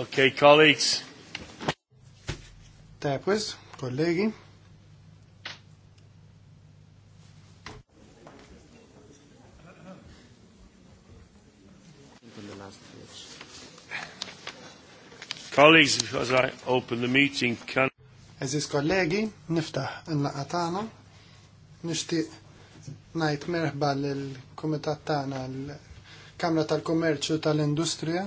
Okay, colleagues. Ta' pues, kollegi. Colleagues, as I open the meeting, can... Eżis kollegi, niftaħ il-laqa tagħna. Nixtieq ngħid merħba lill-kumitat tagħna l-Kamra tal-Kummerċu tal-Industrija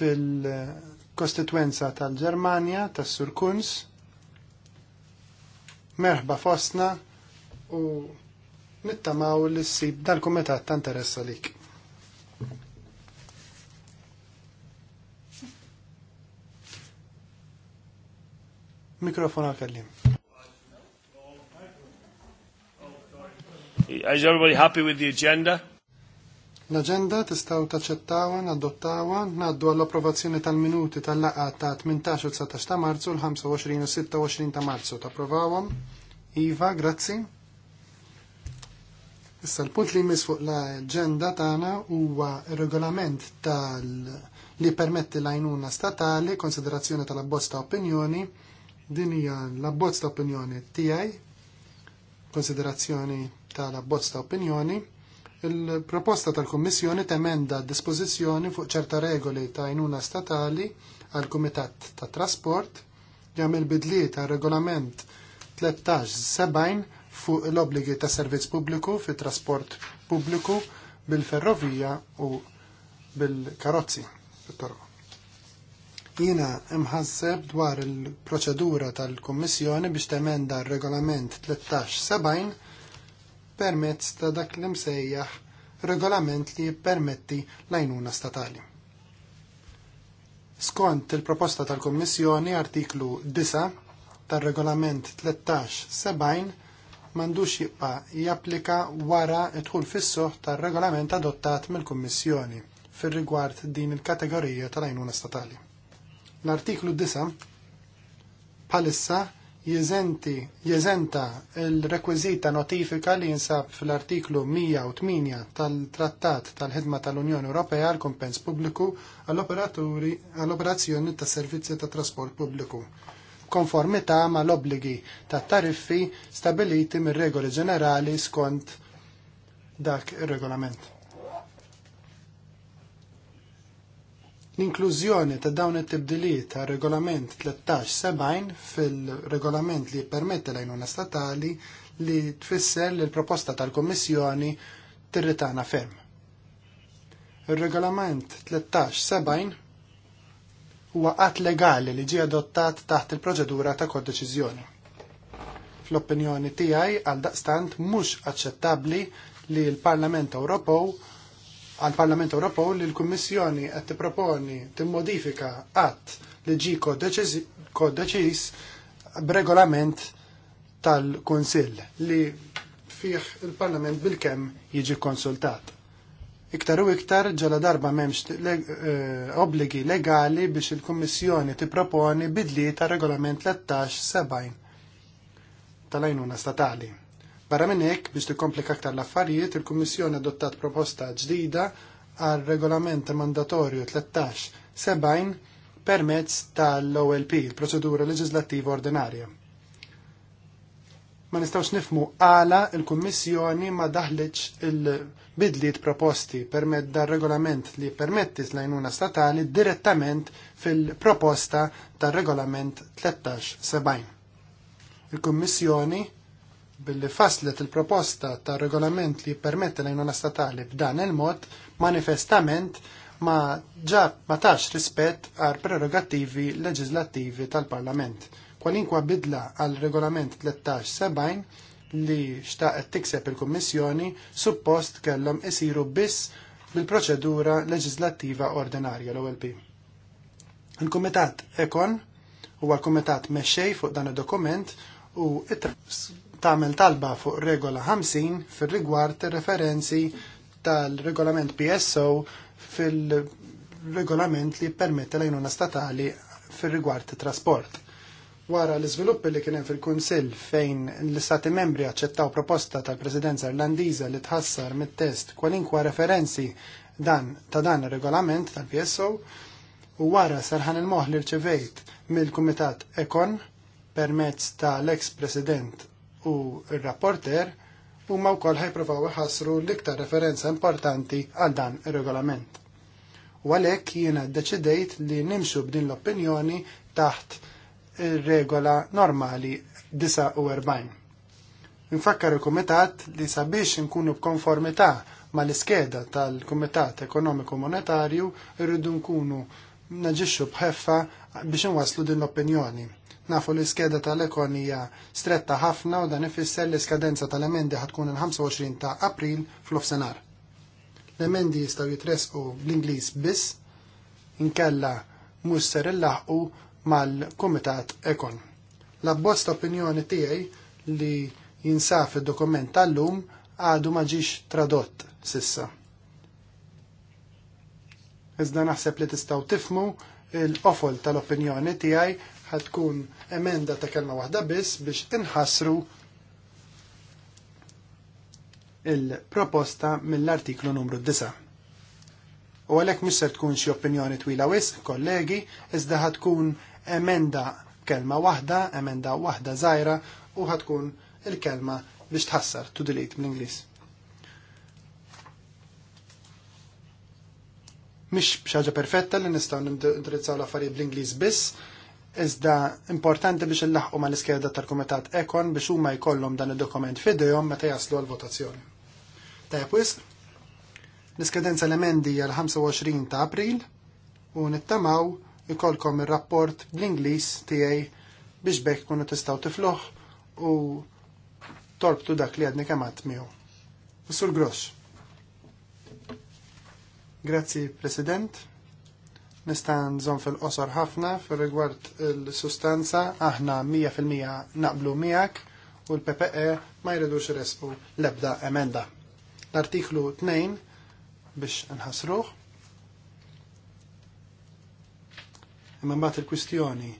fil-kostituenza tal-Ġermanja, tas-Sur Kunz. Merħba fostna u nittamaw li sib dal-kumitat ta' interess għalik. Mikrofon għal-kellim. Is everybody happy with the agenda? L-agenda tistaw taċċettawa, naddottawa, naddu għall-approvazzjoni tal-minuti tal laqqa ta' 18 u 19 ta' marzu l-25 u 26 ta' marzu. Ta' provawam. Iva, grazzi. Issa l-punt li jmiss fuq l-agenda tagħna huwa regolament tal li permetti l-għajnuna statali, konsiderazzjoni tal-abbozz ta' opinjoni, din hija l-abbozz ta' opinjoni tiegħi, konsiderazzjoni tal-abbozz ta' opinjoni, Il-proposta tal-Kommissjoni temenda dispożizzjoni fuq ċerta regoli ta' jnuna statali għal Kumitat ta' Trasport jagħmel bidliet ta' regolament 13-70 fuq l-obligi ta' servizz pubbliku fi trasport pubbliku bil-ferrovija u bil-karozzi Jina imħazzeb dwar il-proċedura tal-Kommissjoni biex temenda r-regolament 13-70 permezz ta' dak li msejjaħ regolament li jippermetti l-għajnuna statali. Skont il-proposta tal-Kommissjoni artiklu 9 tal-regolament 13-70 mandux jibqa japplika wara idħul fis tal-regolament adottat mill-Kommissjoni fir rigward din il-kategorija tal-għajnuna statali. L-artiklu 9 palissa jizenti, jeżenta il-rekwiżita notifika li jinsab fl-artiklu 108 tal-Trattat tal-Ħidma tal-Unjoni Ewropea għal kompens pubbliku għall-operaturi għall-operazzjoni ta' servizzi ta' trasport pubbliku Konformita ma l-obbligi ta' tariffi stabiliti mir regoli ġenerali skont dak ir-regolament. L-inklużjoni ta' dawn it-tibdiliet ta' regolament 1370 fil-regolament li permette l-għajnuna statali li tfisser li l-proposta tal-Kommissjoni tirritana ferm. Il-regolament 1370 huwa qatt legali li ġie adottat taħt il-proċedura ta' kod-deċizjoni. Fl-opinjoni tiegħi għal daqstant mhux aċċettabbli li l-Parlament Ewropew għal Parlament Ewropew li l-Kummissjoni qed tipproponi timmodifika qatt li ġi kodeċis b'regolament tal-Kunsill li fih il-Parlament bil jiġi konsultat. Iktar u iktar ġala darba memx eh, obbligi legali biex il-Kummissjoni tipproponi bidli ta' regolament 13-70 tal ajnuna statali Barra minn hekk biex tikkomplika aktar l-affarijiet, il-Kummissjoni adottat proposta ġdida għal regolament mandatorju 13-70 permezz tal-OLP, il-Proċedura Leġislattiva Ordinarja. Ma nistawx nifmu għala il-Kummissjoni ma daħliċ il-bidliet proposti permezz dal-regolament li permetti l-għajnuna statali direttament fil-proposta tal-regolament 13-70. Il-Kummissjoni billi faslet il-proposta ta' regolament li permette l-għajnuna statali b'dan il-mod manifestament ma ġa ma tax rispett għal prerogativi leġislattivi tal-Parlament. Kwalinkwa bidla għal regolament 13-70 li xtaqet tikseb il-Kommissjoni suppost kellhom isiru biss bil-proċedura leġislattiva ordinarja l-OLP. Il-Kumitat Ekon huwa l-Kumitat mexxej fuq dan id-dokument u it tagħmel talba fuq regola 50 fir-rigward referenzi tal-regolament PSO fil-regolament li permette l-għajnuna statali fil-rigward trasport. Wara l-izviluppi li kienem fil-Kunsill fejn l-Istati membri accettaw proposta tal-Presidenza Irlandiża li tħassar mit-test kwalinkwa referenzi dan ta' dan regolament tal-PSO u wara serħan il-moħ li rċevejt mill-Kumitat Ekon permezz ta' l-ex-President u r-rapporter huma wkoll ħajprovaw iħassru l-iktar referenza importanti għal dan ir-regolament. U għalhekk jiena ddeċidejt li nimxu b'din l-opinjoni taħt ir-regola normali 49. Infakkar il-Kumitat li sabiex nkunu b'konformità mal-iskeda tal-Kumitat Ekonomiku Monetarju irridu nkunu naġixxu bħeffa biex inwaslu din l-opinjoni Nafu li skeda tal-ekon hija stretta ħafna u dan ifisser li skadenza tal-emendi ħatkun il-25 ta' April fl-ofsenar. L-emendi jistaw jitresqu bl-Ingliż biss, inkella musser il illaħqu mal-Kumitat Ekon. L-abbozz opinjoni tiegħi li jinsaf id-dokument tal-lum għadu ma ġiex tradott sissa. Iżda naħseb li tistaw tifmu l qofol tal-opinjoni tiegħi ħatkun emenda ta' kelma waħda biss biex inħasru il-proposta mill-artiklu numru 9. U għalek ser tkun xie opinjoni twila wis, kollegi, iżda ħatkun emenda kelma waħda, emenda waħda zaħira, u ħatkun il-kelma biex tħassar, to delete mill-Inglis. Mish bxaġa perfetta li nistaw nindirizzaw l-affarijiet bl-Inglis biss, iżda importanti biex il-laħqu ma l-iskeda tal-Kumitat Ekon biex huma jkollhom dan id-dokument fidejhom meta jaslu għal-votazzjoni. Tajab wis, l-iskedenza l-emendi għal 25 ta' april u nittamaw ikolkom il-rapport bl-Inglis tiegħi biex bekk kunu tistgħu tifluħ u torbtu dak li għadni kamat miegħu. Sur Gross. Grazzi, President nista' nżomm fil-qosor ħafna fil rigward il-sustanza aħna 100% naqblu miegħek u l-PPE ma jridux respu l-ebda emenda. L-artiklu 2 biex nħasruħ. Imma mbagħad il-kwistjoni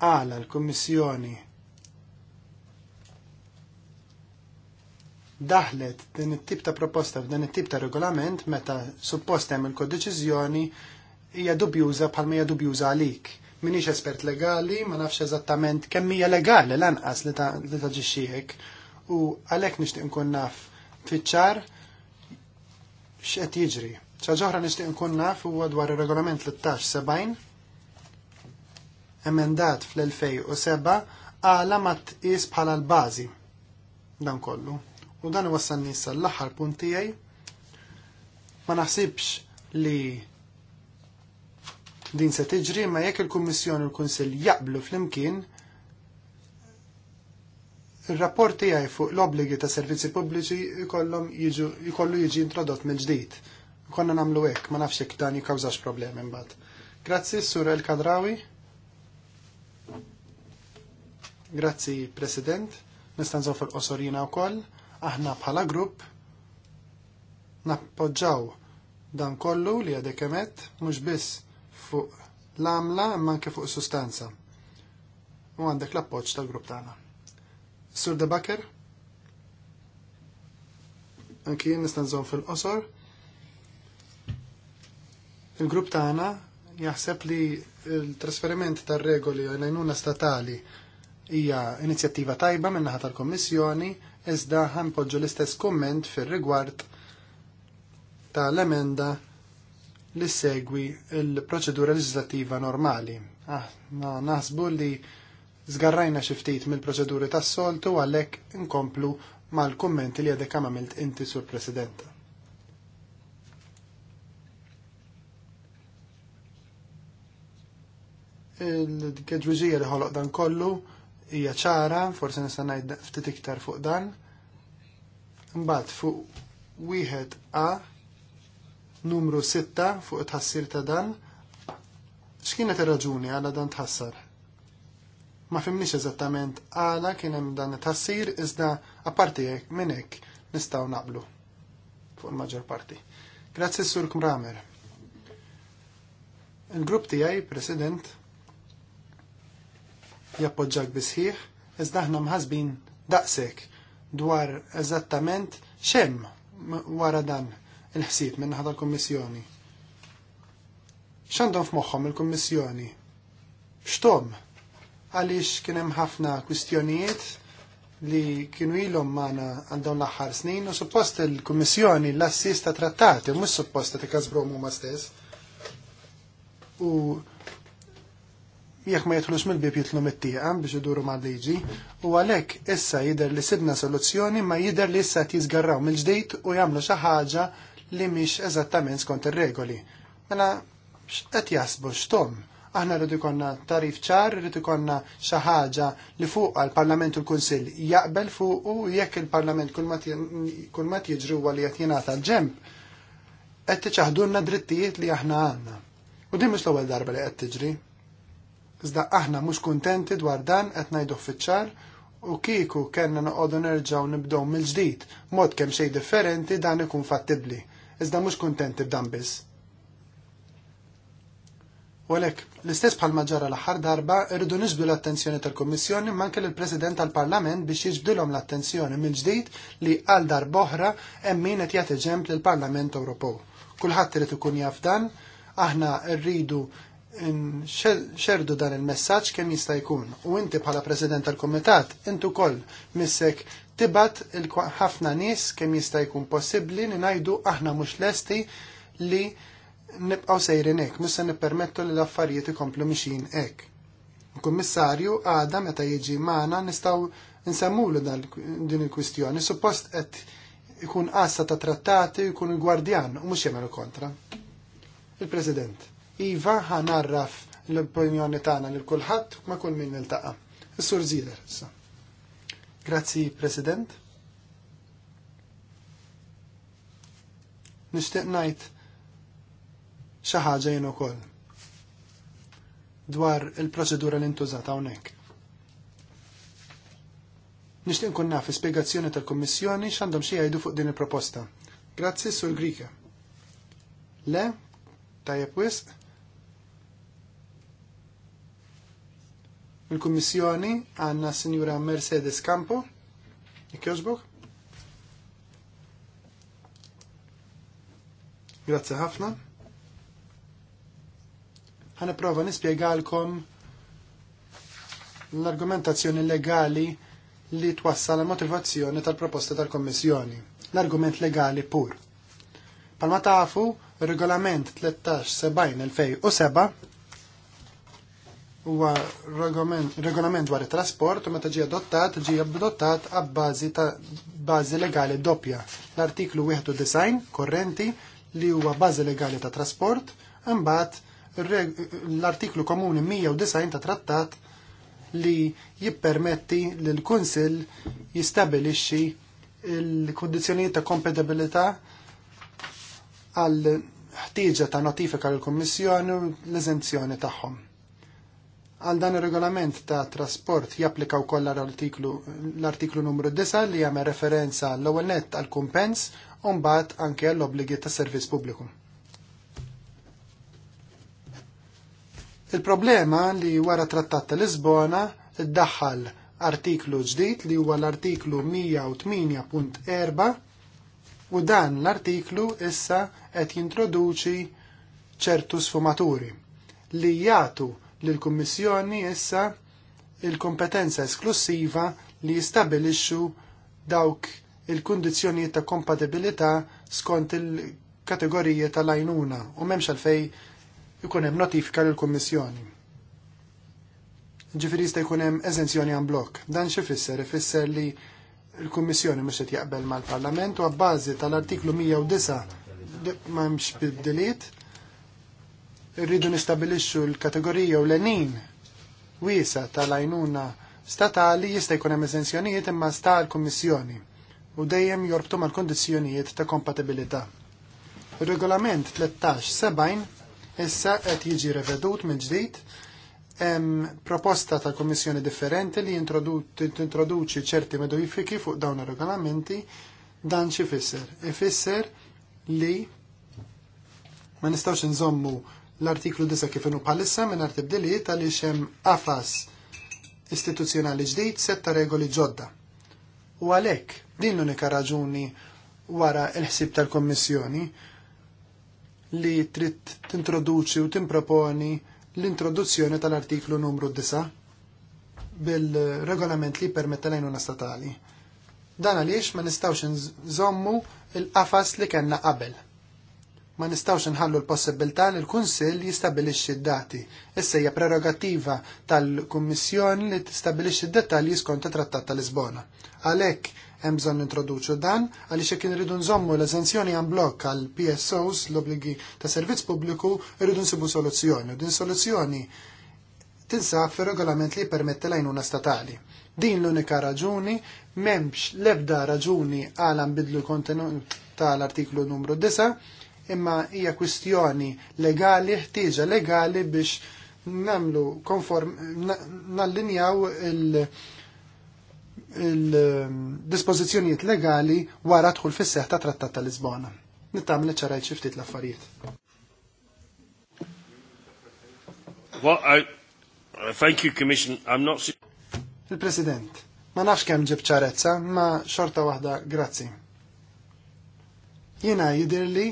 għala l-Kummissjoni daħlet din it-tip ta' proposta f'dan it-tip ta' regolament meta suppost hemm il-kodeċiżjoni hija dubjuża bħalma hija dubjuża għalik. Minix espert legali, ma nafx eżattament kemm hija legali lanqas li taġixxi hekk. U għalhekk nixtieq nkun naf fiċ-ċar x'qed jiġri. ċaġoħra nixtieq nkun naf huwa dwar ir-regolament 1370 emendat fl-2007 għala ma tqis bħala l-bażi dan kollu. U dan wassalni issa l-aħħar punt tiegħi ma naħsibx li Din se tiġri ma jekk il-Kummissjoni u l-Kunsill jaqblu flimkien il-rapporti għaj fuq l-obligi ta' servizzi pubbliċi jkollu jiġi introdott mill-ġdid. Konna namlu hekk, ma nafx hekk dan jikkawżax problemi mbagħad. Grazzi, Sur El Kadrawi. Grazzi, President. Nistanżaw fil-qosorina wkoll. Aħna bħala grupp nappoġġaw dan kollu li għadek emet, mhux biss fuq l-amla imma anke fuq sustanza. U għandek l-appoġġ tal-grupp tagħna. Sur de Baker? Anki jien nista' nżomm fil-qosor. Il-grupp tagħna jaħseb li l-trasferiment tar-regoli għajnuna statali hija inizjattiva tajba minnaħa tal-Kommissjoni iżda ħanpoġġu l-istess komment fir-rigward tal-emenda li segwi il-proċedura legislativa normali. Ah, na, nasbu li zgarrajna xiftit mill-proċeduri tas-soltu għalhekk inkomplu mal-kummenti li għadek għamilt inti sur Presidenta. Il-kedruġija li ħoloq dan kollu hija ċara, forse nistanajt ngħid ftit iktar fuq dan. Mbagħad fuq wieħed A numru 6 fuq it-ħassir ta' dan. X'kienet ir-raġuni għala dan tħassar? Ma fimniex eżattament għala kien hemm dan it-ħassir iżda apparti hekk minn hekk nistgħu naqblu fuq il-maġġor parti. Grazzi Sur Kumramer. Il-grupp tiegħi, President, jappoġġak bisħiħ, iżda aħna mħasbin daqshekk dwar eżattament x'hemm wara dan il-ħsieb minn ħadha l-Kummissjoni. X'għandhom f'moħħhom il-Kummissjoni? X'tom? Għaliex kien hemm ħafna kwistjonijiet li kienu ilhom magħna għal dawn l-aħħar snin u suppost il-Kummissjoni l assist ta' trattati mhux suppost ta' kasbrom huma stess. U jekk ma jitħlux mill-bib jitlu mit-tieqa biex iduru ma' liġi u għalhekk issa jidher li sibna soluzzjoni ma jidher li issa jizgarraw mill-ġdejt u jagħmlu xi ħaġa li mhix eżattament skont ir-regoli. Mela qed jasbu x'tom. Aħna rridu jkollna tarif ċar, rridu jkollna xi ħaġa li fuq għall-Parlament u l-Kunsill jaqbel fuq u jekk il-Parlament kull ma jiġri huwa li qed jingħata l-ġemp, qed tiċaħdulna drittijiet li aħna għandna. U din mhux l-ewwel darba li qed tiġri. Iżda aħna mhux kuntenti dwar dan qed ngħidu fiċ-ċar u kieku kellna noqogħdu nerġgħu nibdew mill-ġdid, mod kemm xejn differenti dan ikun fattibbli iżda mhux kuntenti b'dan biss. U għalek, l-istess bħal maġġara l-aħħar darba irridu niġbdu l-attenzjoni tal-Kommissjoni manke l-President tal-Parlament biex jiġbdilhom l-attenzjoni mill-ġdid li għal darboħra hemm min qed jagħti ġemp lill-Parlament Ewropew. Kulħadd irid ikun jaf dan, aħna rridu xerdu dan il-messaġġ kemm jista' jkun. U inti bħala President tal-Kumitat, intu koll missek tibat ħafna nies kemm jista' jkun possibbli li ngħidu aħna mhux lesti li nibqgħu sejrin hekk, mhux se nippermettu li l-affarijiet ikomplu mixin hekk. Il-Kummissarju għada meta jiġi magħna nistgħu nsemmulu din il-kwistjoni, suppost qed ikun qassa ta' trattati jkun il-gwardjan u mhux jagħmel kontra. Il-President, Iva ħanarraf l-opinjoni tagħna lil kulħadd ma kull min niltaqa'. Is-Sur Zider, issa. Grazzi, President. Nishtiq najt xaħġa jenu kol dwar il-proċedura li ntużata hawnhekk. Nixtieq nkun naf spjegazzjoni tal-Kummissjoni x'għandhom xi jgħidu fuq din il-proposta. Grazzi sur Grika. Le, tajjeb wisq. Il-Kummissjoni għanna Sinjura Mercedes Campo. Ikjożbuk? Grazzi ħafna. Għanna prova nispjegalkom l-argumentazzjoni legali li twassal motivazzjoni tal-proposta tal-Kommissjoni. L-argument legali pur. Palma tafu, regolament 13-70-2007 huwa regolament dwar it-trasport u meta ġie adottat ġie adottat għabbażi ta' bażi legali doppja. L-artiklu 91 korrenti li huwa bażi legali ta' trasport, imbagħad l-artiklu komuni 190 ta' trattat li jippermetti li l-Kunsill jistabilixxi l-kundizzjonijiet ta' kompatibilità għal ħtieġa ta' notifika l-Kummissjoni u l-eżenzjoni tagħhom Għal dan ir-regolament ta' trasport japplika wkoll l-artiklu numru 9 li jagħmel referenza l-ewwel net għal kumpens u mbagħad anke għall obbligi ta' servizz pubbliku. Il-problema li wara trattat ta' Lisbona iddaħħal artiklu ġdid li huwa l-artiklu 108.4 u dan l-artiklu issa qed jintroduċi ċertu sfumaturi li jagħtu l kummissjoni issa il-kompetenza esklusiva li jistabilixxu dawk il-kundizzjonijiet ta' kompatibilità skont il-kategoriji tal-għajnuna u memx għalfej ikun hemm notifika lill-Kummissjoni. Ġifieri jista' jkun hemm eżenzjoni għan blok. Dan xi fisser? Ifisser li l-Kummissjoni mhux qed jaqbel mal-Parlament u għabbażi tal-artiklu 109 m'hemmx bidiliet rridu nistabilixxu l-kategorija u l-enin wiesa tal-għajnuna statali jista' jkun hemm eżenzjonijiet imma sta l-Kummissjoni u dejjem jorbtu mal-kondizzjonijiet ta' kompatibilità. Ir-regolament 13-70 issa qed jiġi revedut minn ġdid hemm proposta tal-Kummissjoni differenti li introduċi ċerti modifiki fuq dawn ir-regolamenti dan xi fisser. Ifisser li ma nistgħux nżommu l-artiklu disa kif palissa bħalissa mingħajr tal għaliex hemm qafas istituzzjonali ġdid setta regoli ġodda. U għalhekk din l-unika raġuni wara l-ħsieb tal-Kommissjoni li trid tintroduċi u timproponi l-introduzzjoni tal-artiklu numru 9 bil-regolament li permetta l-għajnuna statali. Dan għaliex ma nistawx nżommu il-qafas li kena qabel ma nistawx nħallu l-possibilità li l-Kunsill jistabilixxi d-dati. Issa hija prerogattiva tal-Kummissjoni li tistabilixxi d-dettalji skont it-Trattat tal-Lisbona. Għalhekk hemm bżonn introduċu dan għaliex jekk irridu nżommu l-eżenzjoni għan blokk għal PSOs l-obbligi ta' servizz pubbliku irridu nsibu soluzzjoni din soluzzjoni tinsab fir-regolament li jpermetti l-għajnuna statali. Din l-unika raġuni memx lebda raġuni għal bidlu kontenut tal-artiklu numru 9 imma hija kwistjoni legali, ħtieġa legali biex namlu konform, nallinjaw il- il-dispozizjonijiet legali wara tħul fis seħħ ta' Trattat ta' Lisbona. Nittamil ċarajt xi ftit l-affarijiet. Uh, thank you, Commission. I'm not... Il-President, ma nafx kemm ġib ċarezza, ma xorta waħda, grazzi. Jiena jidhirli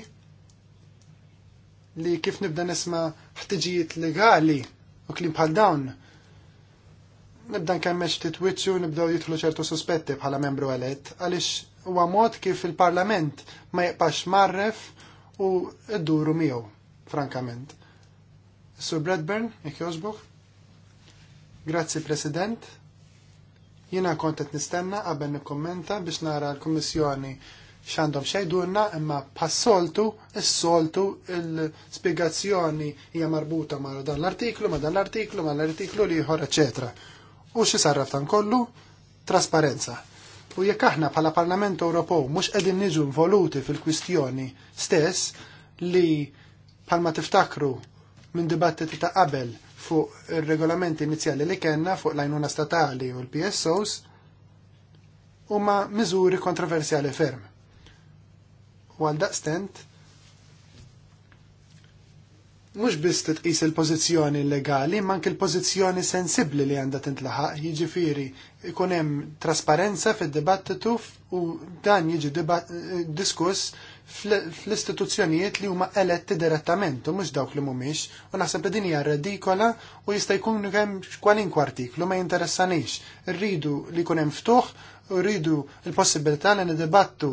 li kif nibda nisma ħtiġijiet legali u klim bħal dawn, nibda nkemmex titwitxu nibdaw jitħlu ċertu suspetti bħala membru għalet, għalix huwa mod kif il-parlament ma jibqax marref u dduru miegħu, frankament. Sur Bradburn, jek jożbuħ? Grazzi, President. Jina kontet nistenna qabel nikkommenta biex nara l komissjoni xandhom xejdunna imma passoltu, s-soltu, il-spiegazzjoni hija marbuta ma' dan l-artiklu, ma' dan l-artiklu, ma' l-artiklu li jħor, ecc. U xi sarraf tan kollu? Trasparenza. U jekk aħna bħala Parlament Ewropew mhux qegħdin niġu involuti fil-kwistjoni stess li bħalma tiftakru minn dibattiti ta' qabel fuq ir-regolamenti inizjali li kellna fuq l-għajnuna statali u l-PSOs huma miżuri kontroversjali ferm U għal daqstent, mux biss titqis il-pozizjoni legali, mank il-pozizjoni sensibli li għanda tintlaħaq, jiġifiri, ikun hemm trasparenza fid-dibattitu u dan jiġi diskuss fl-istituzzjonijiet li huma eletti direttament u mhux dawk li mhumiex, u naħseb li din hija redikola u jista' jkun hemm kwalinkwa artiklu ma jinteressanix. Irridu li jkun hemm ftuħ Uridu rridu il-possibilità li nidibattu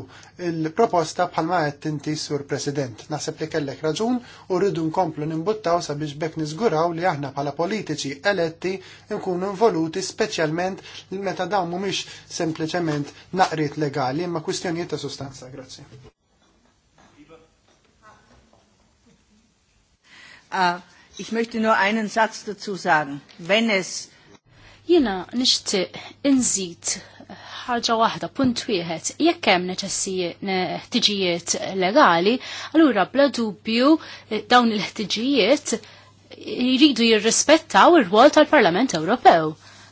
il-proposta bħalma qed inti sur President. Naħseb li kellek raġun u rridu nkomplu nimbuttaw sabiex bekk niżguraw li aħna bħala politiċi eletti nkunu involuti speċjalment meta dawn mhumiex sempliċement naqrit legali imma kwistjonijiet ta' sustanza. Grazzi. Ah, ich möchte nur einen Satz dazu sagen. Wenn es Jina nishtiq inżid ħaġa waħda, punt wieħed, jekk hemm ħtiġijiet legali, allura bla dubju eh, dawn il-ħtiġijiet jridu jirrispettaw ir-rwol tal-Parlament Ewropew.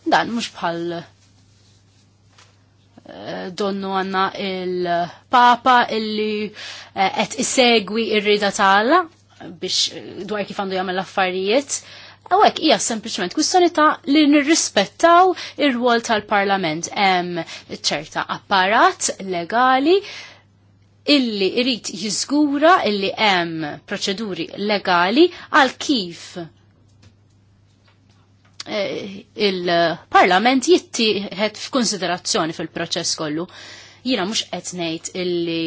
Dan mhux bħal eh, donnu għanna il-Papa illi eh, qed isegwi ir-rida tagħha biex dwar kif għandu jagħmel affarijiet Għawek, hija sempliciment kwistjoni ta' li nirrispettaw ir-rwol tal-parlament. Hemm ċerta apparat legali illi irrit jiżgura illi hemm proċeduri legali għal kif eh, il-parlament jittieħed f'konsiderazzjoni fil-proċess kollu. Jina mhux qed ngħid illi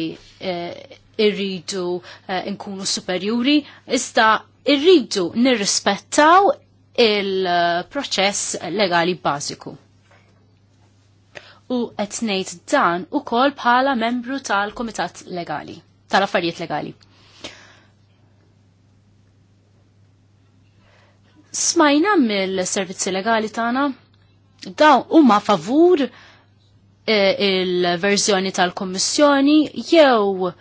eh, irridu eh, nkunu superjuri, iżda irridu nirrispettaw il-proċess legali bażiku. U qed ngħid dan ukoll bħala membru tal-Kumitat Legali, tal-Affarijiet Legali. Smajna mill-servizzi legali tagħna dawn huma favur eh, il-verżjoni tal-Kommissjoni jew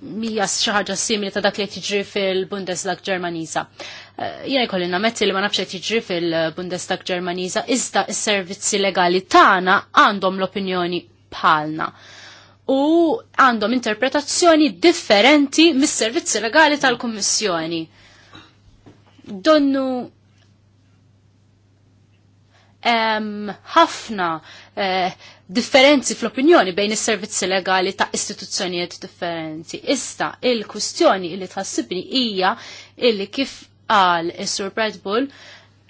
mija xaħġa simili ta' dak li tiġri fil bundeslag Ġermaniża. Eh, Jena jkollina metti li ma nafx qed fil bundeslag Ġermaniża, iżda s-servizzi legali tagħna għandhom l-opinjoni bħalna. U għandhom interpretazzjoni differenti mis-servizzi legali tal-Kummissjoni. Donnu ħafna eh, differenzi fl-opinjoni bejn is-servizzi legali ta' istituzzjonijiet differenti. Issa il-kwistjoni li tħassibni hija illi kif qal is-Sur Red Bull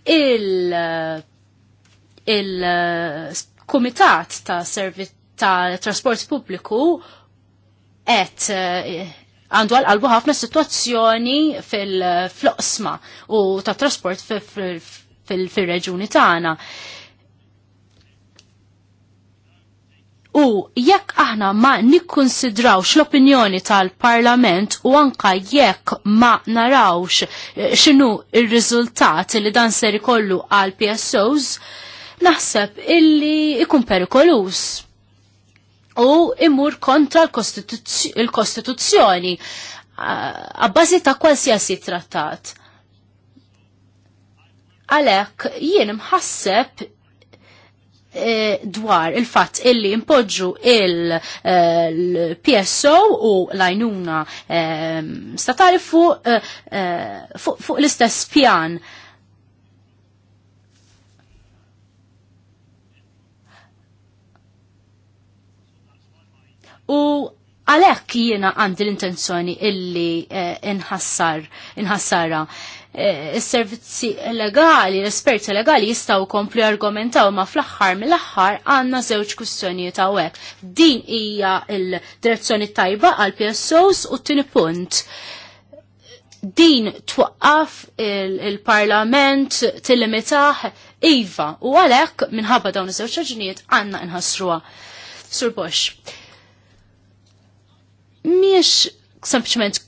il il-Kumitat ta' Servizz ta' Trasport Pubbliku qed eh, għandu għal-qalbu ħafna situazzjoni fil-floqsma u ta' trasport fil-reġuni tagħna. U jekk aħna ma nikkonsidrawx l-opinjoni tal-Parlament u anka jekk ma narawx eh, xinu il-riżultat li dan ser ikollu għal PSOs, naħseb illi ikun perikolus. U imur kontra l-Kostituzzjoni eh, għabbażi ta' kwalsiasi trattat. Għalek jien mħasseb Eh, dwar il-fatt illi impoġġu il-PSO eh, u l eh, statali fuq l-istess pjan. U għalek jiena għandi l-intenzjoni illi inħassar, inħassara il eh, servizzi legali, l-esperti legali jistaw komplu argumentaw ma fl-axħar mill-axħar għanna zewċ kustjonijiet għawek. Din hija il-direzzjoni tajba għal PSOs u t-tini punt din twaqqaf il-parlament tillimitaħ Iva u għalek minħabba dawn iż-żewġ raġunijiet għandna nħassruha. Sur Bosch, miex sempliċement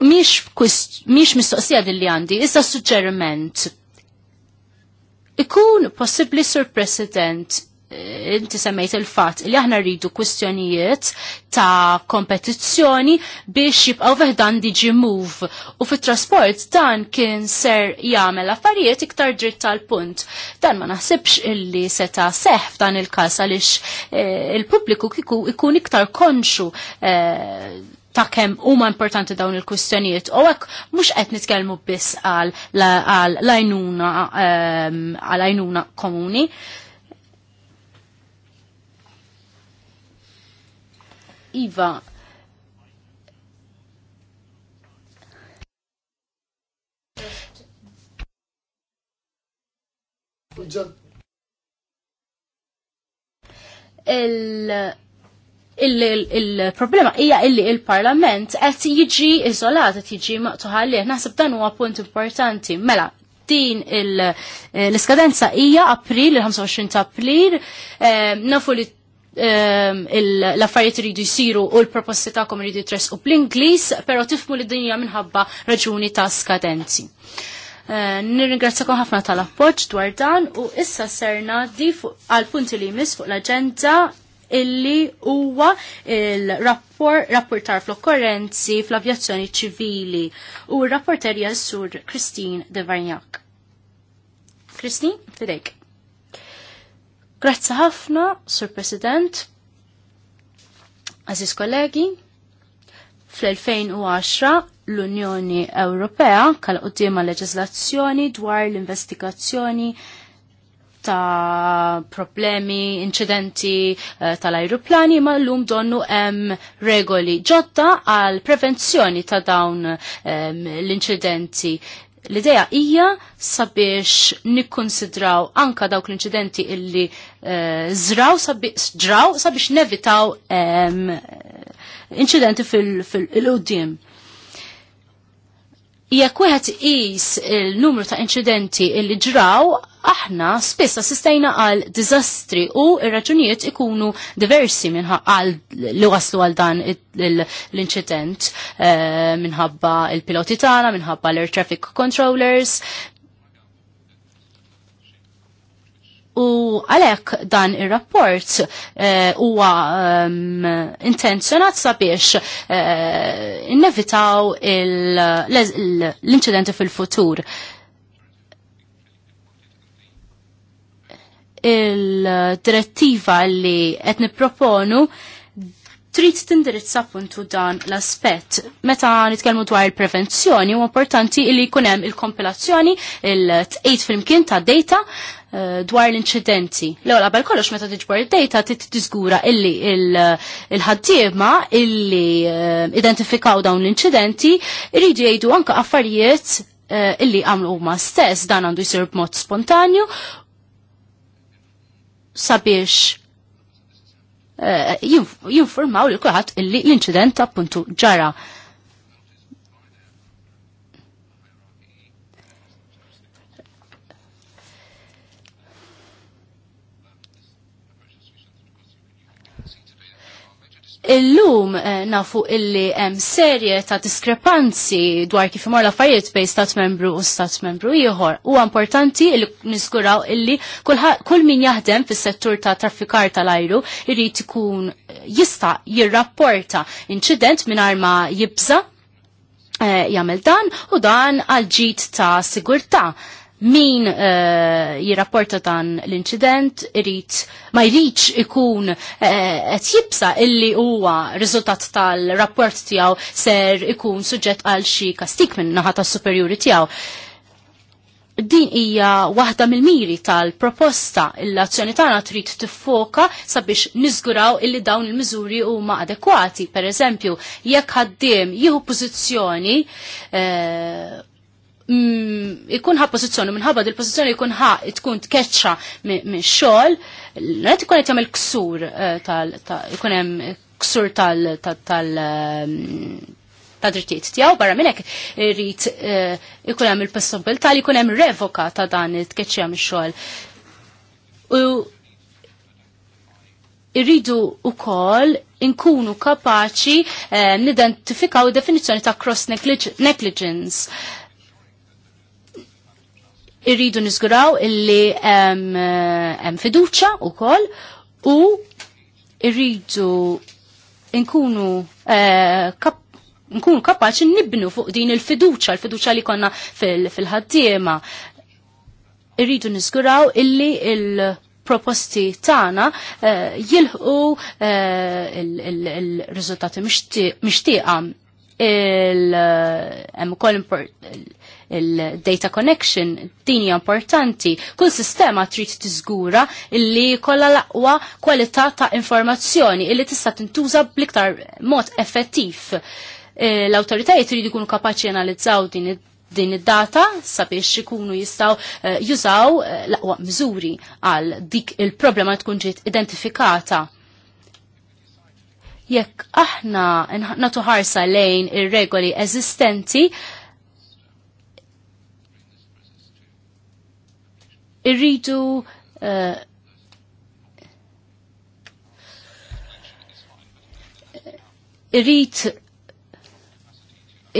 miex mistoqsija li għandi, issa suġġeriment. Ikun possibli, Sur President, eh, inti semmejt il-fat li aħna rridu kwistjonijiet ta' kompetizzjoni biex jibqaw veħdan diġi move u fit trasport dan kien ser jagħmel affarijiet iktar dritt tal-punt. Dan ma naħsibx illi seta seħ f'dan il-każ għaliex eh, il-pubbliku kiku ikun iktar konxu eh, ta' kemm huma importanti dawn il-kwistjonijiet u hekk mhux qed nitkellmu biss għal l-għajnuna għal għajnuna ehm, komuni. Iva, il il-problema hija illi il-Parlament qed jiġi iżolat, qed jiġi maqtuħallih. Naħseb dan huwa punt importanti. Mela, din eh, l-iskadenza hija April, il-25 ta' April, eh, nafu li eh, l-affarijiet iridu jsiru u l-proposti tagħkom iridu jitresqu bl-Ingliż, però tifmu li dinja minħabba raġuni ta' skadenzi. Nirringrazzakom ħafna tal-appoġġ dwar dan u issa serna di għal punti li jmiss fuq l-aġenda illi huwa il-rapportar fl-okkorrenzi fl-avjazzjoni ċivili u r-rapporterja s-sur Christine de Varnjak. Christine, fidejk. Grazzi ħafna, Sur President, Aziz kollegi, fl-2010 l-Unjoni Ewropea kal-qoddima leġislazzjoni dwar l-investigazzjoni ta' problemi, incidenti eh, tal-ajruplani, ma l-lum donnu em regoli ġodda għal prevenzjoni ta' dawn ehm, l-incidenti. L-ideja hija sabiex nikkonsidraw anka dawk l-incidenti illi eh, zraw sabiex ġraw sabiex nevitaw ehm, incidenti fil-qudiem jekk wieħed qis il-numru ta' inċidenti li ġraw, aħna spiss assistejna għal diżastri u ir-raġunijiet ikunu diversi għal li waslu għal dan l-inċident eh, minħabba il-piloti tagħna, minħabba l-air traffic controllers, U għalek dan il-rapport eh, huwa um, intenzjonat sabiex uh, innevitaw l-incidenti fil-futur. Il-direttiva li qed nipproponu trid tindirizza puntu dan l-aspett. Meta nitkellmu dwar il-prevenzjoni, huwa importanti li jkun hemm il-kompilazzjoni, il-tqejt fil-mkien ta' data Eh, dwar l-inċidenti. L-ewwel qabel kollox meta tiġbor id-data tiżgura illi il-ħaddiema illi eh, identifikaw dawn l-inċidenti jridu jgħidu anke affarijiet eh, illi għamlu huma stess dan għandu jsir b'mod spontanju sabiex jinformaw li kulħadd illi l-inċident appuntu ġara. Illum eh, nafu illi hemm serje ta' diskrepanzi dwar kif imur l-affarijiet bejn stat membru u stat membru ieħor. Huwa importanti li niskuraw illi kull min jaħdem fis-settur ta' traffikar tal-ajru irid ikun jista' jirrapporta inċident mingħajr ma jibża' eh, jagħmel dan u dan għal ġid ta' sigurtà min uh, jirrapporta dan l-incident irrit ma jridx ikun eh, qed uh, jibsa illi huwa riżultat tal-rapport tiegħu ser ikun suġġett għal xi kastik minn naħa tas-superjuri tiegħu. Din hija waħda mill-miri tal-proposta l-azzjoni tagħna trid tiffoka sabiex niżguraw illi dawn il-miżuri huma adekwati. Per eżempju, jekk ħaddiem jieħu pożizzjoni uh, Mm, ikun ħa pozizjoni, minħabba l pozizjoni ikun ħa tkun tkeċċa minn xogħol, għet ikun qed jagħmel ksur eh, tal ikun hemm ksur tal tal mm, ta' drittijiet tiegħu barra minn hekk irid eh, ikun hemm il-possibilità li jkun hemm revoka ta' dan it-tkeċċija mix-xogħol. U irridu wkoll inkunu kapaċi eh, nidentifikaw definizzjoni ta' cross negligence irridu nizguraw illi hemm fiduċa wkoll u irridu nkunu eh, nkunu kap nkun kapaċi nibnu fuq din il-fiduċa, il-fiduċa li konna fil-ħaddiema. Fil irridu niskuraw illi il-proposti tagħna eh, jilħu il-riżultati eh, il il mixtieqa il eh, hemm ukoll il-data connection din hija importanti. Kull sistema trid tiżgura illi kollha l-aqwa kwalità ta' informazzjoni illi tista' tintuża bl-iktar mod effettiv. Eh, l-awtoritajiet trid ikunu kapaċi analizzaw din din id-data sabiex ikunu jistaw eh, jużaw eh, l-aqwa mżuri għal dik il-problema tkun ġiet identifikata. Jekk aħna natu ħarsa lejn ir-regoli eżistenti, irridu uh, irrit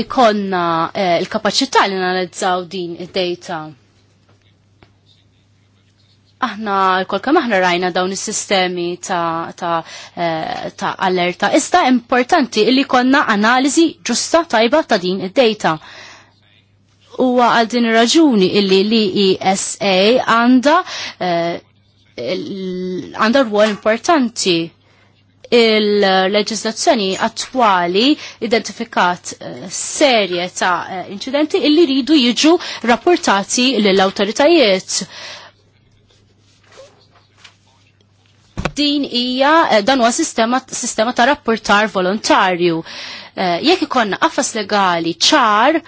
ikonna uh, il-kapacità li nanalizzaw din id-data. Aħna l-kol kam aħna rajna dawn is-sistemi ta', ta, uh, ta allerta. Iżda importanti li konna analiżi ġusta tajba ta' din id-data huwa għal din ir-raġuni illi l-ESA għandha eh, għandha rwol importanti il-leġislazzjoni attwali identifikat eh, serje ta' eh, incidenti illi ridu jiġu rapportati lill-awtoritajiet. din hija dan huwa sistema, sistema ta' rapportar volontarju. Jekk ikonna qafas legali ċar,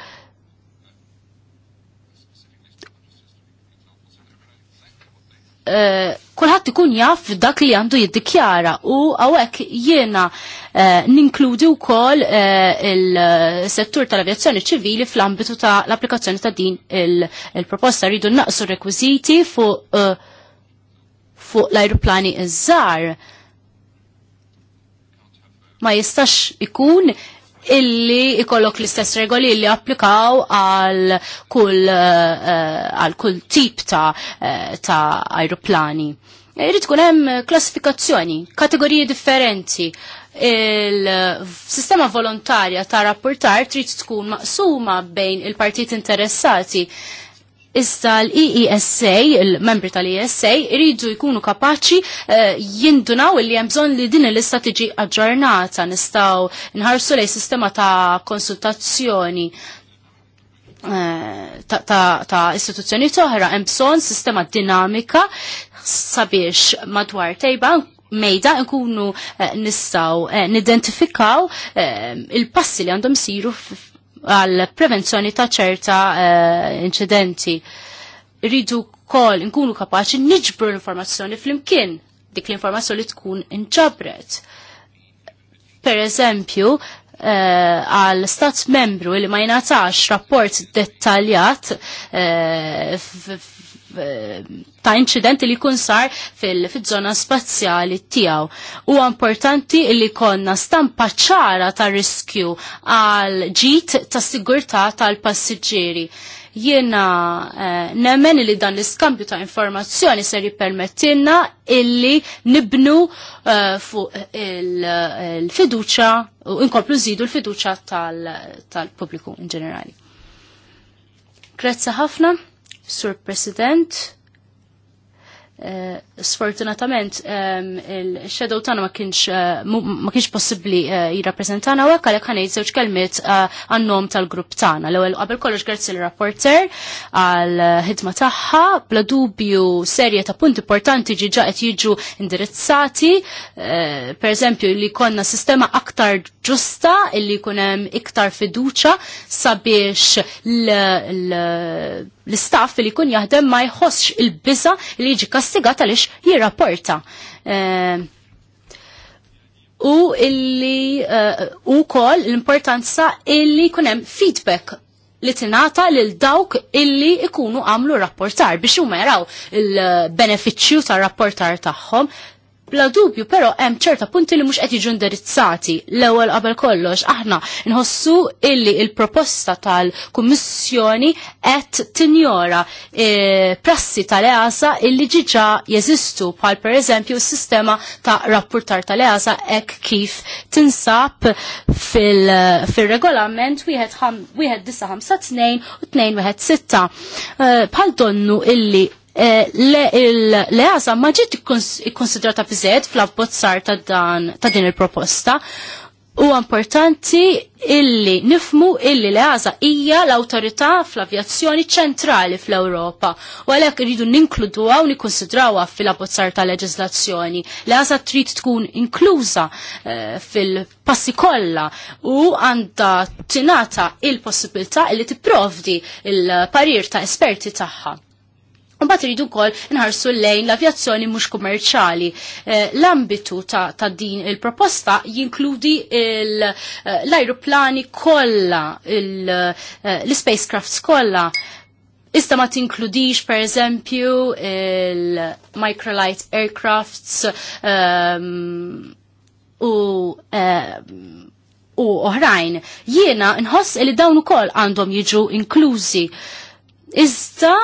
kullħat eh, kulħadd ikun jaf dak li għandu jiddikjara u għawek jiena eh, ninkludi wkoll kol eh, il-settur tal-avjazzjoni ċivili fl-ambitu ta' l-applikazzjoni ta' din il-proposta rridu naqsu rekwiziti fuq fuq l-ajruplani iż-żar. Ma jistax ikun illi ikollok l-istess regoli illi applikaw għal kull eh, għal kull tip ta', eh, ta aeroplani. Irrid tkun hemm klassifikazzjoni, kategoriji differenti. Il-sistema volontarja ta' rapportar trid tkun maqsuma bejn il-partit interessati Issa l-EESA, il-membri tal-EESA, iridu jkunu kapaċi eh, jindunaw li hemm bżonn li din l-lista tiġi aġġornata, nistgħu nħarsu lej sistema ta' konsultazzjoni eh, ta', ta, istituzzjoni toħra hemm bżonn sistema dinamika sabiex madwar tejba mejda nkunu eh, nistgħu nidentifikaw il-passi li għandhom siru għal prevenzjoni ta' ċerta uh, incidenti. Rridu kol nkunu kapaċi niġbru l-informazzjoni fl-imkien dik l-informazzjoni tkun inġabret. Per eżempju, uh, għal stat membru li ma jnatax rapport dettaljat uh, ta' incidenti li kun sar fil-zona spazjali tijaw. U importanti li konna stampa ċara ta' riskju għal ġit ta' sigurta tal-passiġġieri. Jiena eh, nemmen li dan l-iskambju ta' informazzjoni ser jippermettilna illi nibnu eh, fuq il-fiduċa il u inkomplu zidu l-fiduċa tal-pubbliku tal in ġenerali. Grazzi ħafna. Sur President, eh, sfortunatament il-shadow tana ma kienx possibli eh, ma kienx possibbli eh, u għalhekk ħanejt żewġ kelmet għan-nom tal-grupp tagħna. L-ewwel qabel kollox grazzi l-rapporter għal ħidma tagħha, bla dubju serje ta' punt importanti ġiġa għet jiġu indirizzati, pereżempju li konna sistema aktar ġusta li jkun hemm iktar fiduċa sabiex l l-istaff li kun jaħdem ma jħossx il-biza li jiġi kastigat għaliex jirrapporta. Eh, u illi eh, u kol l-importanza illi kunem feedback li tinata lil dawk illi ikunu għamlu rapportar biex huma jaraw il-benefiċċju tar rapportar tagħhom Bla dubju, però hemm ċerta punti li mhux qed jiġu indirizzati. L-ewwel qabel kollox aħna nħossu illi il-proposta tal-Kummissjoni qed tinjora e, prassi tal-EASA illi ġiġa jeżistu bħal pereżempju s-sistema ta' rapportar tal-EASA hekk kif tinsab fil-regolament fil wieħed tnejn u wieħed sitta. E, bħal donnu illi Eh, l għasa ma ġiet ikkonsidrata biżed fl-abbozzar ta' din il-proposta. U importanti illi nifmu illi l-EASA hija l-autorità fl-avjazzjoni ċentrali fl-Ewropa. U għalhekk iridu ninkluduha u nikkonsidrawha fil-abbozzar ta' leġislazzjoni. L-EASA trid tkun inkluza eh, fil-passi kollha u għandha tingħata il-possibilità illi tipprovdi il-parir ta' esperti tagħha Mbagħad iridu wkoll inħarsu lejn l-avjazzjoni mhux kummerċjali. Eh, l-ambitu ta', din il-proposta jinkludi eh, l-ajruplani kollha, eh, l-spacecrafts kollha. Iżda ma tinkludix per eżempju il-microlight aircrafts ehm, u u oħrajn. Jiena nħoss li dawn ukoll għandhom jiġu inklużi. Iżda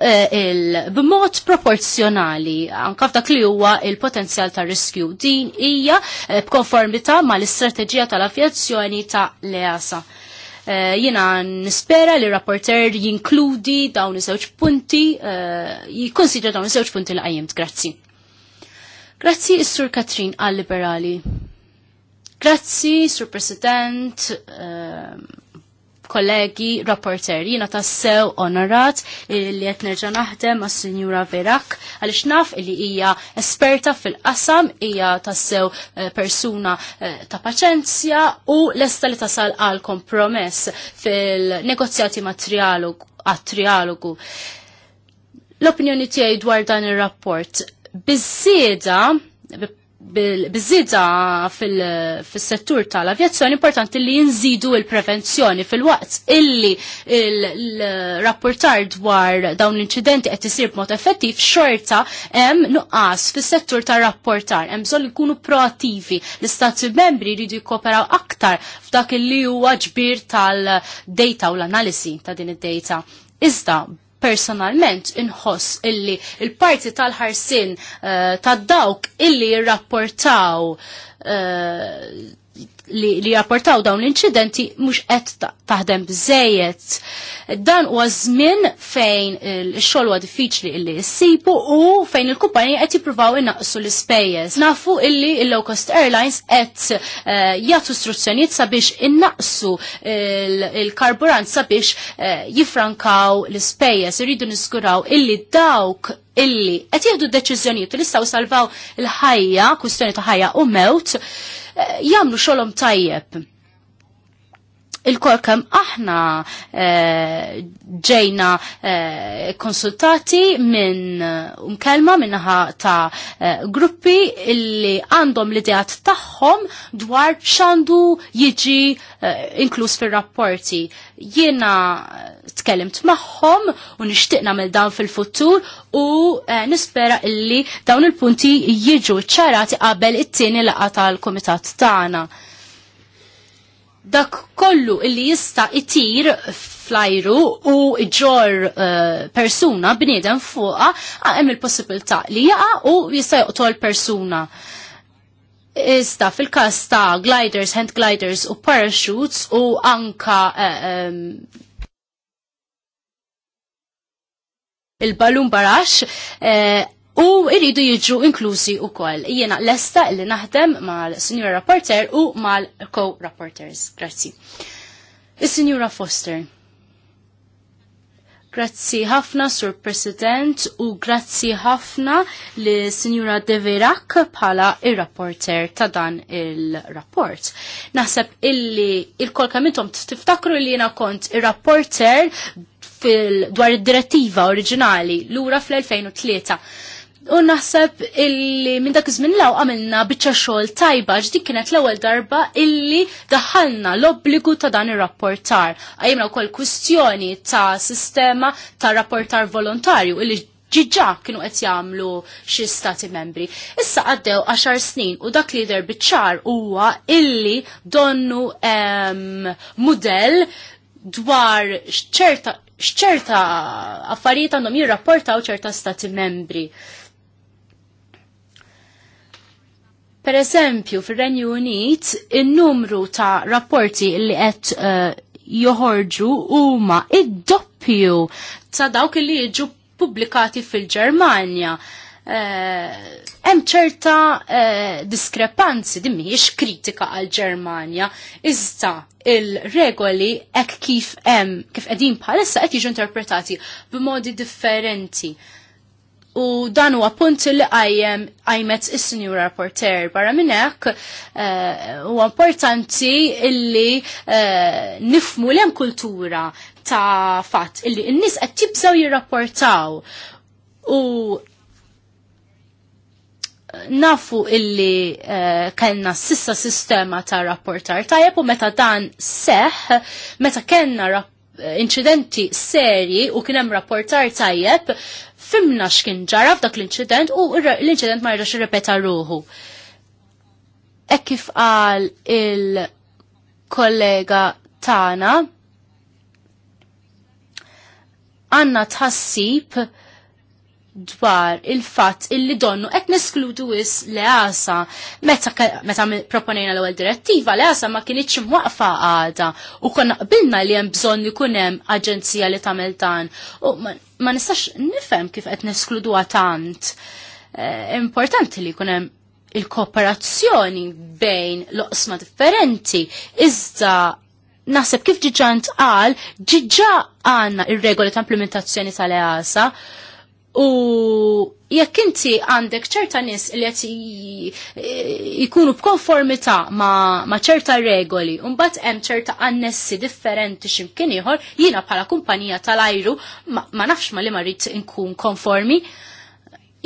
Eh, b'mod proporzjonali anka f'dak li huwa il-potenzjal ta' riskju. Din hija eh, b'konformità mal-istrateġija tal-avjazzjoni ta' l-EASA. Eh, jina nispera li rapporter jinkludi dawn iż-żewġ punti, jikkonsidra dawn iż-żewġ punti li qajjimt. Grazzi. Grazzi is-Sur Katrin għal-Liberali. Grazzi, Sur President, kollegi rapporter. Jina tassew onorat li qed nerġa' naħdem mas sinjura Verak għaliex naf li hija esperta fil-qasam, hija tassew eh, persuna eh, ta' paċenzja u lesta li tasal għal kompromess fil-negozjati għat-trialogu. L-opinjoni tiegħi dwar dan ir-rapport biżieda bizzida fil-settur tal-avjazzjoni importanti li jinżidu il-prevenzjoni fil-waqt illi il-rapportar dwar dawn l-inċidenti qed isir b'mod effettiv xorta hemm nuqqas fis-settur tar-rapportar. Hemm bżonn ikunu proattivi. L-istati membri jridu jikkoperaw aktar f'dak li huwa ġbir tal-data u l-analisi ta' din id-data. Iżda personalment inħoss illi il-parti tal-ħarsin uh, eh, tad dawk illi jirrapportaw uh, li, li rapportaw dawn l-inċidenti mhux qed taħdem bżejjed. Dan huwa żmien fejn il xogħol huwa diffiċli li jsibu u fejn il-kumpanija qed jippruvaw innaqsu l-ispejjeż. Nafu illi il-low cost airlines qed eh, jagħtu struzzjonijiet sabiex innaqsu il-karburant sabiex eh, jifrankaw l-ispejjeż. Irridu niskuraw illi dawk illi qed jieħdu deċiżjonijiet li jistgħu salvaw il-ħajja, kwistjoni ta' ħajja u mewt, eh, jagħmlu xolom tajjeb. Il-kol aħna eh, ġejna eh, konsultati minn mkelma um, minnaħa ta' eh, gruppi illi għandhom l-idejat tagħhom dwar xandu jiġi inkluż fir-rapporti. Jiena tkellimt magħhom u nishtiqna mill dawn fil-futur u nispera illi dawn il-punti jiġu ċarati qabel it-tieni laqgħa tal-kumitat tagħna. Ta dak kollu illi jista itir flajru u ġor uh, persuna bniedem fuqa għem ah, il-possibilità li jaqa u jista joqtol persuna. Ista fil-kas ta' gliders, hand gliders u parachutes u anka uh, eh, um, il-balun barax, uh, u iridu jiġu inklusi u koll. l lesta illi naħdem mal-Sinjura Rapporter u mal-Co-Rapporters. Grazzi. Is-Sinjura Foster. Grazzi ħafna, Sur President, u grazzi ħafna li Sinjura Deverac bħala il-rapporter ta' dan il-rapport. Naħseb illi il-kol kamintom tiftakru li jena kont il-rapporter fil-dwar id-direttiva oriġinali l-ura fl-2003 U naħseb illi minn dak iż-żmien law għamilna biċċa xogħol tajba ġdik kienet l-ewwel darba illi daħalna l-obbligu ta' dan ir-rapportar. Għajmna wkoll kwistjoni ta' sistema ta' rapportar volontarju illi ġiġa kienu qed jagħmlu xi stati membri. Issa għaddew 10 snin u dak li der biċċar huwa illi donnu mudell dwar xċerta affarijiet għandhom jirrapportaw ċerta stati membri. Per eżempju, fil-Renju Unit, il-numru ta' rapporti li qed uh, joħorġu huma id-doppju ta' dawk li jiġu pubblikati fil-Ġermanja. Eh, hemm ċerta uh, diskrepanzi din mhijiex kritika għal Ġermanja, iżda il-regoli hekk kif hemm kif qegħdin bħalissa qed jiġu interpretati b'modi differenti. Uh, u dan huwa punt li għajjem għajmet is-senior rapporter. Barra minn hekk eh, huwa importanti illi eh, nifmu l kultura ta' fatt illi n-nies qed jibżgħu jirrapportaw u nafu illi eh, kellna sissa sistema ta' rapportar tajjeb u meta dan seħ, meta kellna rapportar incidenti serji u kien hemm rapportar tajjeb fimna x'kien ġara f'dak l-inċident u l-inċident ma rridx irrepeta ruħu. Hekk kif qal il-kollega tagħna għandna tħassib dwar il-fatt illi donnu qed neskludu is l-EASA. Meta, meta proponejna l-ewwel direttiva l ma kienitx mwaqfa għada u konna qbilna li hemm bżonn ikun hemm aġenzija li tagħmel dan. U ma, ma nistax nifhem kif qed neskludu tant. E, importanti li jkun hemm il-kooperazzjoni bejn loqsma differenti iżda naħseb kif ġiġant ntqal ġiġa għanna il regoli ta' implementazzjoni tal-EASA U jekk inti għandek ċerta nis li qed jkunu b'konformità ma, ċerta regoli, u mbagħad hemm ċerta annessi differenti x'imkien ieħor, jiena bħala kumpanija tal-ajru ma, nafx ma li ma rrid inkun konformi.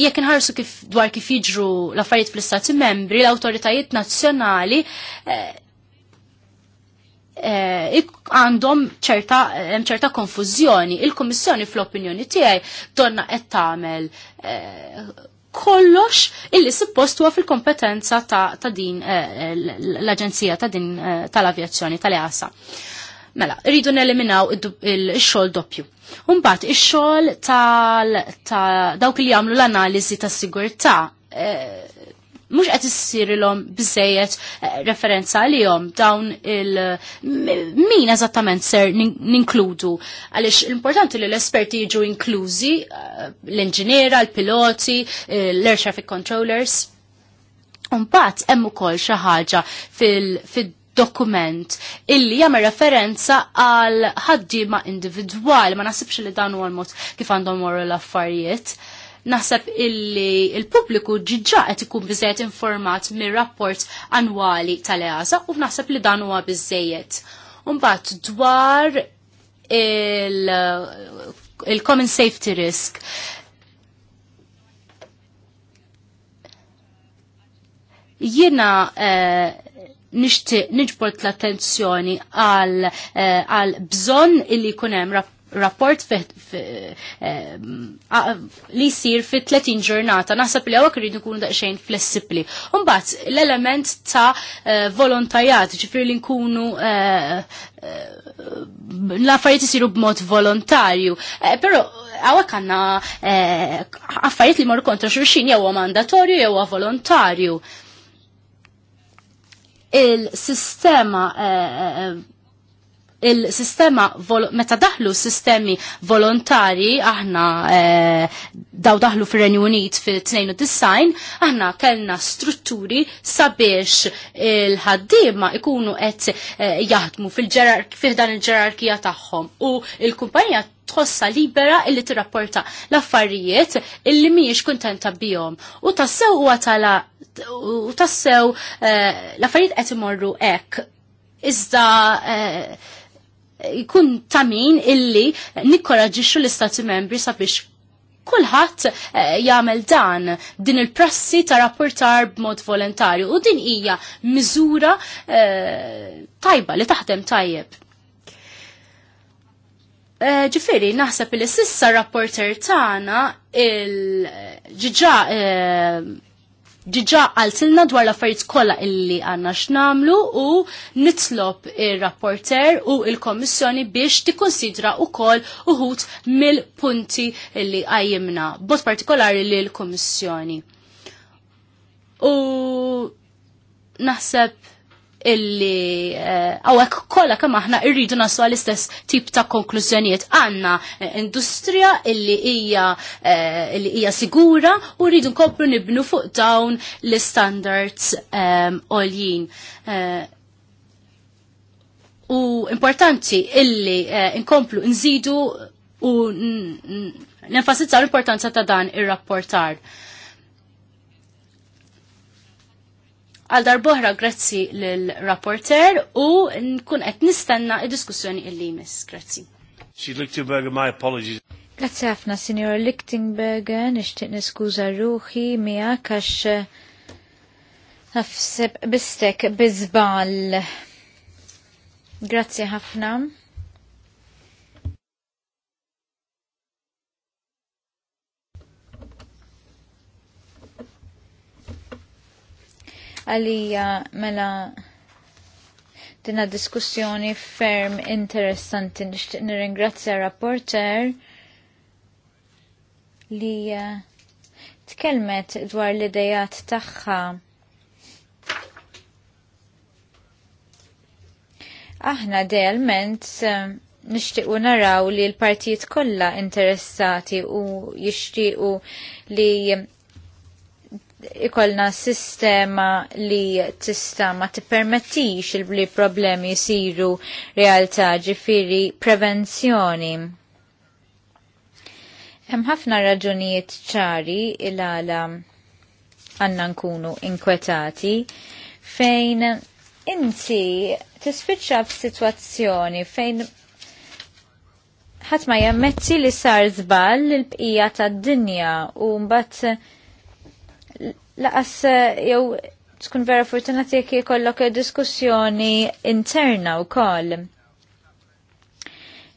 Jekk inħarsu kif dwar kif jiġru l-affarijiet fl-istati membri, l-awtoritajiet nazzjonali eh, Eh, għandhom ċerta, ċerta konfużjoni. Il-Kommissjoni fl-opinjoni tiegħi donna qed tagħmel eh, kollox illi suppost huwa fil-kompetenza ta', ta din eh, l-Aġenzija ta' din tal-Avjazzjoni tal-EASA. Mela, rridu neliminaw il-xogħol doppju. Umbat, ix-xogħol tal dawk li jagħmlu l-analiżi tas sigurtà mux għet s-sir il om bizzejet eh, referenza għalihom dawn il-min eh, eżattament ser ninkludu. Għalix l-importanti li l-esperti jiġu inklużi, eh, l-inġiniera, l-piloti, l-air traffic controllers. Unbat, emmu kol xaħġa fil-dokument illi jagħmel referenza għal ħaddiema individwali, ma nasibx li dan huwa għal mod kif għandhom morru l-affarijiet. Naħseb illi il-pubbliku ġiġa qed ikun biżejjed informat mir-rapport annwali tal-EASA u naħseb li dan huwa biżejjed. Mbagħad dwar il- il-common safety risk. Jina eh, nixtieq niġbort l-attenzjoni eh, għal bżonn illi jkun hemm rapport eh, li jisir fi 30 ġurnata. Naħseb li għawak rridu nkunu daqxejn flessibli. Umbat, l-element ta' eh, volontajat, ġifri li nkunu eh, l-affarijiet jisiru b'mod volontarju. Pero għawak għanna affarijiet li morru kontra xurxin jew mandatorju jew volontarju il-sistema il-sistema meta daħlu sistemi volontari aħna eh, daw daħlu fir-Renju Unit fil-92 aħna kellna strutturi sabiex il-ħaddiema ikunu qed eh, jaħdmu fil dan il-ġerarkija tagħhom u il-kumpanija tħossa libera illi tirrapporta l-affarijiet illi miex kuntenta bihom. U tassew u għatala, u tassew eh, l-affarijiet qed imorru hekk. Iżda eh, jkun tamin illi nikkoraġixxu l-istati membri sabiex kulħadd eh, jagħmel dan din il-prassi ta' rapportar b'mod volontarju u din hija miżura eh, tajba li taħdem tajjeb. Eh, Ġifieri naħseb li sissa rapporter tagħna il-ġiġa ġiġa għaltilna dwar l-affarijiet kollha illi għandna x'namlu u nitlob ir-rapporter u il-Kommissjoni biex tikkonsidra wkoll uħut mill-punti illi qajjimna, bot partikolari lil kommissjoni U naħseb illi għawek uh, kolla kama aħna irridu naslu għal-istess tip ta' konklużjonijiet għanna industrija illi hija uh, illi hija sigura u rridu nkomplu nibnu fuq dawn l-standards għoljin. uh, u importanti illi nkomplu nżidu u nenfasizzaw l-importanza ta' dan ir-rapportar. Uh, Għal darboħra grazzi l-rapporter u nkun qed nistenna id-diskussjoni il mis Grazzi. Sir Lichtenberger, my apologies. Grazzi ħafna, Signor Lichtenberger, nixtieq niskuża ruħi miegħek għax nafseb eh, bistek bizbal. Grazzi ħafna. għalija mela dina diskussjoni ferm interessanti. Nishtiq nirringrazzja rapporter li eh, tkellmet dwar l-idejat tagħha. Aħna idealment eh, nixtiequ naraw li l-partijiet kollha interessati u jixtiequ li ikolna sistema li tista ma tippermettix li problemi jisiru realtà ġifiri prevenzjoni. Hemm ħafna raġunijiet ċari il-għala għanna nkunu inkwetati fejn inti tispiċċa f'sitwazzjoni fejn ħadd ma jammetti li sar żball l-bqija tad-dinja u mbagħad laqas eh, jew tkun vera fortunati jekk jkollok diskussjoni interna wkoll.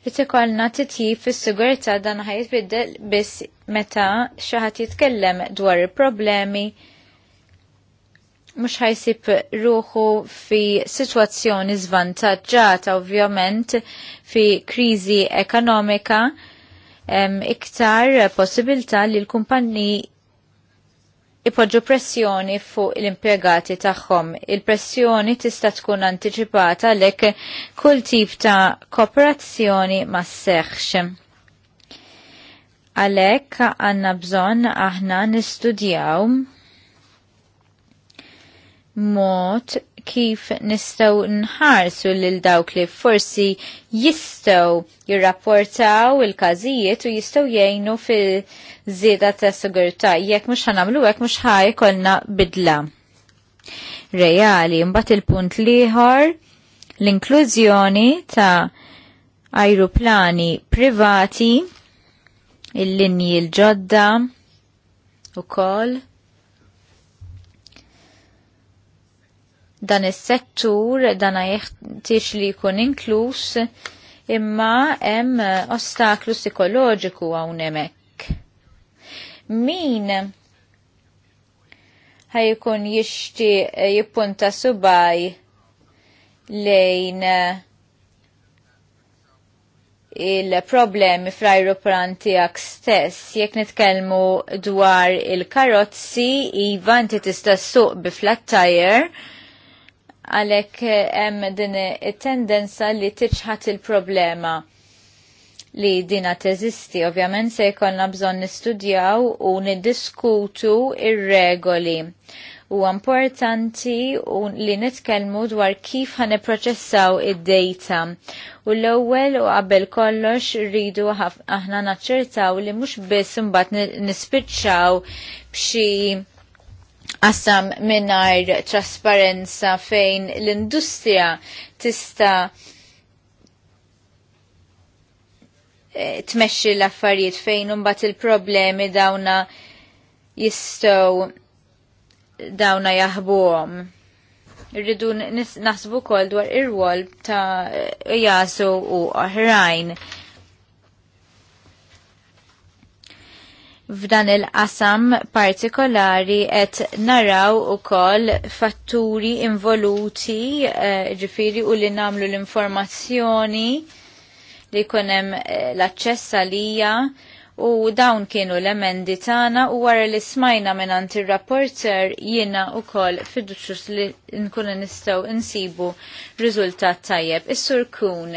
Rrit ikollna titjib fis sigurità dan ħajtbiddel biss meta xi ħadd jitkellem dwar il-problemi mhux ħajsib ruħu fi sitwazzjoni żvantaġġata ovvjament fi kriżi ekonomika iktar possibilità li l-kumpanni ipoġġu pressjoni fuq l-impjegati tagħhom. Il-pressjoni tista' tkun antiċipata lek kull tip ta' kooperazzjoni ma seħħx. Għalhekk għandna bżonn aħna nistudjaw mod kif nistaw nħarsu lil dawk li forsi jistaw jirrapportaw il-każijiet u jistaw jgħinu fil-żieda ta' sigurtà jekk mhux ħanamlu hekk mhux kolna bidla. Reali, mbagħad il-punt liħor l-inklużjoni ta' ajruplani privati il-linji l-ġodda u koll dan is-settur dan jeħtieġ li jkun inkluż imma hemm ostaklu psikoloġiku hawnhekk. hemmhekk. Min ħajkun jixti jippunta subaj lejn il-problemi fl pranti għak stess. Jek nitkelmu dwar il-karozzi, iva, ti tista' suq bi flat tire, għalek eh, hemm din it-tendenza li tiċħat il-problema li dina teżisti. Ovvjament se jkollna bżonn nistudjaw u niddiskutu ir-regoli. U importanti u li nitkellmu dwar kif ħan proċessaw id-data. U l-ewwel u qabel kollox rridu aħna naċċertaw li mhux biss imbagħad nispiċċaw b'xi qasam minnar trasparenza fejn l-industrija tista' eh, tmexxi l-affarijiet fejn imbagħad il-problemi dawna jistgħu dawna jaħbuhom. Irridu naħsbu wkoll dwar ir-rwol ta' jasu u oħrajn. f'dan il-qasam partikolari et naraw u koll fatturi involuti eh, ġifiri u li namlu l-informazzjoni li konem eh, l-access għalija u dawn kienu l-emendi tana u wara li smajna minn il-rapporter jiena u koll fiduċus li nkunu nistaw insibu rizultat tajjeb. Is-sur kun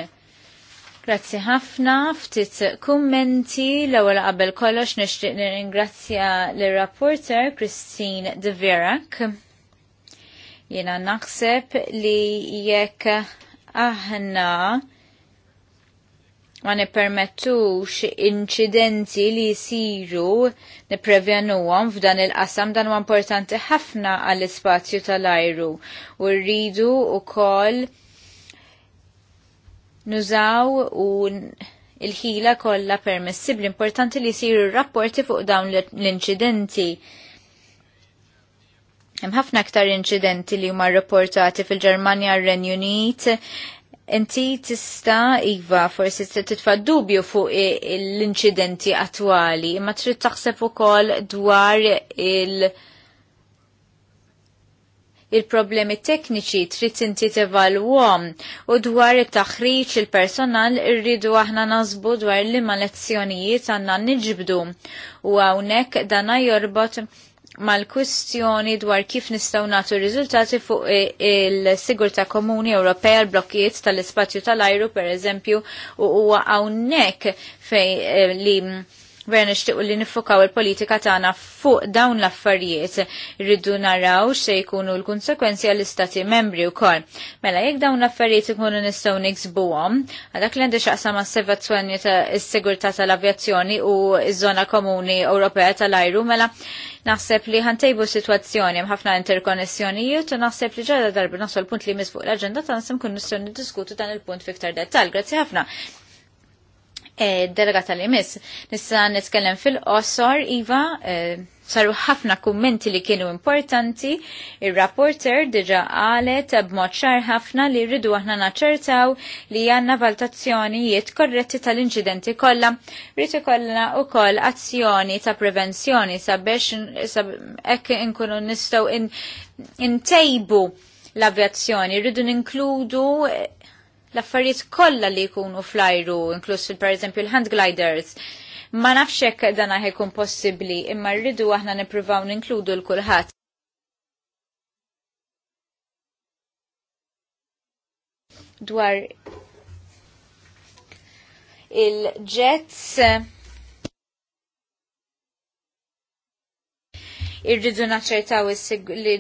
Grazzi ħafna, ftit kummenti l-ewwel qabel kollox nixtieq nirringrazzja lir-rapporter Christine De Verac. Jiena naħseb li jekk aħna ma nippermettux incidenti li jisiru niprevjanuhom f'dan il-qasam dan huwa importanti ħafna għall-ispazju tal-ajru u rridu wkoll nużaw u il-ħila kollha permessibli importanti li jsiru rapporti fuq dawn l-inċidenti. Hemm ħafna aktar inċidenti li huma rrapportati fil-Ġermanja r-Renju Unit. Inti tista' iva forsi se titfa' dubju fuq l-inċidenti attwali, imma trid taħseb ukoll dwar il- il-problemi tekniċi trid inti tevalwhom u dwar it-taħriġ il-personal irridu aħna nażbu dwar li ma lezzjonijiet għandna niġbdu u hawnhekk dana jorbot mal-kwistjoni dwar kif nistgħu nagħtu riżultati fuq il sigurta komuni Ewropea l-blokkijiet tal-ispazju tal-ajru pereżempju u huwa hawnhekk fej eh, li vera nixtiequ li nifokaw il-politika tagħna fuq dawn l-affarijiet irridu naraw se jkunu l-konsekwenzi għall-istati membri wkoll. Mela jekk dawn l-affarijiet ikunu nistgħu niksbuhom, għadak li għandi x'aqsam għas sevazzjoni ta' s-sigurtà tal-avjazzjoni u ż-żona komuni Ewropea tal-ajru mela naħseb li ħantejbu situazzjoni mħafna interkonnessjonijiet u naħseb li ġada darbi nasol punt li misfuq l-agenda ta' nasim kun nissun diskutu dan il-punt fiktar dettal. Grazzi ħafna. Eh, delegata li miss. Nissa nitkellem fil-qosor, Iva, eh, saru ħafna kummenti li kienu importanti, il-rapporter diġa għalet b'mod ċar ħafna li rridu aħna naċertaw li għanna jiet korretti tal-inċidenti kollha. kolla ikollna wkoll azzjoni ta' prevenzjoni sabiex ek inkunu nistgħu intejbu l-avjazzjoni, rridu ninkludu eh, l-affarijiet kollha li jkunu flajru, inkluż per pereżempju l-hand gliders. Ma nafxek dan jkun possibbli, imma rridu aħna nippruvaw ninkludu l-kulħadd. Dwar il-jets irridu naċċertaw li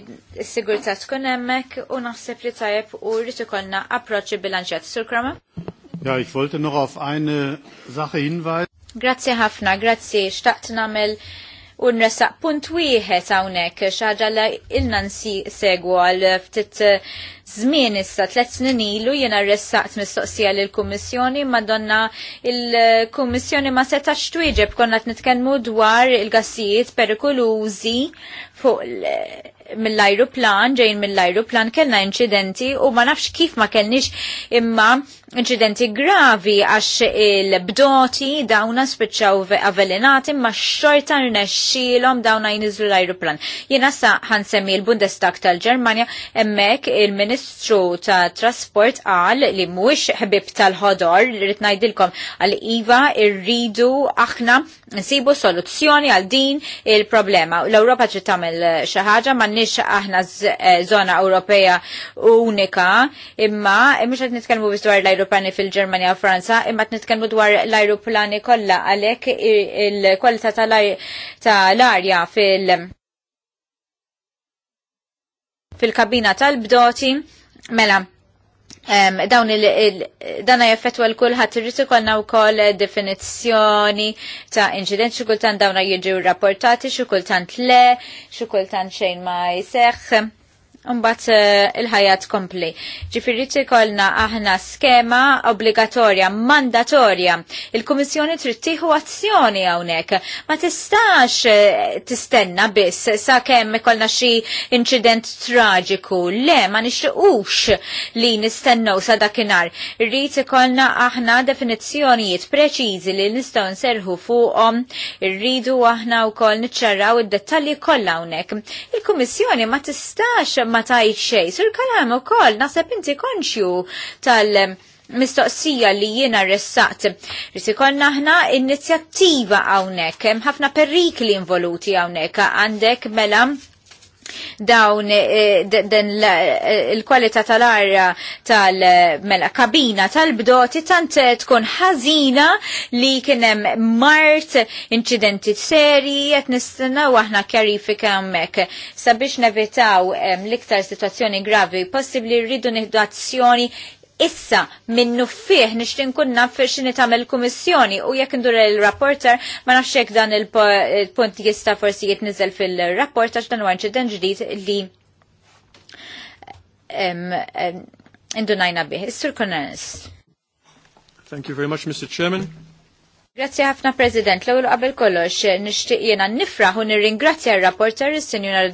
s-sigurtà tkun hemmhekk u naħseb li tajjeb u rrid ikollna approċċi bilanċjat. Sur Krama? Ja, ich wollte noch auf eine Sache hinweisen. Grazzi ħafna, grazzi. Xtaqt nagħmel u nresaq punt wieħed hawnhekk xaġa li ilna segwu għal ftit eh, żmien issa tliet snin ilu jiena rressaqt mistoqsija lill kummissjoni madonna il-kummissjoni ma setax twieġeb konna qed nitkellmu dwar il-gassijiet perikolużi fuq mill-ajruplan, ġejn mill-ajruplan kellna incidenti u ma nafx kif ma kellniex imma incidenti gravi għax il-bdoti dawna spiċċaw avvelenati ma xorta rnexxilhom dawna jniżlu l-ajruplan. Jiena sa ħansemmi l-Bundestag tal-Ġermanja hemmhekk il-Ministru ta' Trasport qal li mhuwiex ħbib tal-ħodor rrid ngħidilkom għal iva rridu aħna nsibu soluzzjoni għal din il-problema. L-Ewropa trid tagħmel xi ħaġa m'għandniex aħna żona eh, Ewropea unika imma mhux qed nitkellmu dwar l l fil-Ġermanja u Franza, imma t dwar l-ajruplani kollha għalhekk il-kwalità tal-arja fil- kabina tal-bdoti, mela, dawn il, dana jaffetwa l-kulħat irritu kolna u kol definizjoni ta' incident xukultan dawna jieġu rapportati xukultan le xukultan xejn ma jiseħ mbagħad eh, il-ħajja tkompli. Ġifieri tikolna aħna skema obbligatorja, mandatorja. Il-Kummissjoni trid tieħu azzjoni hawnhekk. Ma tistax eh, tistenna biss sakemm ikolna xi inċident traġiku. Le, ma nixtiqux li nistennew sa dakinhar. Irrid ikolna aħna definizzjonijiet preċiżi li nistgħu nserħu fuqhom. Irridu aħna wkoll niċċarraw id-dettalji kollha hawnhekk. Il-Kummissjoni ma tistax ma ma tajt xej. Sur kalam u koll, nasab inti konxju tal- mistoqsija li jiena ressaqt. Risi konna ħna inizjattiva għawnek, ħafna perikli involuti għawnek, għandek mela dawn eh, eh, il-kwalità tal-arja tal-mela kabina tal-bdoti tant eh, tkun ħażina li kien hemm mart inċidenti seri qed nistennaw aħna kjarifika hemmhekk sabiex nevitaw l-iktar situazzjoni gravi possibbli rridu nieħdu azzjoni issa minnu fieħ nishtin kunna naf xini tamel u jekk ndur il-rapporter ma nafxek dan il-punt jista forsi jitnizel fil-rapport għax dan huwa inċident ġdid li indunajna bih. Sir sur Thank you very much, Mr. Chairman. Grazzi ħafna President, l għabel qabel kollox nixtieq jiena nifraħ u nirringrazzja r-rapporter il sinjur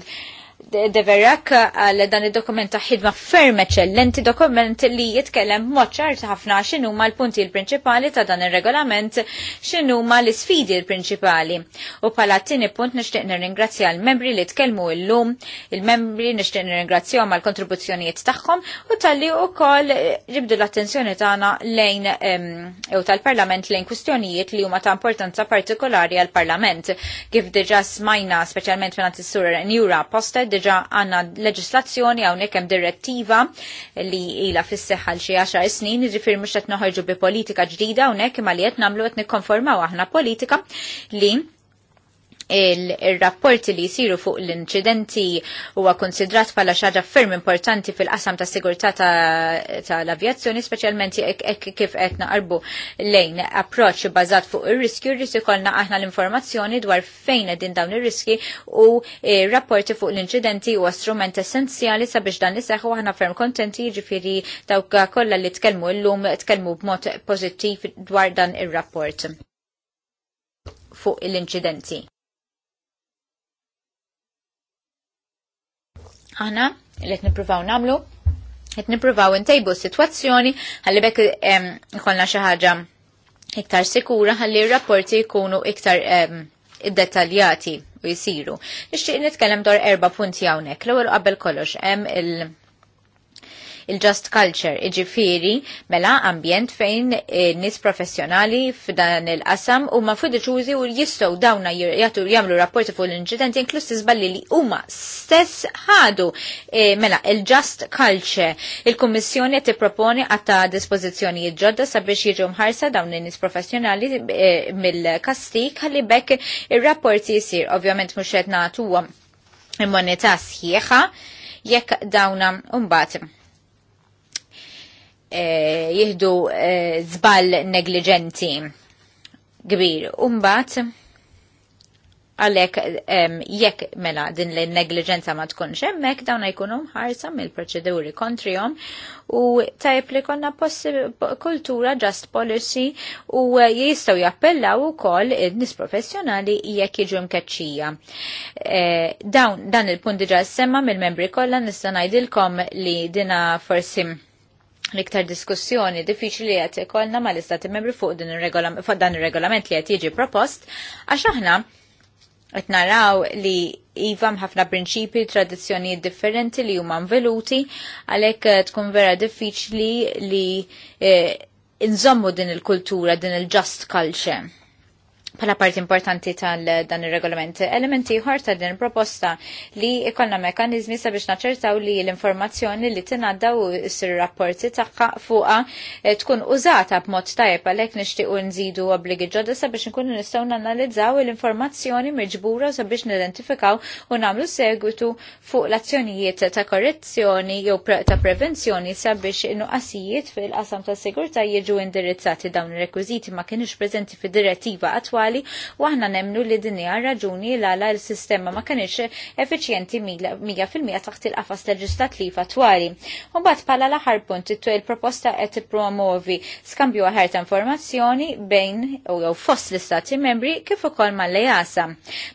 Deverak għal dan id dokument ta' ħidma ferm eċellenti dokument li jitkellem moċċar ta' ħafna x'inhu ma l-punti l-prinċipali ta' dan ir-regolament xinu ma l-isfidi l-prinċipali. U bħala tieni punt nixtieq nirringrazzja l-membri li tkellmu llum, il-membri nixtieq nirringrazzjahom mal kontribuzzjonijiet tagħhom u talli wkoll ġibdu l-attenzjoni tagħna lejn ew tal-Parlament lejn kwistjonijiet li huma ta' importanza partikolari għall-Parlament. Kif diġà smajna speċjalment minn Sur Njura Posted diġa għanna leġislazzjoni hawnhekk hemm direttiva li ila fis l xi 10 snin, jiġifieri mhux qed noħorġu bi politika ġdida għaw imma li qed nagħmlu qed nikkonformaw aħna politika li il-rapporti li jisiru fuq l-inċidenti huwa konsidrat bħala xaġa ferm importanti fil-qasam ta' sigurtà tal-avjazzjoni, speċjalment kif qed naqarbu lejn approċċ bażat fuq ir-riskju, rrid ikollna aħna l-informazzjoni dwar fejn din dawn ir-riski u e, rapporti fuq l-inċidenti huwa strument essenzjali sabiex dan iseħħ u aħna ferm kontenti jiġifieri dawk kollha li tkellmu llum tkellmu b'mod pożittiv dwar dan ir-rapport fuq l-inċidenti. Aħna, li t nippruvaw nagħmlu, qed nippruvaw n s-sitwazzjoni ħalli bekk ikollna xi ħaġa iktar sikura ħalli r-rapporti jkunu iktar id-detaljati u jisiru. Nixtieq nitkellem dwar erba' punti hawnhekk. L-ewwel qabel kollox hemm il- il-just culture, iġifiri, mela ambjent fejn eh, nis professjonali f'dan il-qasam u ma fiduċużi u jistow dawna jgħatu jgħamlu rapporti fuq l-inċidenti inkluż tizballi li huma stess ħadu eh, mela il-just culture. Il-Kummissjoni qed tipproponi għatta dispożizzjonijiet ġodda sabiex jiġu mħarsa dawn in-nies professjonali eh, mill-kastik ħalli bekk ir-rapporti jisir ovvjament mhux qed nagħtuhom immonità sħiħa jekk dawna mbagħad Eh, jihdu eh, zbal negligenti kbir. Umbat, għalek jekk mela din li negliġenza ma tkunx hemmhekk dawn jkunu ħarsa mill-proċeduri kontrihom u tajb li konna kultura just policy u jistgħu jappellaw ukoll nis professjonali jekk jiġu mkeċċija. Eh, dawn dan il-punt diġà semma mill-membri kollha nista' ngħidilkom li dina forsim l-iktar diskussjoni diffiċli li qed ikollna mal-istati membri fuq dan ir-regolament li qed jiġi propost għax aħna qed naraw li iva ħafna prinċipi, tradizzjonijiet differenti li huma veluti, għalhekk tkun vera diffiċli li eh, inżommu din il-kultura, din il-just culture. Pala parti importanti tal-dan il-regolament, elementi jħor ta' din proposta li ikonna mekanizmi sabiex naċertaw li l-informazzjoni li tinadda u s-rapporti taqqa fuqa eh, tkun użata b'mod tajb għalek nishtiq u nżidu obligi ġodda sabiex nkunu nistaw nanalizzaw l-informazzjoni mirġbura sabiex nidentifikaw u namlu segwitu fuq l-azzjonijiet ta' korrezzjoni jew ta' prevenzjoni sabiex nuqqasijiet fil-qasam ta' sigurta jiġu indirizzati dawn il-rekwiziti ma kienux prezenti fid-direttiva attwali attwali u aħna nemnu li din hija raġuni l għala l-sistema ma kienx effiċjenti 100% taħt il-qafas leġislattiva attwali. U mbagħad bħala l-aħħar punt il-proposta qed tippromovi skambju aħar ta' informazzjoni bejn u jew fost l-istati membri kif ukoll mal-lejasa.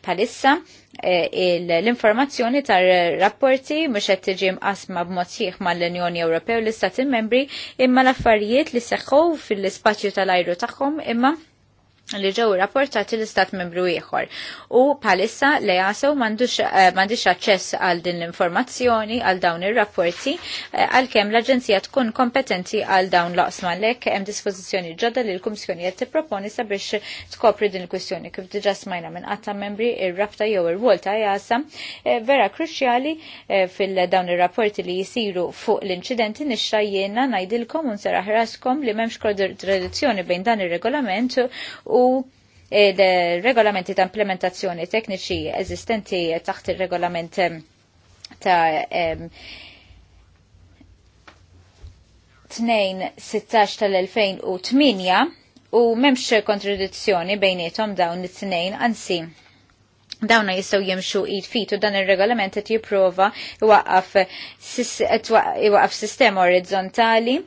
Bħalissa eh, l-informazzjoni tar rapporti mhux qed tiġi mqasma b'mod sieħ mal-Unjoni Ewropew l-Istati Membri imma l-affarijiet li seħħu fil-ispazju tal-ajru tagħhom imma li ġew rapportati l-istat membru ieħor. U palissa le jasew mandux eh, aċċess għal din l-informazzjoni għal dawn ir-rapporti eh, għalkemm l-Aġenzija tkun kompetenti għal dawn l-oqsma lek hemm dispożizzjoni ġodda li l-Kummissjoni qed tipproponi sabiex tkopri din il-kwistjoni kif diġà smajna minn qatta membri ir-rabta jew ir-wol ta' jasa e eh, vera kruċjali fil-dawn ir-rapporti li jisiru fuq l-inċidenti nixxa jiena ngħidilkom u nseraħraskom li m'hemmx tradizzjoni bejn dan ir-regolament u u il-regolamenti eh, ta' implementazzjoni tekniċi eżistenti taħt il-regolament eh, ta' 2-16 tal-2008 u memx kontradizzjoni bejnietom dawn it-tnejn, ansi dawna jistaw jimxu id u dan il-regolament qed jipprova iwaqaf sistema orizzontali u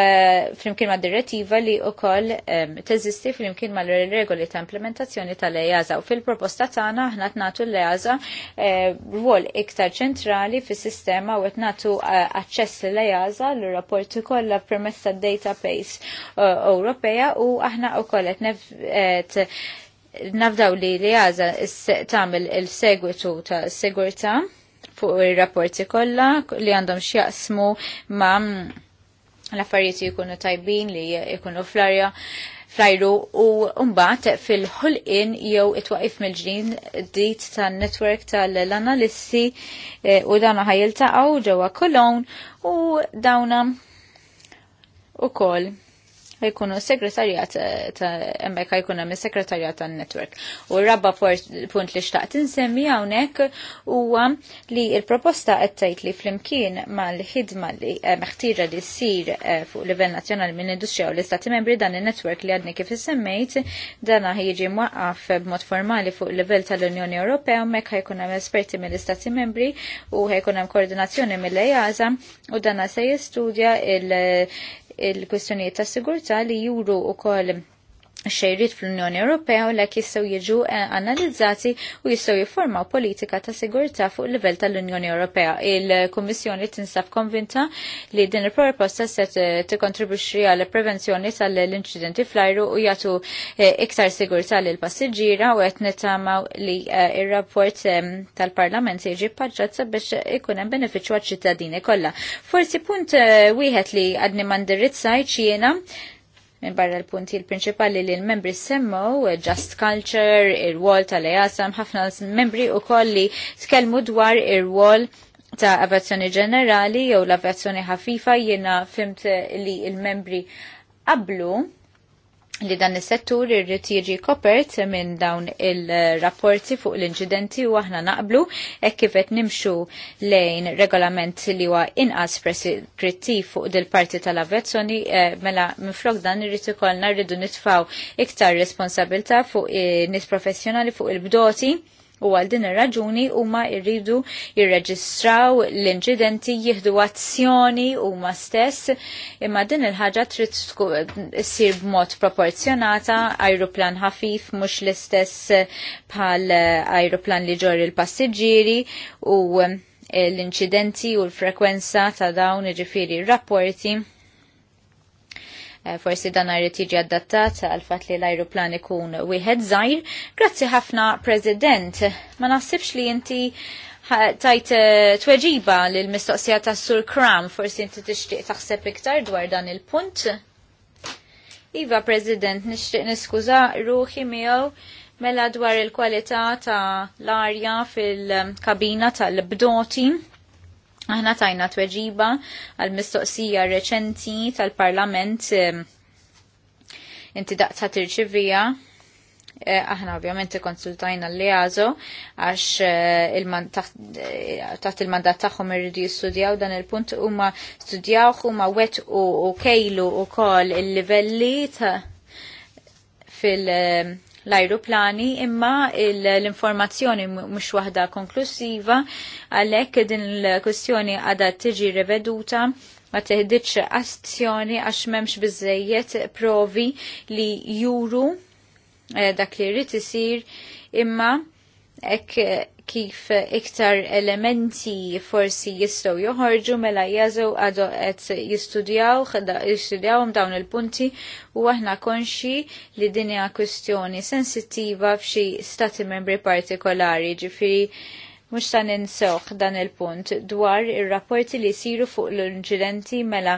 eh, flimkien ma' direttiva li wkoll eh, teżisti flimkien ma' regoli ta' implementazzjoni tal-EASA u fil-proposta tagħna aħna tnatu l-EASA eh, rwol iktar ċentrali fis-sistema u qed nagħtu aċċess l-EASA l-rapport ikollha permessa tad-database Ewropea u aħna wkoll qed nafdaw li li għaza tamil il-segwitu ta' sigurta fuq il-rapporti kolla li għandhom xjaqsmu ma' mm, l-affarijiet jikunu tajbin li jikunu fl flajru u mbagħad fil ħulqin jew itwaqif mill-ġin dit tan-netwerk tal analissi e, u dawna ħajiltaqgħu ġewwa Cologne u dawna ukoll ħajkunu segretarjat eh, ta' emmek ħajkun me segretarjat tan-network. U rabba punt li xtaqt insemmi hawnhekk huwa li l-proposta qed li flimkien mal-ħidma li eh, meħtira li s-sir eh, fuq level nazjonal minn industrija u l-istati membri dan in-network li għadni kif semmejt dan ħieġi mwaqqaf b'mod formali fuq livell tal-Unjoni Ewropea hemmhekk ħajkun hemm esperti mill-istati membri u ħajkun hemm koordinazzjoni mill-EASA u dana se jistudja il- il-kwistjonijiet ta' sigurtà li juru wkoll xejrit fl-Unjoni Ewropea u lek jistgħu jiġu eh, analizzati u jistgħu jiformaw politika ta' sigurtà fuq livell tal-Unjoni Ewropea. Il-Kummissjoni tinsab konvinta li din il-proposta se tikkontribwixxi għal prevenzjoni tal-inċidenti fl-ajru u jagħtu eh, iktar sigurtà lil passiġġiera u qed nitamaw li eh, ir-rapport ehm, tal-Parlament jiġi paġġat sabiex ikun hemm benefiċċju għaċ-ċittadini kollha. Forsi punt wieħed li għadni mandirizzaj xiena minn barra l-punti l-prinċipali li l-membri semmu, eh, Just Culture, ir-wol tal-EASAM, ħafna membri u kolli tkellmu dwar ir-wol ta' avazzjoni ġenerali jew l avazzjoni ħafifa jiena fimt li l-membri qablu li dan is-settur irrid jiġi kopert minn dawn il-rapporti fuq l-inċidenti u aħna naqblu hekk kif qed nimxu lejn regolament li huwa inqas preskrittiv fuq dil parti tal-avvezzjoni eh, mela minflok dan irrid ikollna rridu nitfaw iktar responsabilità fuq eh, nis professjonali fuq il-bdoti U għal din ir-raġuni huma rridu jirreġistraw l-inċidenti jieħdu azzjoni huma stess imma din il-ħaġa trid issir b'mod proporzjonata ajruplan ħafif mhux l-istess bħal ajruplan li ġor il-passiġġieri u l-inċidenti u l-frekwenza ta' dawn iġifieri rapporti Eh, forsi dan għarri tiġi adattat għal fat li l-ajruplan ikun wieħed zaħir. Grazzi ħafna, President. Ma naħsibx li inti tajt eh, tweġiba l-mistoqsija ta' Sur Kram, forsi inti tixtieq taħseb iktar dwar dan il-punt. Iva, President, nixtieq niskuża ruħi miegħu mela dwar il-kwalità ta' l-arja fil-kabina tal-bdoti Aħna tajna tweġiba għal mistoqsija reċenti tal-Parlament ehm, inti daqsa tirċivija. E, aħna ovvjament konsultajna l-Leazo għax e, e, taħt il-mandat tagħhom irridu jistudjaw dan il-punt huma studjawh huma wet u kejlu u il-livelli ta' fil- l-ajruplani imma l-informazzjoni mhux waħda konklusiva għalhekk din l-kwistjoni għadha tiġi reveduta ma teħdiċ azzjoni għax memx bizzejiet provi li juru eh, dak li jrid isir imma ek kif iktar elementi forsi jistgħu joħorġu mela jażew għadu qed jistudjaw jistudjawhom dawn il-punti u aħna konxi li din hija sensitiva sensittiva f'xi stati membri partikolari ġifiri. Mux ta' ninsoħ dan il-punt dwar il-rapporti li siru fuq l-inċidenti mela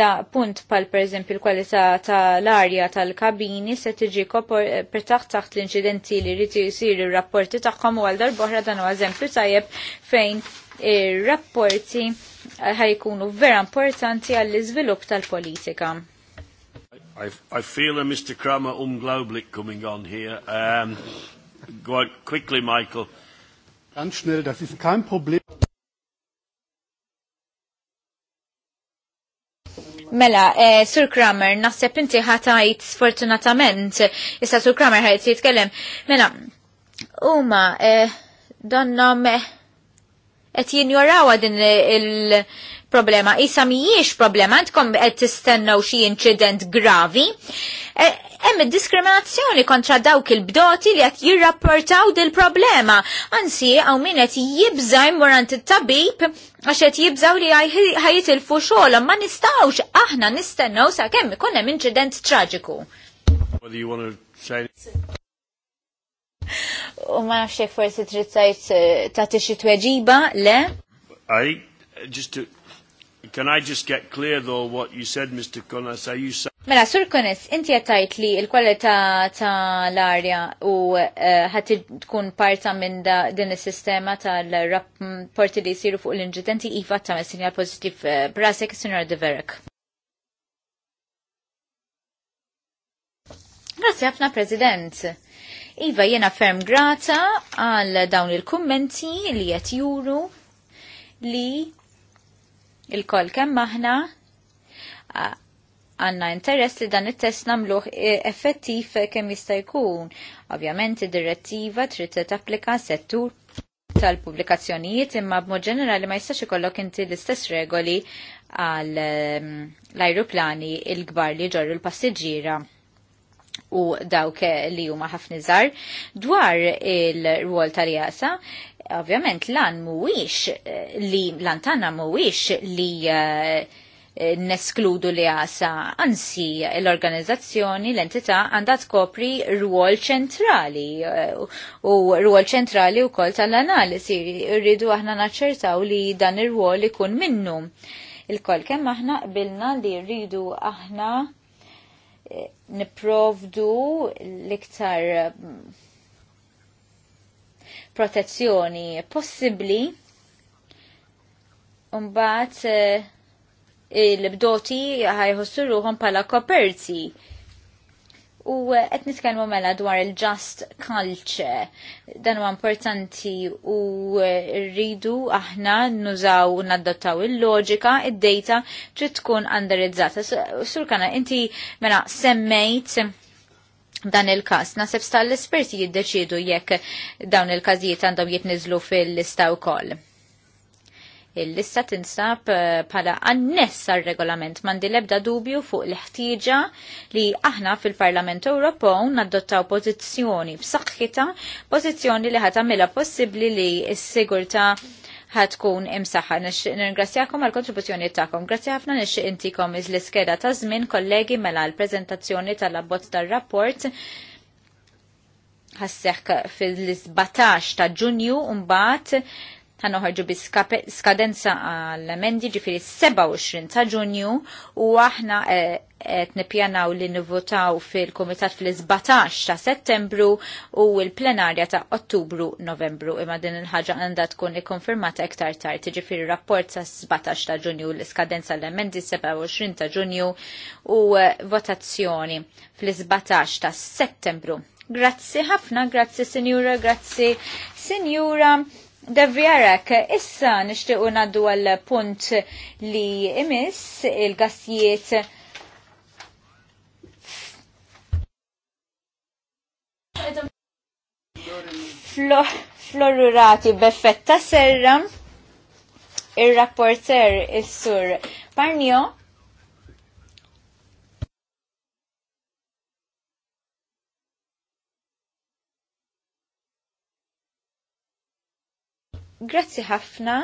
da' punt pal per eżempju l-kwalità tal-arja tal-kabini se tiġi per taħt l-inċidenti li rriti siru il-rapporti tagħhom u għal darbohra dan u eżempju tajjeb fejn il-rapporti ħajkunu vera importanti għall-iżvilupp tal-politika. I, I feel a Mr. Kramer umglaublich coming on here. Um, go quickly, Michael. Ganz schnell, das ist kein Problem. Mela, eh, Sur Kramer, naħseb inti ħatajt sfortunatament, issa Sur Kramer ħajt jitkellem. Mela, umma, eh, donnom et jinjorawa din il- problema. Isa mijiex problema, għandkom qed tistennew xi inċident gravi. E, hemm diskriminazzjoni kontra dawk il-bdoti li qed jirrapportaw dil problema. Ansi hawn min qed jibża morant it-tabib għax qed jibżaw li ħajitilfu xogħolhom ma nistgħux aħna nistennew sakemm ikun hemm inċident traġiku. U ma nafx forsi trid tgħid eh, tagħti xi tweġiba, le? I just to Can I just get clear though what you said, Mr. Connors Are you saying... Mela, Sur Kones, inti għattajt li il-kwalità ta' l-arja u eh, ħati tkun parta minn din is-sistema tal-rapporti mm, li jsiru fuq l-inġidenti iva ta' sinjal pozittiv uh, eh, brasek, Sinjor Deverek. Grazie ħafna, President. Iva, jena ferm grata għal dawn il-kommenti li jett juru li il-koll kemm aħna għanna interess li dan it-test namluħ e, effettiv kemm jista' jkun. Ovvjament id-direttiva trid tapplika settur tal-pubblikazzjonijiet imma b'mod ġenerali ma jistax ikollok inti l-istess regoli għal mm, l-ajruplani il-gbar li ġorru l-passiġġiera u dawk li huma ħafna żgħar dwar il-rwol tal-jaqsa Ovvjament lan mhuwiex eh, li lan tagħna mhuwiex li eh, neskludu li għasa, ansi l-organizzazzjoni, l-entità għandha tkopri rwol ċentrali eh, u rwol ċentrali u kol tal-analisi, rridu aħna naċċertaw li dan ir-rwol ikun minnu. Il-kol kemm aħna qbilna li rridu aħna niprovdu l-iktar protezzjoni possibbli unbat eh, il-bdoti ħajħossu ruħom pala koperti. U eh, qed nitkellmu mela dwar il-just culture. Dan huwa importanti u eh, rridu aħna nużaw naddottaw il-loġika, id-data trid tkun underizzata. Sur inti mela semmejt dan il-kas. Naseb sta l-esperti jiddeċidu jekk dawn il-kazijiet għandhom jitnizlu fil-lista u Il-lista tinsab eh, pala annessa regolament mandi lebda dubju fuq l-ħtieġa li aħna fil-Parlament Ewropew naddottaw pożizzjoni b'saħħitha pożizzjoni li ħatamilha possibbli li s-sigurta ħatkun imsaħħa. Nixtieq nirringrazzjakom għal kontribuzzjoni tagħkom. Grazzi ħafna nixtieq intikom iż l-iskeda ta' żmien kollegi mela l-preżentazzjoni tal-abbozz tar-rapport ħasseħ fil-17 ta' ġunju mbagħad ħanoħorġu bi skadenza għall-emendi ġifiri 27 ta' ġunju u aħna eh, qed nippjanaw li nivvotaw fil-Kumitat fil-17 ta' Settembru u l-plenarja ta' Ottubru Novembru imma din il-ħaġa għandha tkun ikkonfermata iktar tard ġifiri rapport sa' 17 ta' ġunju l-iskadenza l-emendi 27 ta' ġunju u eh, votazzjoni fil-17 ta' Settembru. Grazzi ħafna, grazzi Sinjura, grazzi Sinjura. Davjarek, issa nishtiqu naddu għal punt li imis il-gassijiet florurati b'effett ta' serra, il-rapporter il-sur Parnio, Grazzi ħafna.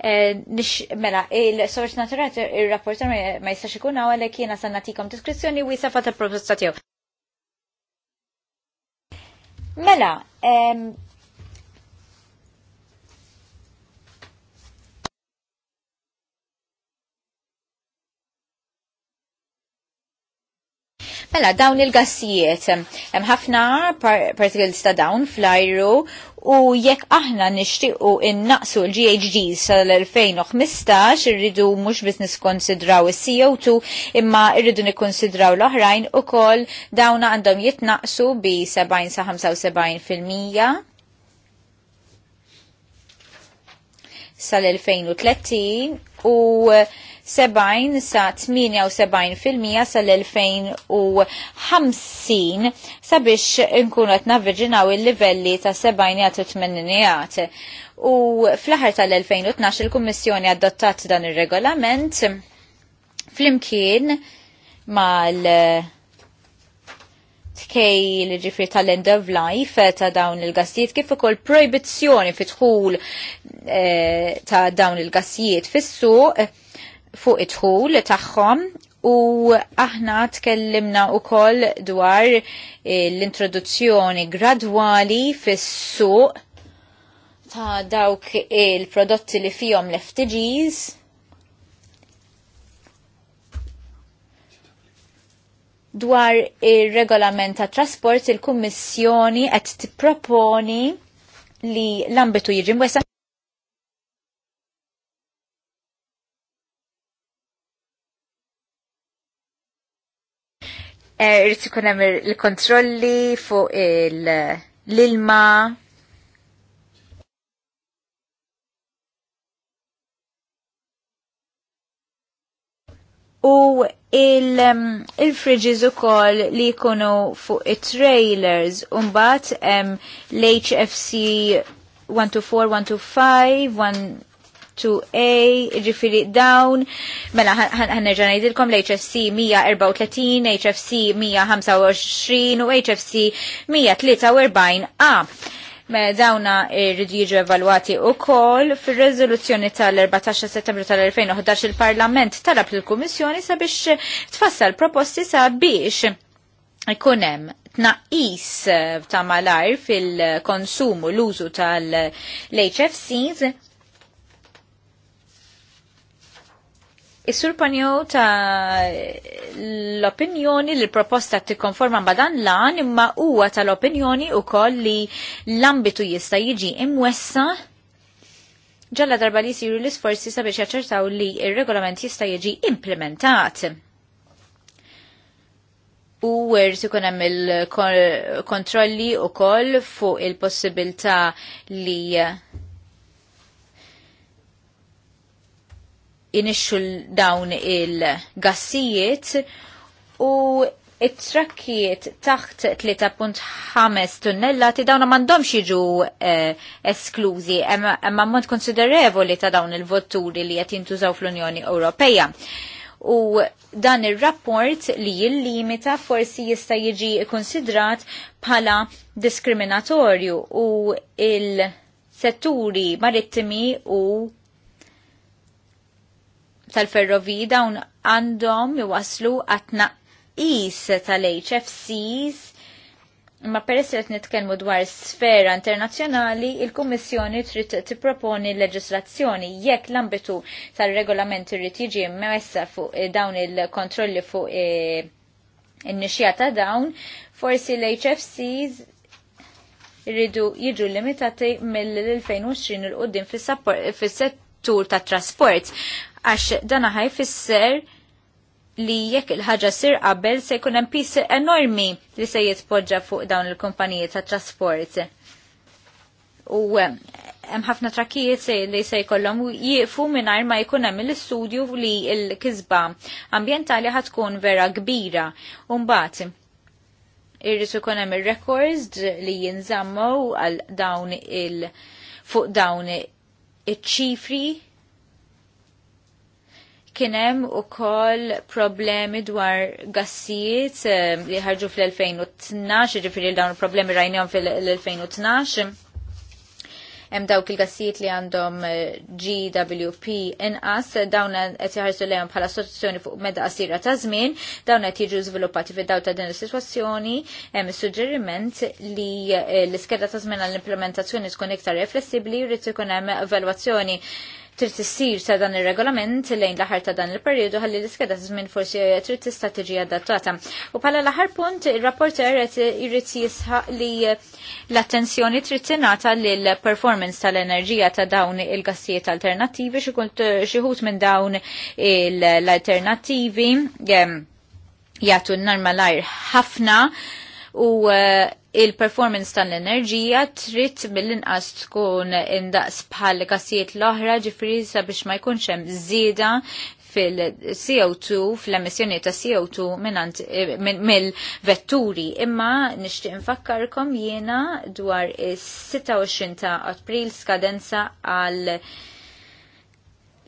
Eh, nix, mela, il-sorċ naturat, il rapporta ma jistax ikun għaw għalek jena sannatikom diskrizzjoni u jisafat il-protestativ. Mela, Mela, dawn il-gassijiet, hemm ħafna particles ta' dawn fl-ajru u jekk aħna nixtiequ innaqsu l-GHGs sal-2015 irridu mhux biss niskonsidraw is-CO2 imma irridu nikkonsidraw l-oħrajn ukoll dawna għandhom jitnaqsu bi 70 sa 75 fil-mija sal-2030 u 70 sa 78 fil-mija sal-2050 sabiex nkunu qed navviġinaw il-livelli ta' 70 80 U fl-aħħar tal-2012 il-Kummissjoni adottat dan ir-regolament flimkien mal tkej li ġifri tal-end of life eh, ta' dawn il-gassijiet kif ukoll proibizzjoni fitħul eh, ta' dawn il-gassijiet fis-suq fuq it-ħul tagħhom u aħna tkellimna ukoll dwar eh, l-introduzzjoni gradwali fis-suq ta' dawk il-prodotti li fihom l-FTGs. Dwar ir-regolament ta' trasport il-Kummissjoni qed tipproponi li l-ambitu jiġi mwesa Eh, irrid ikun hemm il-kontrolli fuq il ilma mm, U il-fridges ukoll li jkunu fuq it-trailers imbagħad hemm l-HFC 124, 125, 2A, ġifiri dawn, mela ħannerġa ngħidilkom l-HFC 134, HFC 125 u HFC 143A. Me dawna irridu jiġu evalwati u kol fil-rezoluzzjoni tal-14 settembru tal-2011 il-Parlament talab l-Kummissjoni sabiex tfassal proposti sabiex ikunem tnaqis ta' malar fil-konsumu l-użu tal-HFCs Is-sur panjow ta' l-opinjoni li proposta ti konforma ma' dan lan imma huwa tal-opinjoni u koll li l-ambitu jista' jiġi imwessa ġalla darba li siru l-isforzi sabiex jaċċertaw li il-regolament jista' jiġi implementat. U għer ikun hemm il-kontrolli u koll fuq il-possibilità li inixxu dawn il-gassijiet u it-trakkijiet taħt 3.5 tunnellati dawna mandom jiġu eh, esklużi, emma mont konsiderevoli ta' dawn il-votturi li jett jintużaw fl-Unjoni Ewropeja. U dan il-rapport li jillimita forsi jista' jiġi konsidrat bħala diskriminatorju u il-setturi marittimi u tal-ferroviji dawn għandhom iwaslu is tal-HFCs Ma peress li nitkellmu dwar sfera internazzjonali, il-Kummissjoni trid tipproponi leġislazzjoni jekk l-ambitu tal-regolament trid jiġi mmessa fuq eh, dawn il-kontrolli fuq in-nixja eh, ta' dawn, forsi l-HFCs irridu jiġu limitati mill-2020 il-qoddim fis-settur tat trasport għax dana fisser li jekk il-ħaġa sir qabel se jkun hemm pis enormi li se jitpoġġa fuq dawn il-kumpaniji ta' trasport. U hemm ħafna trakkijiet li se jkollhom jieqfu mingħajr ma jkun hemm l-istudju li l-kisba ambjentali ħad tkun vera kbira. U mbagħad irrid ikun hemm ir-records li jinżammu għal dawn il fuq dawn iċ-ċifri kienem u kol problemi dwar gassijiet eh, li ħarġu fl-2012, ġifiri dawn problemi rajnjom fil-2012. Hemm dawk il-gassijiet li għandhom eh, GWP inqas, dawn qed jħarsu lejhom bħala soluzzjoni fuq meda qasira ta' żmien, dawn qed jiġu żviluppati fid-daw ta' din is-sitwazzjoni, hemm suġġeriment li eh, l-iskeda ta' żmien għall-implementazzjoni tkun iktar riflessibbli jrid ikun hemm evalwazzjoni trid issir ta' dan ir-regolament lejn l-aħħar ta' dan il-perjodu ħalli l-iskeda żmien forsi trid tista' tiġi adattata. U bħala l-aħħar punt ir-rapporter qed irid jisħaq li l-attenzjoni trid tingħata lil performance tal-enerġija ta' dawn il-gassijiet alternattivi xi ħut minn dawn l-alternattivi jagħtu n-narmalajr ħafna u uh, il-performance tal-enerġija trid mill-inqas tkun indaqs bħal gassijiet l-oħra ġifri sabiex ma jkunx hemm żieda fil-CO2, fil-emissjoni ta' CO2 mill-vetturi. Imma nixtieq infakkarkom jiena dwar is-26 ta' April skadenza għal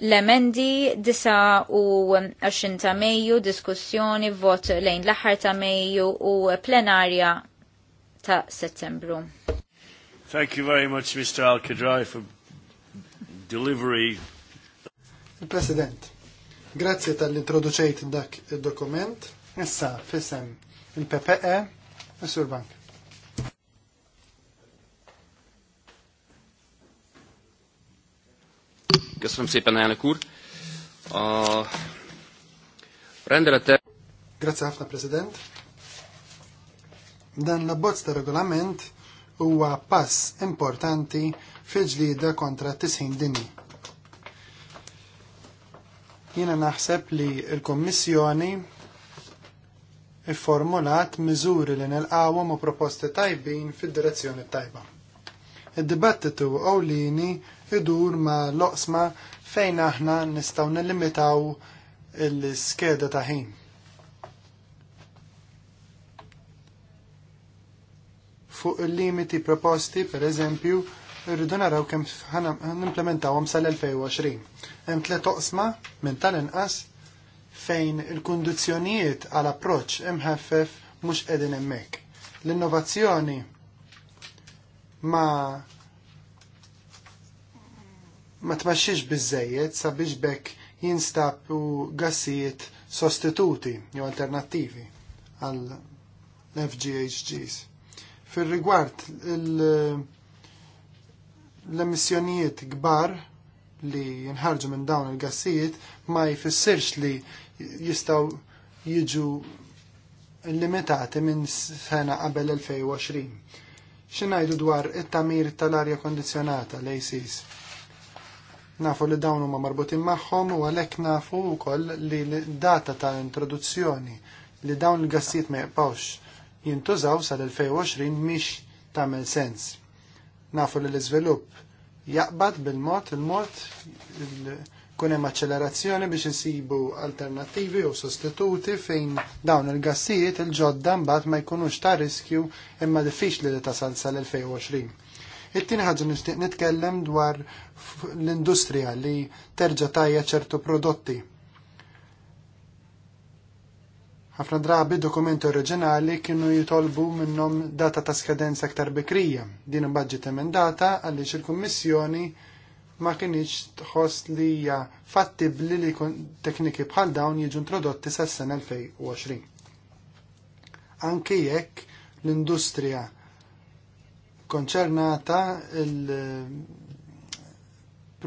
l-emendi 29 ta' Mejju, diskussjoni, vot lejn l-aħħar ta' Mejju u plenarja ta' settembru. Thank you very much, Mr. Al-Kadrai, for delivery. president grazie tal-introduċejt dak il-dokument. Issa, fissem, il-PPE, il-Sur Bank. Köszönöm szépen, elnök úr. A rendelete... Grazie, Hafna, President. Dan l-abbozz ta' regolament huwa pass importanti fil-ġlida kontra t-tisħin dinji. Jiena naħseb li l-Kommissjoni i-formulat miżuri li nelqawhom u proposti tajbin fil direzzjoni tajba. Id-dibattitu ewlieni idur ma' loqsma fejn aħna nistgħu nillimitaw l-skeda ta' ħin fuq il-limiti proposti, per eżempju, rridu naraw kemm nimplementawhom sal-2020. Hemm tliet oqsma minn tal-inqas fejn il-kundizzjonijiet għal approċċ imħaffef mhux qegħdin hemmhekk. L-innovazzjoni ma ma tmaxxix biżejjed sabiex bekk jinstab u gassijiet sostituti jew alternattivi għal FGHGs. Fil-rigward l-emissjonijiet kbar li jinħarġu minn dawn il-gassijiet ma jfissirx li jistaw jiġu limitati minn sena qabel 2020. Xinajdu dwar it-tamir tal-arja kondizjonata l-ACs? Nafu li dawn huma marbutin magħhom u għalhekk nafu wkoll li data ta' introduzzjoni li dawn il-gassijiet ma jibqgħux jintużaw sal-2020 miex tagħmel sens. Nafu li l-iżvilupp jaqbad bil-mod il-mod kunem hemm biex insibu alternattivi u sostituti fejn dawn il-gassijiet il-ġodda mbagħad ma jkunux ta' riskju imma diffiċli li tasal sal-2020. It-tieni ħaġa nixtieq nitkellem dwar l-industrija li terġa' tajja ċertu prodotti Ħafna drabi dokumenti oriġinali kienu jitolbu minnhom data ta' skadenza aktar bikrija. Din budget emendata għaliex il-Kummissjoni ma kienx tħoss li hija fattibbli li tekniki bħal dawn jiġu introdotti sas-sena 2020. Anke jekk l-industrija konċernata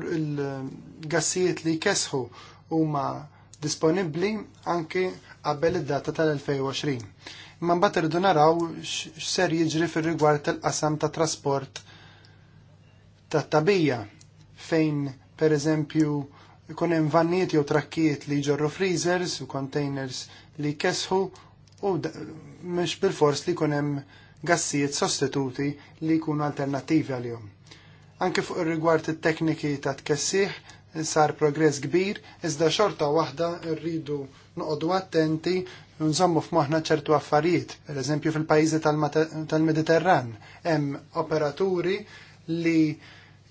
il-gassijiet li jkesħu huma disponibbli anke qabel id-data tal-2020. Imma mbagħad irridu naraw x'ser jiġri fir-rigward tal-qasam ta' trasport tat-tabija fejn pereżempju ikun hemm vannijiet jew trakkijiet li jġorru freezers u containers li jkesħu u mhux bil-fors li jkun hemm gassijiet sostituti li jkunu alternattivi għalihom. Anke fuq ir-rigward it-tekniki ta' tkessih, sar progress kbir, iżda xorta waħda rridu noqogħdu attenti nżommu f'moħħna ċertu affarijiet. Per eżempju fil-pajjiżi tal-Mediterran hemm operaturi li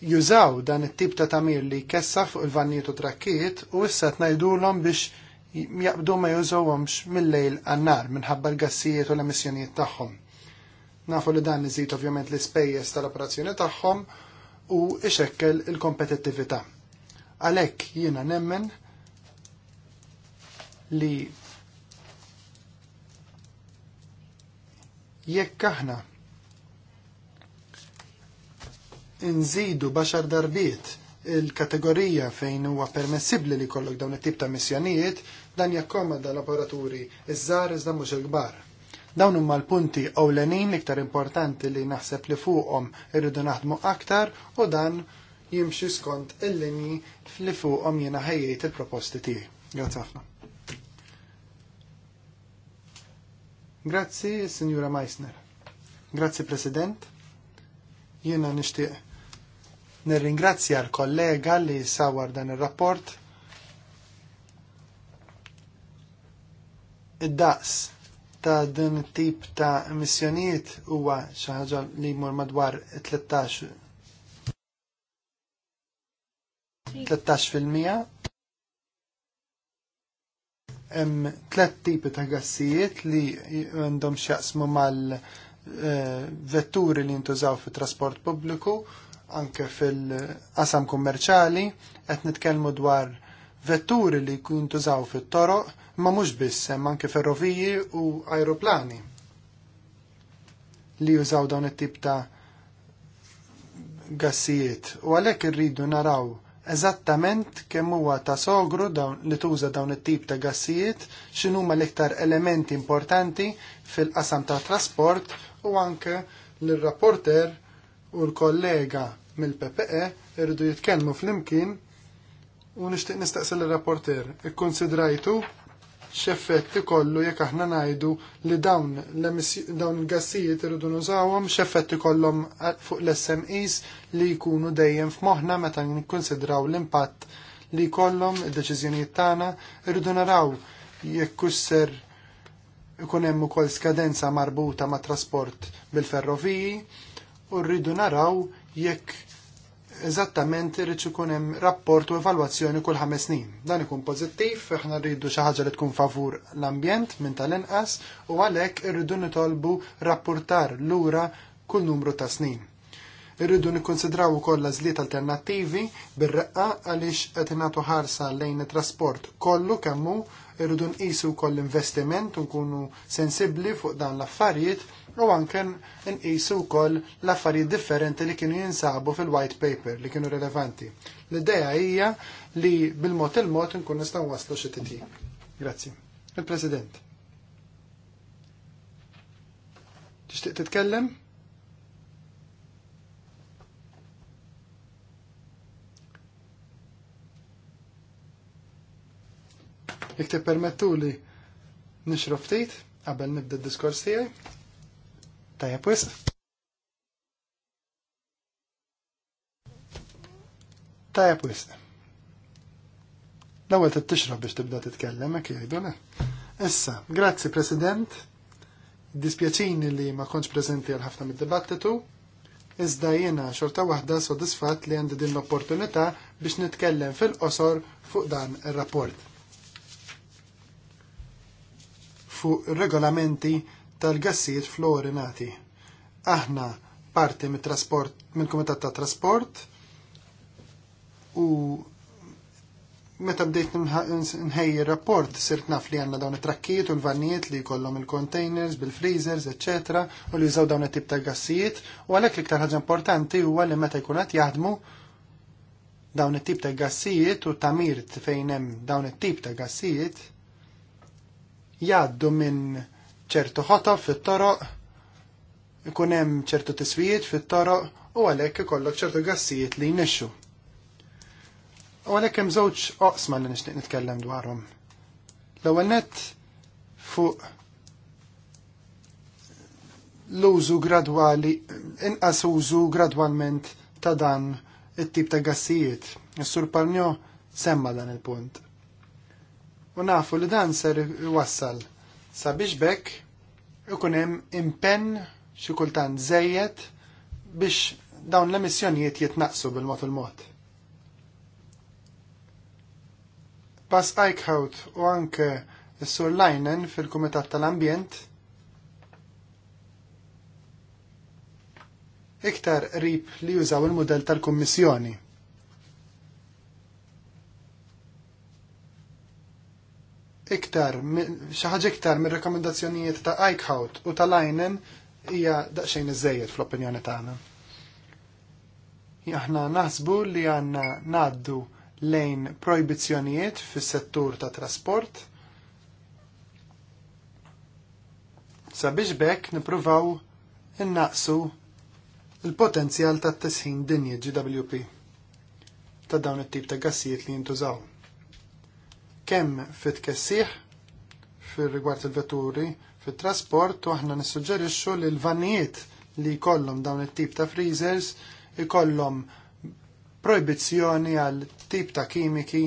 jużaw dan it-tip ta' tamir li kessa fuq il-vannijiet u trakkiet u issa tnajdulhom biex jaqbdu ma jużawhomx mill-lejl għannar nar minħabba l-gassijiet u l-emissjonijiet tagħhom. Nafu li dan iżid ovvjament l-ispejjeż tal-operazzjoni tagħhom u ixekkel il-kompetittività. Għalhekk jiena nemmen li jekk aħna nżidu baxar darbiet il-kategorija fejn huwa permessibli li kollok dawn it-tip ta' missjonijiet, dan jakkomoda laboraturi iż-żar iżda mhux il-kbar. Dawn huma l-punti ewlenin iktar importanti li naħseb li fuqhom irridu naħdmu aktar u dan jimxi skont il-linji li fuqhom jiena ħejjejt il-proposti tiegħi. Grazzi ħafna. Grazzi, sinjura Meissner. Grazzi, President. Jiena nixtieq nirringrazzja l-kollega li sawar dan ir-rapport. Id-daqs ta' din tip ta' missjonijiet huwa xi ħaġa li jmur madwar 13 13%. Hemm tliet tipi ta' gassijiet li għandhom x'jaqsmu mal-vetturi eh, li jintużaw fit-trasport pubbliku anke fil-qasam kummerċali, qed nitkellmu dwar vetturi li jintużaw fit-toroq, ma mhux biss hemm anke ferroviji u ajruplani li jużaw dawn it-tip ta' gassijiet. U għalhekk irridu naraw eżattament kemm huwa ta' sogru dawn li tuża dawn it-tip ta' gassijiet, x'inhuma l-iktar elementi importanti fil-qasam ta' trasport u anke l-rapporter u l-kollega mill-PPE irridu jitkellmu fl-imkien u nixtieq nistaqsi l rapporter Ikkonsidrajtu x'effett ikollu jekk aħna ngħidu li dawn dawn il-gassijiet irridu nużawhom x'effett ikollhom fuq l-SMEs li jkunu dejjem f'moħħna meta nikkonsidraw l-impatt li jkollhom id-deċiżjonijiet tagħna irridu naraw jekk ser ikun hemm ukoll skadenza marbuta ma' trasport bil-ferroviji u rridu naraw jekk eżattament irrid ikun hemm rapport u evalwazzjoni kull ħames snin. Dan ikun pożittiv, aħna rridu xi ħaġa li tkun favur l-ambjent minn tal-inqas u għalhekk irridu nitolbu rapportar lura kull numru ta' snin. Irridu nikkonsidraw ukoll l alternattivi bir-reqqa għaliex qed ingħatu ħarsa lejn it-trasport kollu kemm hu irridu nqisu wkoll l-investiment u nkunu sensibbli fuq dan l-affarijiet u anke nqisu wkoll l-affarijiet differenti li kienu jinsabu fil-white paper li kienu relevanti. L-idea hija li bil-mod il-mod nkun nistgħu waslu xi Grazzi. Il-President. Tixtieq titkellem? Jek permettu li nixrof ftit qabel nibda diskors tiegħi. Tajja pues. Tajja pues. L-ewwel trid biex tibda titkellem hekk jgħidu Issa, grazzi President. Dispjaċini li ma kontx preżenti għal ħafna mid-dibattitu, iżda jiena xorta waħda sodisfatt li għandi din l-opportunità biex nitkellem fil-qosor fuq dan ir-rapport. Fuq regolamenti tal-gassijiet fluorinati. Aħna parti mit-trasport minn kumitat ta' trasport u meta bdejt nħejji rapport sirt naf li għanna dawn it-trakkijiet u l vanniet li jkollhom il-containers bil-freezers, etc. u li jużaw dawn it-tip ta' gassijiet u għalhekk l-iktar ħaġa importanti huwa li meta jkun qed jaħdmu dawn it-tip ta' gassijiet u tamir fejn hemm dawn it-tip ta' gassijiet jgħaddu minn ċertu ħata fit-toroq, ikun hemm ċertu tiswijiet fit-toroq u għalhekk ikollok ċertu gassijiet li jnexxu. U għalhekk hemm żewġ oqsma li nixtieq nitkellem dwarhom. L-ewwel nett fuq l-użu gradwali, inqas użu gradwalment ta' dan it-tip ta' gassijiet. Is-sur Parnio semma dan il-punt. U nafu li dan ser wassal Sabiex bekk ikun hemm impenn xi kultant żejjed biex dawn l-emissjonijiet jitnaqsu bil-mod il-mod. Pass Eichhout u anke s-Sur Leinen fil-Kumitat tal-Ambjent iktar rib li jużaw il model tal-Kummissjoni iktar, xaħġa iktar mir rekomendazzjonijiet ta' Eichhout u ta' Leinen hija daqsxejn iżejjed fl-opinjoni tagħna. Aħna naħsbu li għandna ngħaddu lejn projbizzjonijiet fis-settur ta' trasport. Sabiex bekk nippruvaw innaqsu il-potenzjal tat-tisħin dinji GWP ta' dawn it-tip ta' gassijiet li jintużaw kemm fit kessiħ fir rigward il-vetturi fit trasport u aħna nissuġġerixxu li l-vanijiet li jkollhom dawn it-tip ta' freezers ikollhom proibizzjoni għal tip ta' kimiki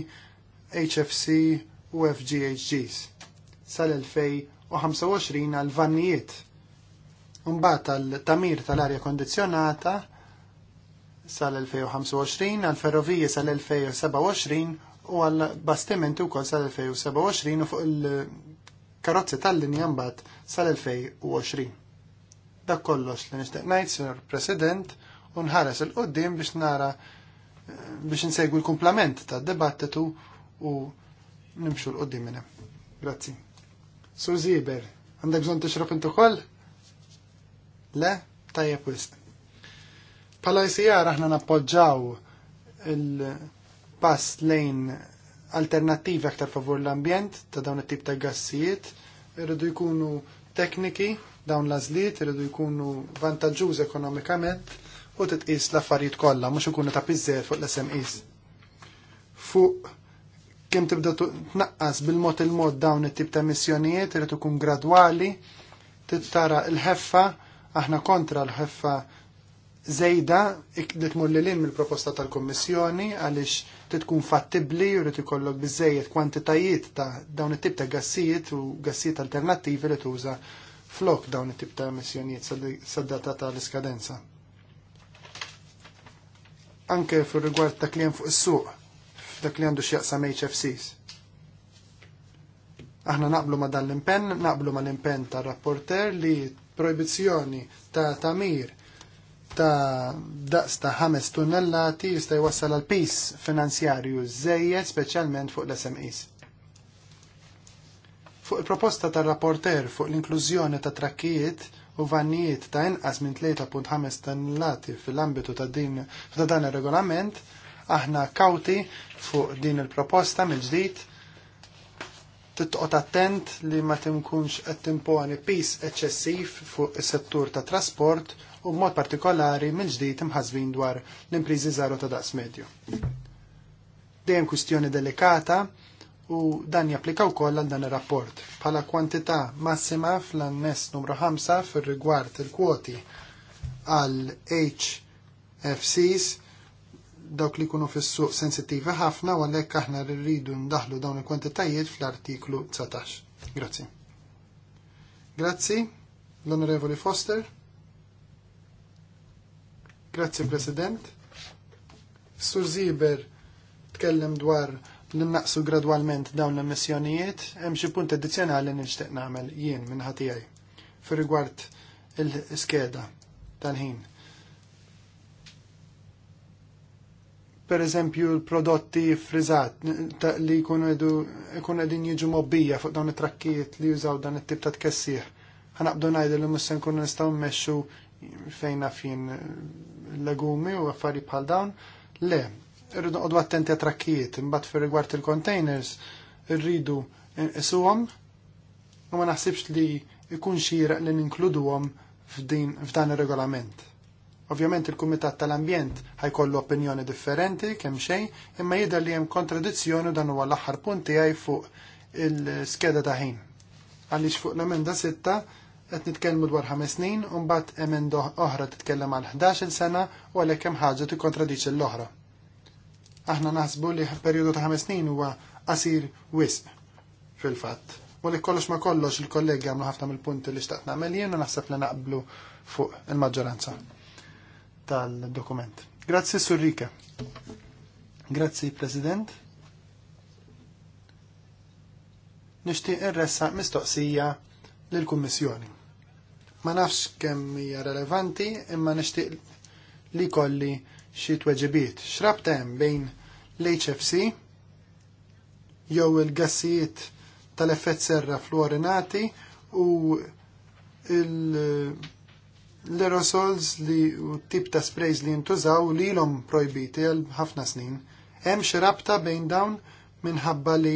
HFC u FGHGs sal-2025 għal vannijiet Mbagħad tal-tamir tal-arja kondizzjonata sal-2025, għal ferroviji sal-2027 u għal bastimenti u kol sal-2027 u fuq il-karozzi tal-linja mbagħad sal-2020. Dak kollox li nixtieq ngħid, Sir President, u nħares il-qoddim biex nara biex nsegwu l-kumplament tad-dibattitu u nimxu l-qoddim minn hemm. Grazzi. Suzy Iber, għandek bżonn tixrob intu ukoll? Le? Tajjeb wisq. Pala jisijar aħna nappoġġaw il- pass lejn alternattivi aktar favur l-ambjent ta' dawn it-tip ta' gassijiet, irridu jkunu tekniki dawn l għażliet irridu jkunu vantaġġuż ekonomikament u titqis l-affarijiet kollha mhux ikunu ta' piżżejjed fuq l-SMEs. Fuq kemm tibda tnaqqas bil-mod il-mod dawn it-tip ta' missjonijiet irid ikun gradwali, tittara l-ħeffa, aħna kontra l-ħeffa zejda li tmur lil mill-proposta tal-Kommissjoni għaliex trid tkun fattibbli u rrid ikollok biżejjed kwantitajiet ta' dawn it-tip ta' gassijiet u gassijiet alternattivi li tuża flok dawn it-tip ta' emissjonijiet sad-data tal-iskadenza. Anke fir rigward ta' klien fuq is-suq, f'dak li għandu x'jaqsam HFCs. Aħna naqblu ma' dan l-impenn, naqblu ma' l-impenn tar-rapporter li proibizzjoni ta' tamir ta' daqs ta' ħames tunnellati jista' jwassal għal pis finanzjarju żejjed speċjalment fuq l-SMEs. Fuq il-proposta tar rapporter fuq l-inklużjoni ta' trakkijiet u vannijiet ta' inqas minn 3.5 tonnellati fil-ambitu ta' din ta' dan ir-regolament, aħna kawti fuq din il-proposta mill-ġdid titqot attent li ma timkunx qed timponi pis eċċessiv fuq is-settur ta' trasport u b'mod partikolari mill-ġdid imħażbin dwar l-impriżi żaru ta' daqs medju. Dejjem kwistjoni delikata u dan japplika wkoll għal dan ir-rapport bħala kwantità massima fl-annes numru 5 fir-rigward il-kwoti għal HFCs dawk li jkunu fis-suq sensittivi ħafna u għalhekk aħna rridu ndaħlu dawn il-kwantitajiet fl-artiklu 19. Grazzi. Grazzi, l-Onorevoli Foster. Grazzi, President. Sur Ziber tkellem dwar li naqsu gradwalment dawn l-emissjonijiet, hemm xi punt addizzjonali nixtieq nagħmel jien minn ħatijaj fir rigward il-skeda tal-ħin per eżempju l-prodotti frizzat li jkunu qegħdin jiġu mobbija fuq dawn it-trakkijiet li jużaw dan it-tip ta' tkessih. Ħanaqbdu ngħidu li mussa se nkunu nistgħu mmexxu fejn fin legumi u affarijiet bħal dawn. Le, rridu għadu attenti għat-trakkijiet, imbagħad fi rigward il-containers irridu nqisuhom u ma naħsibx li jkun xira li ninkluduhom f'dan ir-regolament Ovvjament il-Kumitat tal-Ambjent ħajkollu opinjoni differenti kemm xejn, imma jidher li hemm kontradizzjoni dan huwa l-aħħar punt tiegħi fuq il-skeda ta' ħin. Għaliex fuq l-emenda sitta qed nitkellmu dwar ħames snin u mbagħad emenda oħra titkellem għal 11 sena u għalhekk hemm ħaġa tikkontradiċi l-oħra. Aħna naħsbu li perjodu ta' ħames snin huwa qasir wisq fil-fatt. U li kollox ma kollox il-kollegi għamlu ħafna mill-punti li xtaqt nagħmel jien u naħseb li naqblu fuq il-maġġoranza tal-dokument. Grazzi Surrika. Grazzi President. Nixtieq irressa mistoqsija lill-Kummissjoni. Ma nafx kemm hija relevanti imma nixtieq li kolli xi tweġibiet. Xrabta hemm bejn l-HFC jew il-gassijiet tal-effett serra fluorinati u il- l-aerosols li u tip ta' sprays li jintużaw li l-om projbiti għal ħafna snin. Hemm xi rabta bejn dawn minħabba li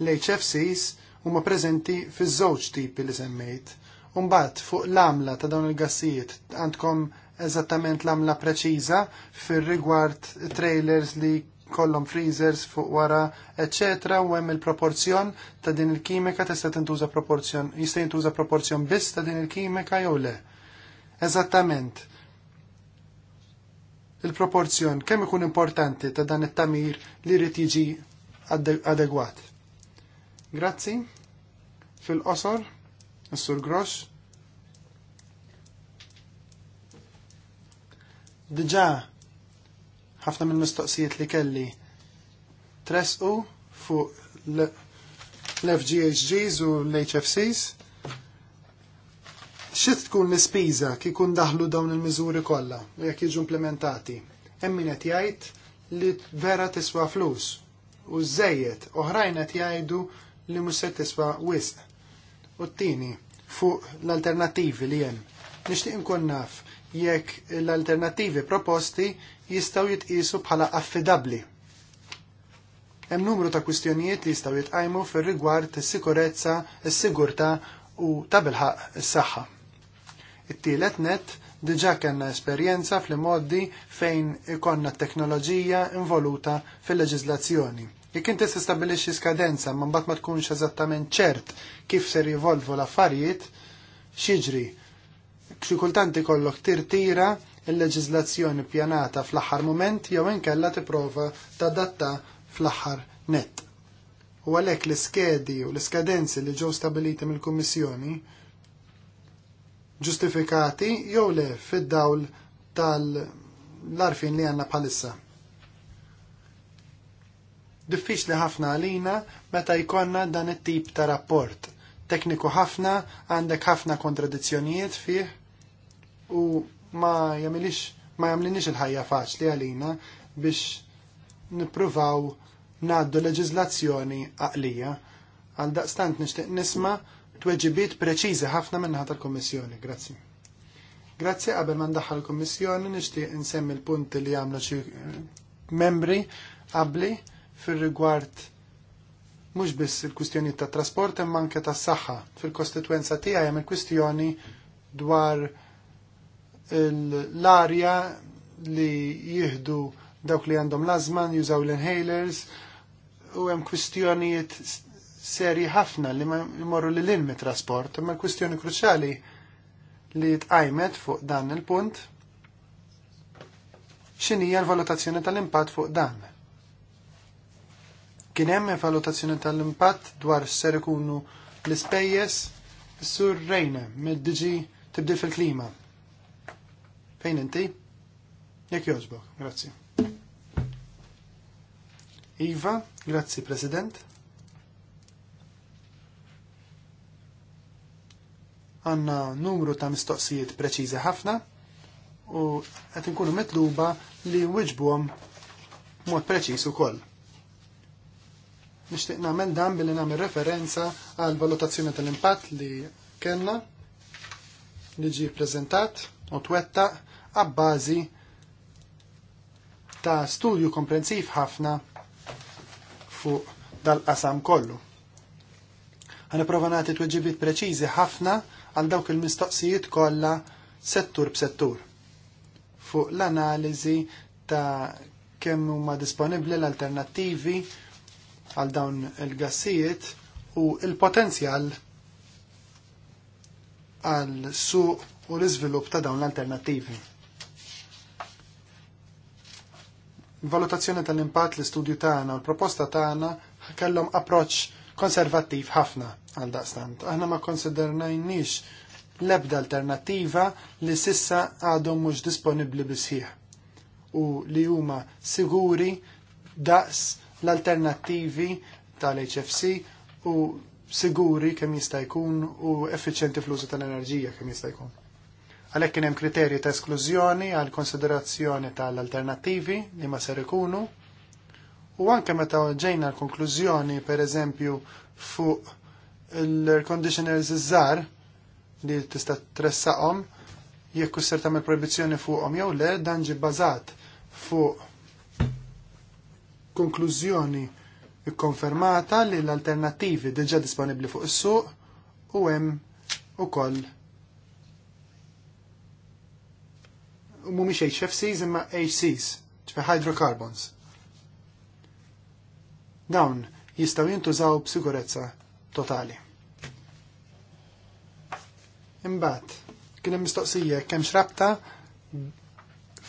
l-HFCs huma preżenti fiż-żewġ tipi li semmejt. mbagħad, fuq l-amla ta' dawn il-gassijiet għandkom eżattament l-amla preċiża fir-rigward trailers li kollhom freezers fuq wara, etc. u hemm il-proporzjon ta' din il-kimika tista' tintuża proporzjon, jista' jintuża proporzjon biss ta' din il-kimika jew le. Eżattament. Il-proporzjon kemm ikun importanti ta' dan it-tamir li jrid jiġi adegwat. Grazzi. Fil-qosor, s sur Grosh. Diġà ħafna minn mistoqsijiet li kelli tresqu fuq l-FGHGs u l-HFCs. Xit tkun l-spiża ikun daħlu dawn il-miżuri kollha u jekk jiġu implementati. Hemm min qed jgħid li vera tiswa flus u żejjed oħrajn qed jgħidu li mhux se tiswa wisq. U t-tieni fuq l-alternattivi li hemm. Nixtieq nkun naf jekk l-alternattivi proposti jistaw jitqisu bħala affidabli. Hemm numru ta' kwistjonijiet li jistaw jitqajmu fir-rigward is-sikurezza, is-sigurtà u ta' bilħaq is-saħħa. It-tielet net diġa kellna esperjenza fl-modi fejn ikonna teknoloġija involuta fil leġiżlazzjoni Jekk inti tistabilixxi skadenza ma mbagħad ma tkunx eżattament ċert kif ser jivolvu l-affarijiet, xiġri. Xi kultanti ikollok tirtira il-leġizlazzjoni pjanata fl-aħħar moment jew inkella tipprova tadatta fl-aħħar net. U għalhekk l-iskedi u l-iskadenzi li ġew stabiliti mill-Kummissjoni ġustifikati jew le fid-dawl tal-arfin li għandna bħalissa. Diffiċli ħafna għalina meta jkollna dan it-tip ta' rapport. Tekniku ħafna, għandek ħafna kontradizzjonijiet fih u ma jamilix ma jamlinix il-ħajja faċli għalina biex nippruvaw naddu leġizlazzjoni għaqlija għal daqstant nixtieq nisma' tweġibiet preċiżi ħafna minnaħat tal-Kommissjoni. Grazzi. Grazzi qabel man daħħal l-Kommissjoni nixtieq insemmi l-punti li għamlu xi eh, membri għabli fir-rigward mhux biss il kustjoni ta' trasport imma anke tas saħħa. Fil-kostituenza tiegħi hemm il-kwistjoni dwar l-arja li jihdu dawk li għandhom lazman, jużaw l-inhalers, u hemm kwistjonijiet seri ħafna li morru li l inmi trasport ma kwistjoni kruċali li tqajmet fuq dan il-punt, xinija l-valutazzjoni tal-impatt fuq dan. Kien hemm valutazzjoni tal-impatt dwar ser ikunu l-ispejjeż sur rejna mid-diġi tibdil fil-klima Fejn inti? Jekk jogħġbok, grazzi. Iva, grazzi President. Għanna numru ta' mistoqsijiet preċiżi ħafna u qed inkunu mitluba li wiġbuhom mod preċiż ukoll. Nixtieq nagħmel dan billi nagħmel referenza għal valutazzjoni tal-impatt li kellna li ġi preżentat u twettaq għabbażi ta' studju komprensiv ħafna fuq dal-qasam kollu. Għana provanati t-weġibit preċizi ħafna għal dawk il-mistoqsijiet kollha settur b'settur fuq l-analiżi ta' kemm huma disponibbli l-alternattivi għal dawn il-gassijiet u il-potenzjal għal suq u l-iżvilupp ta' dawn l-alternattivi. valutazzjoni tal-impatt l-istudju tagħna u l-proposta tagħna kellhom approċċ konservattiv ħafna għal daqstant. Aħna ma konsidernajniex l-ebda alternattiva li sissa għadhom mhux disponibbli bisħieħ u li huma siguri daqs l-alternattivi tal-HFC u siguri kemm jista' jkun u effiċjenti fl-użu tal-enerġija kemm jista' jkun. Għalhekk kien hemm kriterji ta' esklużjoni għal konsiderazzjoni tal-alternattivi li ma ser ikunu u anke meta ġejna l-konklużjoni pereżempju fuq il-conditioners iż-żar li tista' tressaqhom jekk ser tagħmel proibizzjoni fuqhom jew le dan ġi bbażat fuq konklużjoni ikkonfermata li l-alternattivi diġà disponibbli fuq is-suq u hemm ukoll mhumiex HFCs imma HCs, ċfe hydrocarbons. Dawn jistgħu jintużaw b'sigurezza totali. Imbagħad, kien hemm mistoqsija kemm xrabta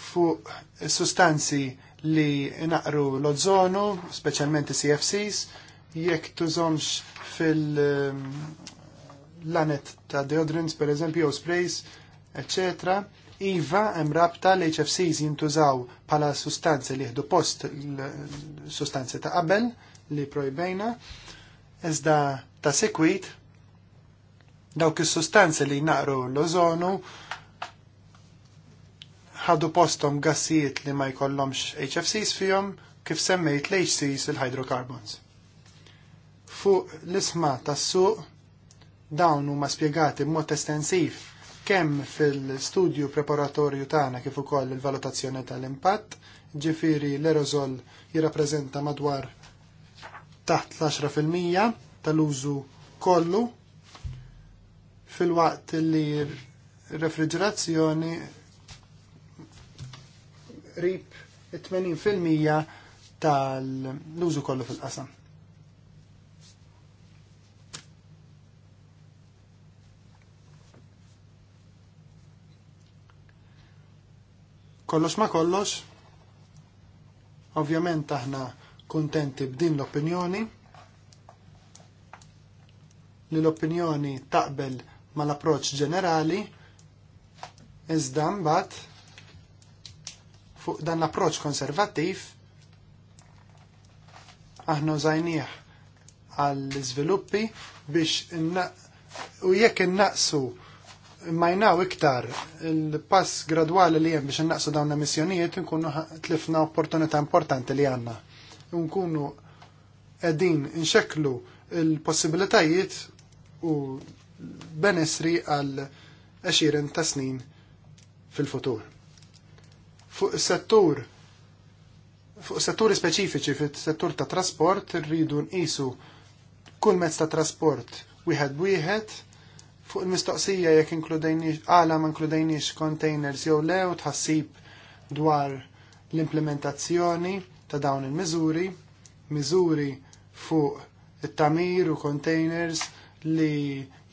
fuq sustanzi li naqru l ozonu speċjalment CFCs, jekk tużomx fil-lanet um, ta' deodorants per eżempju, jew sprays, eccetera Iva hemm rabta li HFCs jintużaw bħala sustanzi li jieħdu post l-sustanzi ta' qabel li projbejna, iżda ta' sekwit dawk is-sustanzi li naqru l-ozonu ħadu postom gassijiet li ma jkollhomx HFCs fihom kif semmejt l-HCs il-hydrocarbons. Fuq l-isma tas-suq dawn huma spjegati b'mod estensiv kemm fil-studju preparatorju tagħna kif ukoll il-valutazzjoni tal-impatt, ġifiri l-aerosol jirrappreżenta madwar taħt l-10% tal-użu kollu fil-waqt li refriġerazzjoni rib 80% tal-użu kollu fil-qasam. Kollox ma kollox, ovvjament aħna kuntenti b'din l-opinjoni, li l-opinjoni taqbel ma l-approċ ġenerali, iżda mbagħad fuq dan l-approċ konservattiv aħna użajnieh għall-iżviluppi biex u jekk innaqsu majnaw iktar il-pass gradwali li jem biex naqsu dawn l-emissjonijiet nkunu tlifna opportunità importanti li għanna. Nkunu edin nxeklu il-possibilitajiet u benessri għal 20 ta' snin fil-futur. Fuq settur fuq setturi speċifiċi fit settur ta' trasport rridu nqisu kull mezz ta' trasport wieħed wieħed Fuq il-mistoqsija jekk inkludejniex għala ma inkludejniex containers jew le u tħassib dwar l-implementazzjoni ta' dawn il-miżuri, miżuri fuq it-tamir u containers li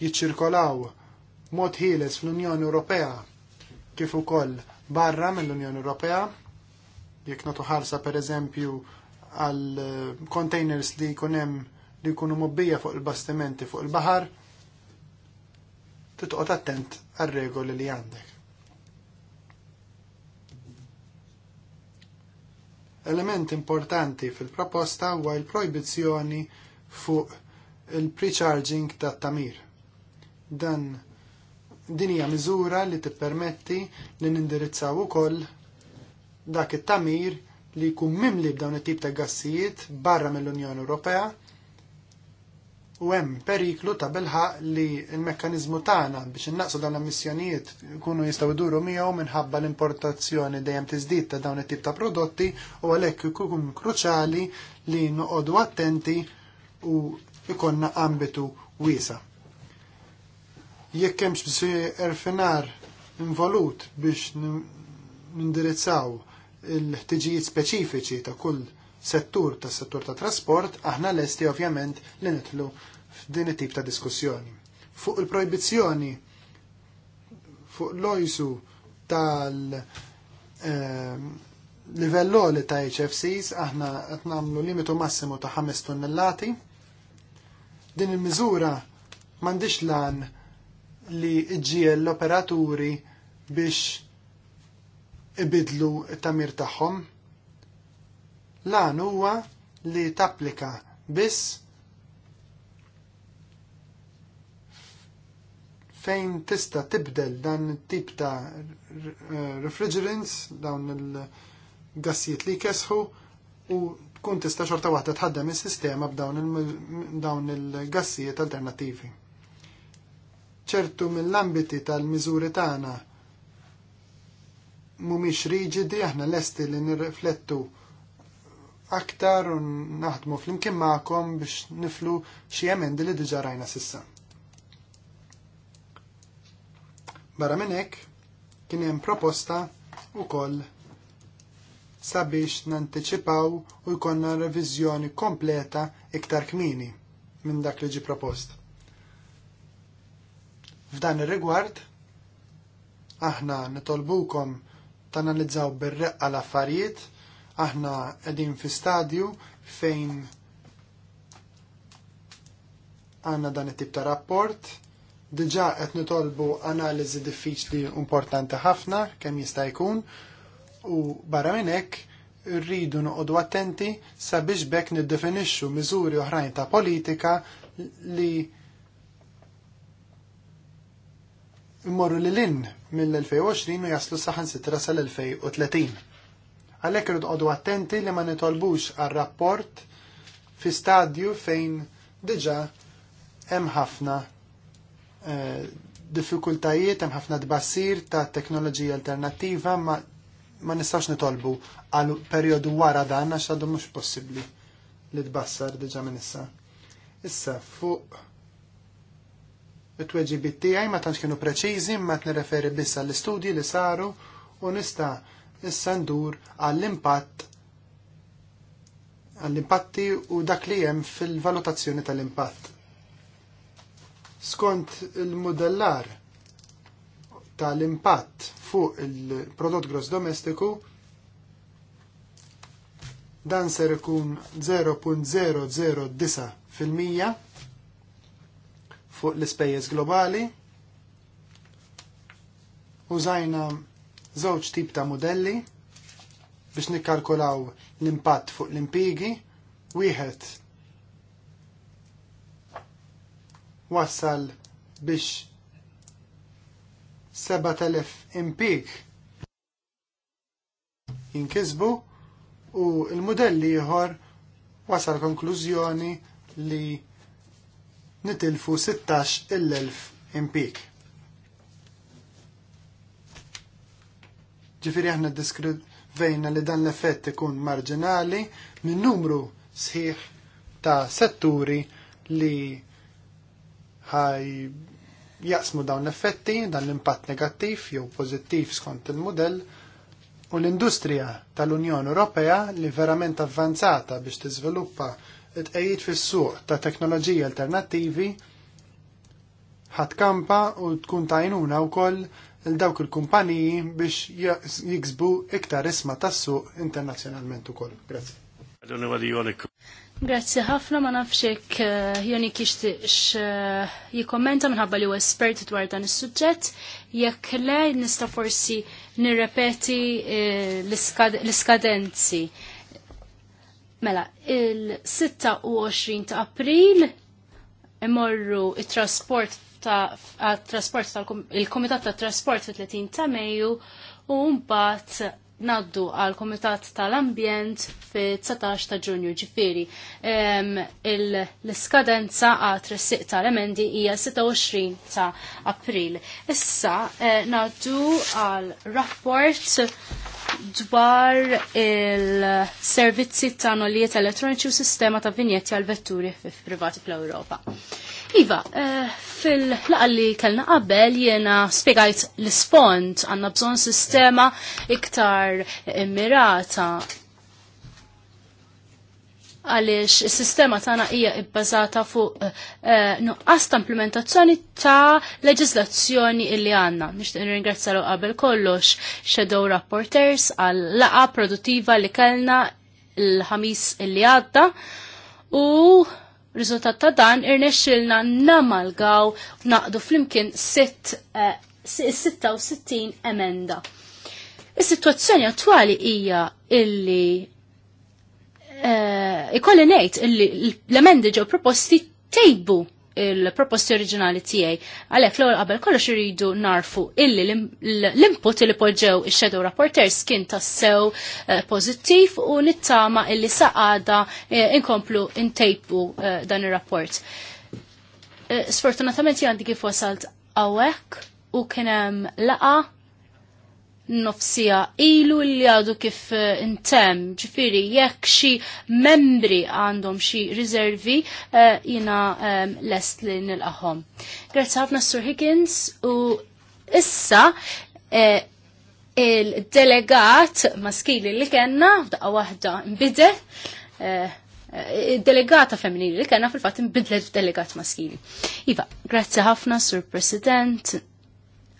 jiċċirkolaw mod ħieles fl-Unjoni Ewropea kif ukoll barra mill-Unjoni Ewropea, jekk nagħtu ħarsa pereżempju għal containers li jkun hemm li jkunu mobbija fuq il-bastimenti fuq il-baħar, Titqod attent għar-regoli li għandek. Element importanti fil-proposta huwa l-projbizzjoni fuq il-precharging ta' tamir. Dan din hija miżura li tippermetti li nindirizzaw ukoll dak it-tamir li jkun mimli b'dawn it-tip ta' gassijiet barra mill-Unjoni Ewropea u hemm periklu ta' bilħaq li l-mekkaniżmu tagħna biex innaqsu dawn l-emissjonijiet ikunu jistgħu jduru miegħu minħabba l-importazzjoni dejjem tiżdid ta' dawn it-tip ta' prodotti u għalhekk ikun kruċali li noqogħdu attenti u ikonna ambitu wiesa. Jekk hemmx biex erfinar involut biex nindirizzaw il-ħtiġijiet speċifiċi ta' kull settur tas settur ta' trasport, aħna lesti ovvjament li nitlu f'din it-tip ta' diskussjoni. Fuq il-projbizzjoni, fuq l-ojsu tal- ehm, livelloli ta' HFCs aħna qed nagħmlu limitu massimu ta' 5 tonnellati. Din il-miżura m'għandix lan li ġiel l-operaturi biex ibidlu t-tamir tagħhom Lan huwa li tapplika biss fejn tista' tibdel dan it-tip ta' refrigerants dawn il-gassijiet li jkesħu u tkun tista' xorta waħda tħaddem is-sistema b'dawn il-gassijiet alternattivi. ċertu mill-ambiti tal-miżuri tagħna mhumiex riġidi aħna lesti li nirriflettu aktar u naħdmu fl-imkien biex niflu xi emendi li diġà rajna sissa. Barra minn hekk kien hemm proposta wkoll sabiex nanticipaw u jkollna reviżjoni kompleta iktar kmini minn dak li ġi propost. F'dan ir-rigward, aħna nitolbukom tanalizzaw bir-reqqa l-affarijiet Aħna qegħdin fi stadju fejn għandna dan it-tip ta' rapport Diġa qed nitolbu analiżi diffiċli importanti ħafna kemm jista' jkun u barra minn hekk rridu noqogħdu attenti sabiex bekk niddefinixxu miżuri oħrajn ta' politika li mmorru lil inn mill-2020 u jaslu saħan sal-2030. Għalhekk irid qogħdu attenti li ma nitolbux għal rapport fi stadju fejn diġà hemm ħafna eh, diffikultajiet, hemm ħafna tbassir ta' teknoloġija alternattiva ma, ma nistax nitolbu għal perjodu wara dan għax għadu mhux possibbli li tbassar diġà minn issa. Issa fuq it-tweġibiet tiegħi ma tantx kienu preċiżi, ma nirreferi biss għall-istudji li saru u nista' issa ndur għall-impatt għall-impatti u dak li hemm fil-valutazzjoni tal-impatt. Skont il-modellar tal-impatt fuq il-prodott gross domestiku dan ser ikun 0.009% fuq l-ispejjeż globali użajna żewġ tip ta' modelli biex nikkalkulaw l-impatt fuq l-impigi, wieħed wassal biex 7000 impig jinkisbu u l-modelli ieħor wasal konklużjoni li nitilfu 16 il-1000 impik. Ġifiri aħna diskrivejna li dan l-effett ikun marġinali minn numru sħiħ ta' setturi li ħaj jaqsmu dawn l-effetti, dan l-impatt negattiv jew pożittiv skont il-modell, u l-industrija tal-Unjoni Ewropea li verament avvanzata biex tiżviluppa tqejjid fis-suq ta' teknoloġiji alternattivi ħat kampa u tkun tajnuna wkoll l-dawk il-kumpaniji biex jiksbu iktar isma tassu internazjonalment internazzjonalment ukoll. Grazzi. Grazzi ħafna ma nafxek eh, Jonik ixtiqx eh, jikommenta minħabba li u esperti dwar dan is-suġġett. Jekk le nista' forsi nirrepeti eh, l-iskadenzi. Mela, il-26 ta' April imorru it-trasport ta' trasport il komitat ta' Trasport fit-30 ta' Mejju u mbagħad naddu għal Komitat tal-Ambjent fit-19 ta' Ġunju ġifieri. L-iskadenza għat tressiq tal-emendi hija 26 ta' April. Issa eh, naddu għal rapport dwar il-servizzi ta' nolijiet elettroniċi u sistema ta' vinjetti għal vetturi privati fl-Ewropa. Iva, eh, fil li kellna qabel jena spiegajt l-spont għanna bżon sistema iktar immirata għaliex is-sistema tagħna hija bbażata fuq uh, nuqqas ta' implementazzjoni ta' leġislazzjoni illi għandna. Nixtieq lu qabel kollox Shadow Rapporters għal laqa produttiva li kellna l-ħamis illi għadda u riżultat ta' dan irnexxilna namalgaw naqdu flimkien 66 eh, emenda. Is-sitwazzjoni attwali hija illi eh, ikolli ngħid illi l-emendi ġew proposti tejbu il-proposti oriġinali tiegħi. Għalhekk l-ewwel qabel kollox iridu narfu illi l-input li poġġew ix-shadow rapporters kien tassew eh, pożittiv u nittama illi saqada eh, inkomplu intejpu eh, dan ir-rapport. Sfortunatament għandi kif wasalt għawek u kien hemm laqa' nofsija ilu li għadu kif eh, intem, ġifiri, jekk xi membri għandhom xi riservi eh, jina ehm, lest li nil-aħom. Grazie ħafna Sir Higgins u issa eh, il-delegat maskili li kena, daqqa wahda mbide, il delegata femminili li kena fil-fat imbidlet f'delegat maskili. Iva, grazzi ħafna, Sur President,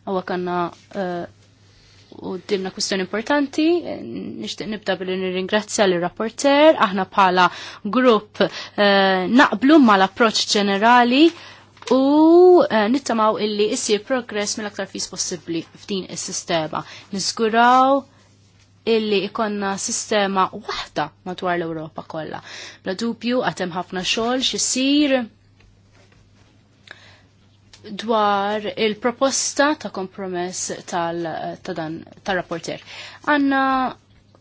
għawakanna uh, u dinna kwistjoni importanti, nishtiq nibda billi nirringrazzja l rapporter aħna bħala grupp eh, naqblu mal approċ ġenerali u eh, nittamaw illi issi progress mill-aktar fis possibli f'din is-sistema. Nizguraw illi ikonna sistema waħda matwar l-Ewropa kollha. Bla dubju għatem ħafna xogħol xisir dwar il-proposta ta' kompromess tal-dan rapporter Għanna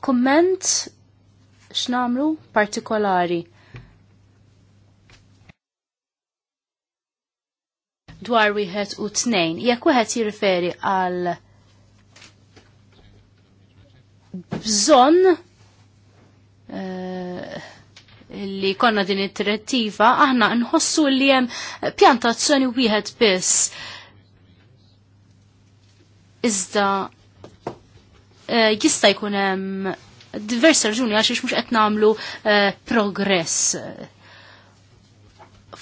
komment x'namlu partikolari dwar wieħed u tnejn. Jekk wieħed jirriferi għal bżonn uh, li konna din it-direttiva, aħna nħossu li hemm pjantazzjoni wieħed biss. Iżda eh, jista' jkun hemm diversi raġuni għax mhux qed nagħmlu eh, progress.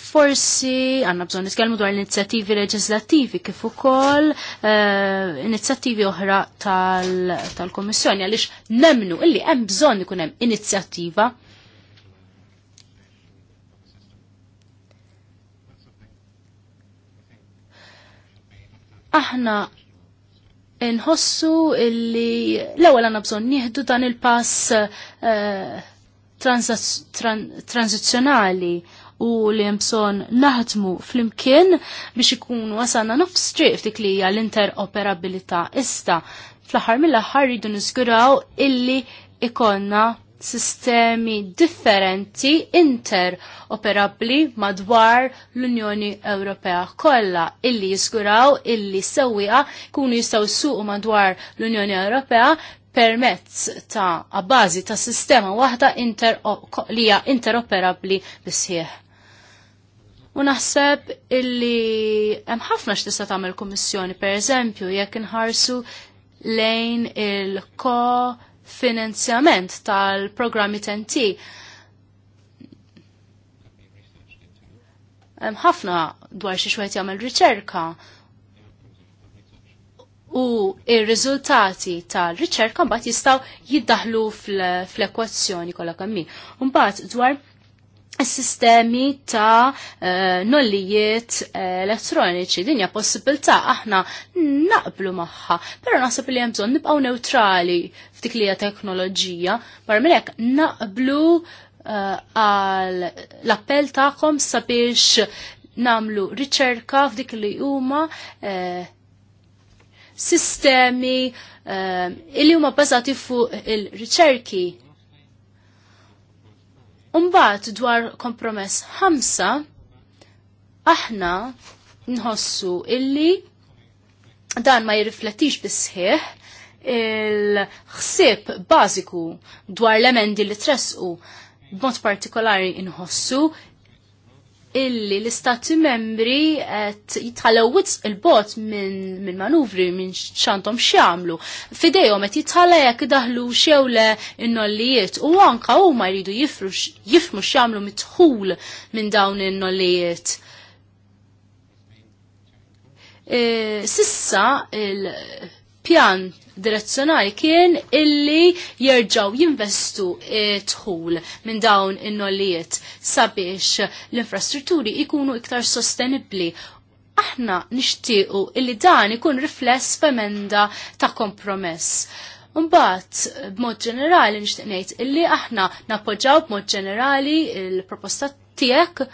Forsi għanna bżon nitkellmu dwar l-inizjattivi leġislattivi kif ukoll eh, inizjattivi oħra tal kummissjoni għaliex nemnu illi hemm bżonn ikun hemm inizjattiva aħna nħossu illi l-ewwel għandna bżonn nieħdu dan il-pass uh, u li jemson naħdmu fl-imkien biex ikunu għasanna nofs triq ftik li hija l-interoperabilità issa fl-aħħar mill-aħħar rridu nizguraw illi ikonna sistemi differenti interoperabbli madwar l-Unjoni Ewropea kollha illi jiskuraw illi sewwieqa kunu jistgħu suq madwar l-Unjoni Ewropea permezz ta' abbażi ta' sistema waħda li hija interoperabbli bisħieħ. U naħseb illi hemm ħafna x'tista' tagħmel kummissjoni, pereżempju jekk inħarsu lejn il-ko finanzjament tal-programmi TNT. ħafna dwar xi xwed jagħmel riċerka u ir-riżultati tal-riċerka mbagħad jistgħu jiddaħlu fl-ekwazzjoni kollha kemm Mbagħad dwar sistemi ta' uh, nollijiet uh, eh, elektroniċi. Dinja possibilità aħna naqblu maħħa, pero naħseb li jemżon nibqaw neutrali f'dik li teknoloġija, barmelek naqblu eh, għal uh, l-appell ta'kom sabiex namlu riċerka f'dik li huma uh, sistemi uh, illi huma bażati fuq il-riċerki Umbat dwar kompromess ħamsa, aħna nħossu illi dan ma jirriflettix bisħiħ il-ħsib bażiku dwar l-emendi li tresqu b'mod partikolari nħossu illi l-istati membri qed jitħallew il-bot minn min manuvri minn xantom xiamlu. Fidejhom qed jitħalla jekk daħlu xewle in-nollijiet u anka huma jridu jifmu xiamlu mitħul minn dawn in-nollijiet. E, sissa il- pjan direzzjonali kien illi jerġaw jinvestu eh, tħul minn dawn in-nollijiet sabiex l-infrastrutturi ikunu iktar sostenibli. Aħna nixtiequ illi dan ikun rifless f'emenda ta' kompromess. Mbagħad b'mod ġenerali nixtieq ngħid illi aħna nappoġġaw b'mod ġenerali il-proposta tiegħek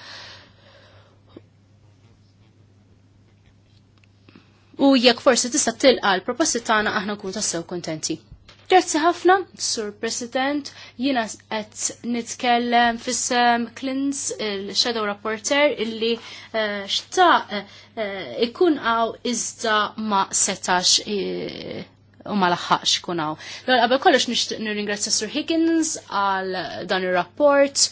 u jekk forsi tista' tilqa' l-proposti tagħna aħna nkunu tassew kuntenti. Grazzi ħafna, Sur President, jina qed nitkellem fissem Klins, il-Shadow Rapporter, illi eh, xtaq eh, ikun għaw iżda ma setax eh, u ma laħħax kun għaw. L-għabel mela, kollox nirringrazzja Sur Higgins għal dan il-rapport,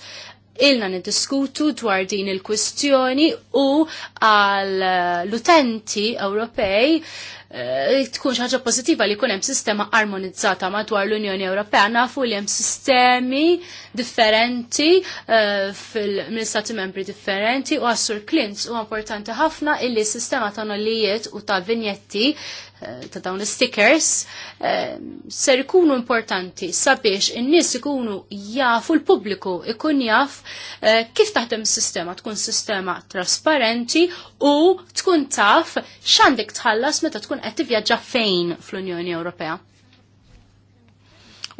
ilna niddiskutu dwar din il-kwistjoni u għal eh, l-utenti Ewropej eh, tkun ħaġa pozittiva li jkun hemm sistema armonizzata madwar l-Unjoni Ewropea. Nafu li hemm sistemi differenti uh, eh, fil-Stati membri differenti u għassur Klintz u importanti ħafna illi sistema ta' nollijiet u ta' vinjetti Eh, ta' dawn stickers eh, ser ikunu importanti sabiex in-nies ikunu jafu l-pubbliku ikun jaf eh, kif taħdem sistema tkun sistema trasparenti u tkun taf x'għandek tħallas meta tkun qed tivvjaġġa fejn fl-Unjoni Ewropea.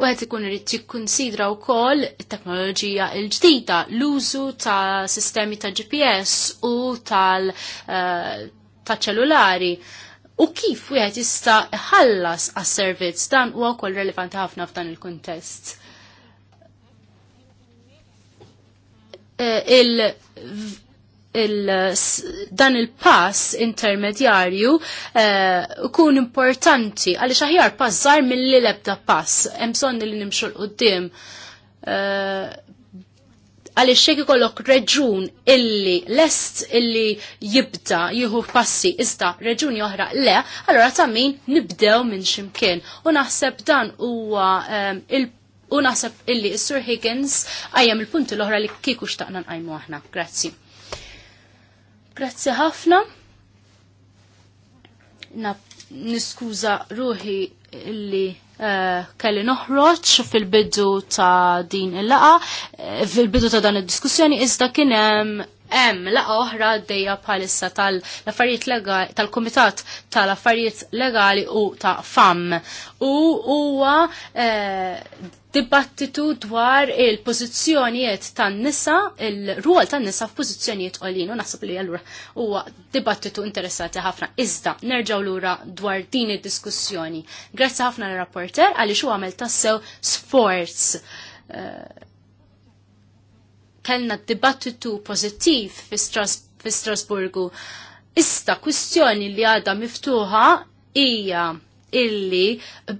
U għed ikun irrid jikkunsidra wkoll it-teknoloġija l-ġdida, l-użu ta' sistemi ta' GPS u tal-ċellulari. Uh, u kif wieħed jista' ħallas għas-servizz dan huwa wkoll relevanti ħafna f'dan il-kuntest. E, il, il dan il-pass intermedjarju e, kun importanti għaliex aħjar pass zar mill-li lebda pass hemm li nimxol l għaliex xejn ikollok reġun illi lest illi jibda jieħu passi iżda reġuni oħra le, allora ta' min nibdew minn ximkien. U naħseb dan huwa ehm, il u naħseb illi s-Sur Higgins għajjem il-punti l-oħra li kieku xtaqna għajmu aħna. Grazzi. Grazzi ħafna. Niskuza ruħi illi Eh, kelli noħroġ fil-bidu ta' din il-laqa, eh, fil-bidu ta' dan il-diskussjoni, iżda kien hemm hemm laqa oħra għaddejja bħalissa tal-affarijiet legali tal-Kumitat tal-Affarijiet Legali u ta' FAM. U huwa eh, dibattitu dwar il-pozizjonijiet tan-nisa, il-ruol tan-nisa f'pożizzjonijiet qolin u naħseb li allura huwa dibattitu interessati ħafna. Iżda l lura dwar din id-diskussjoni. Grazzi ħafna l-rapporter għaliex huwa għamel tassew sforz. Eh, kellna dibattitu pożittiv fi Strasburgu. Issa kwistjoni li għadha miftuħa hija illi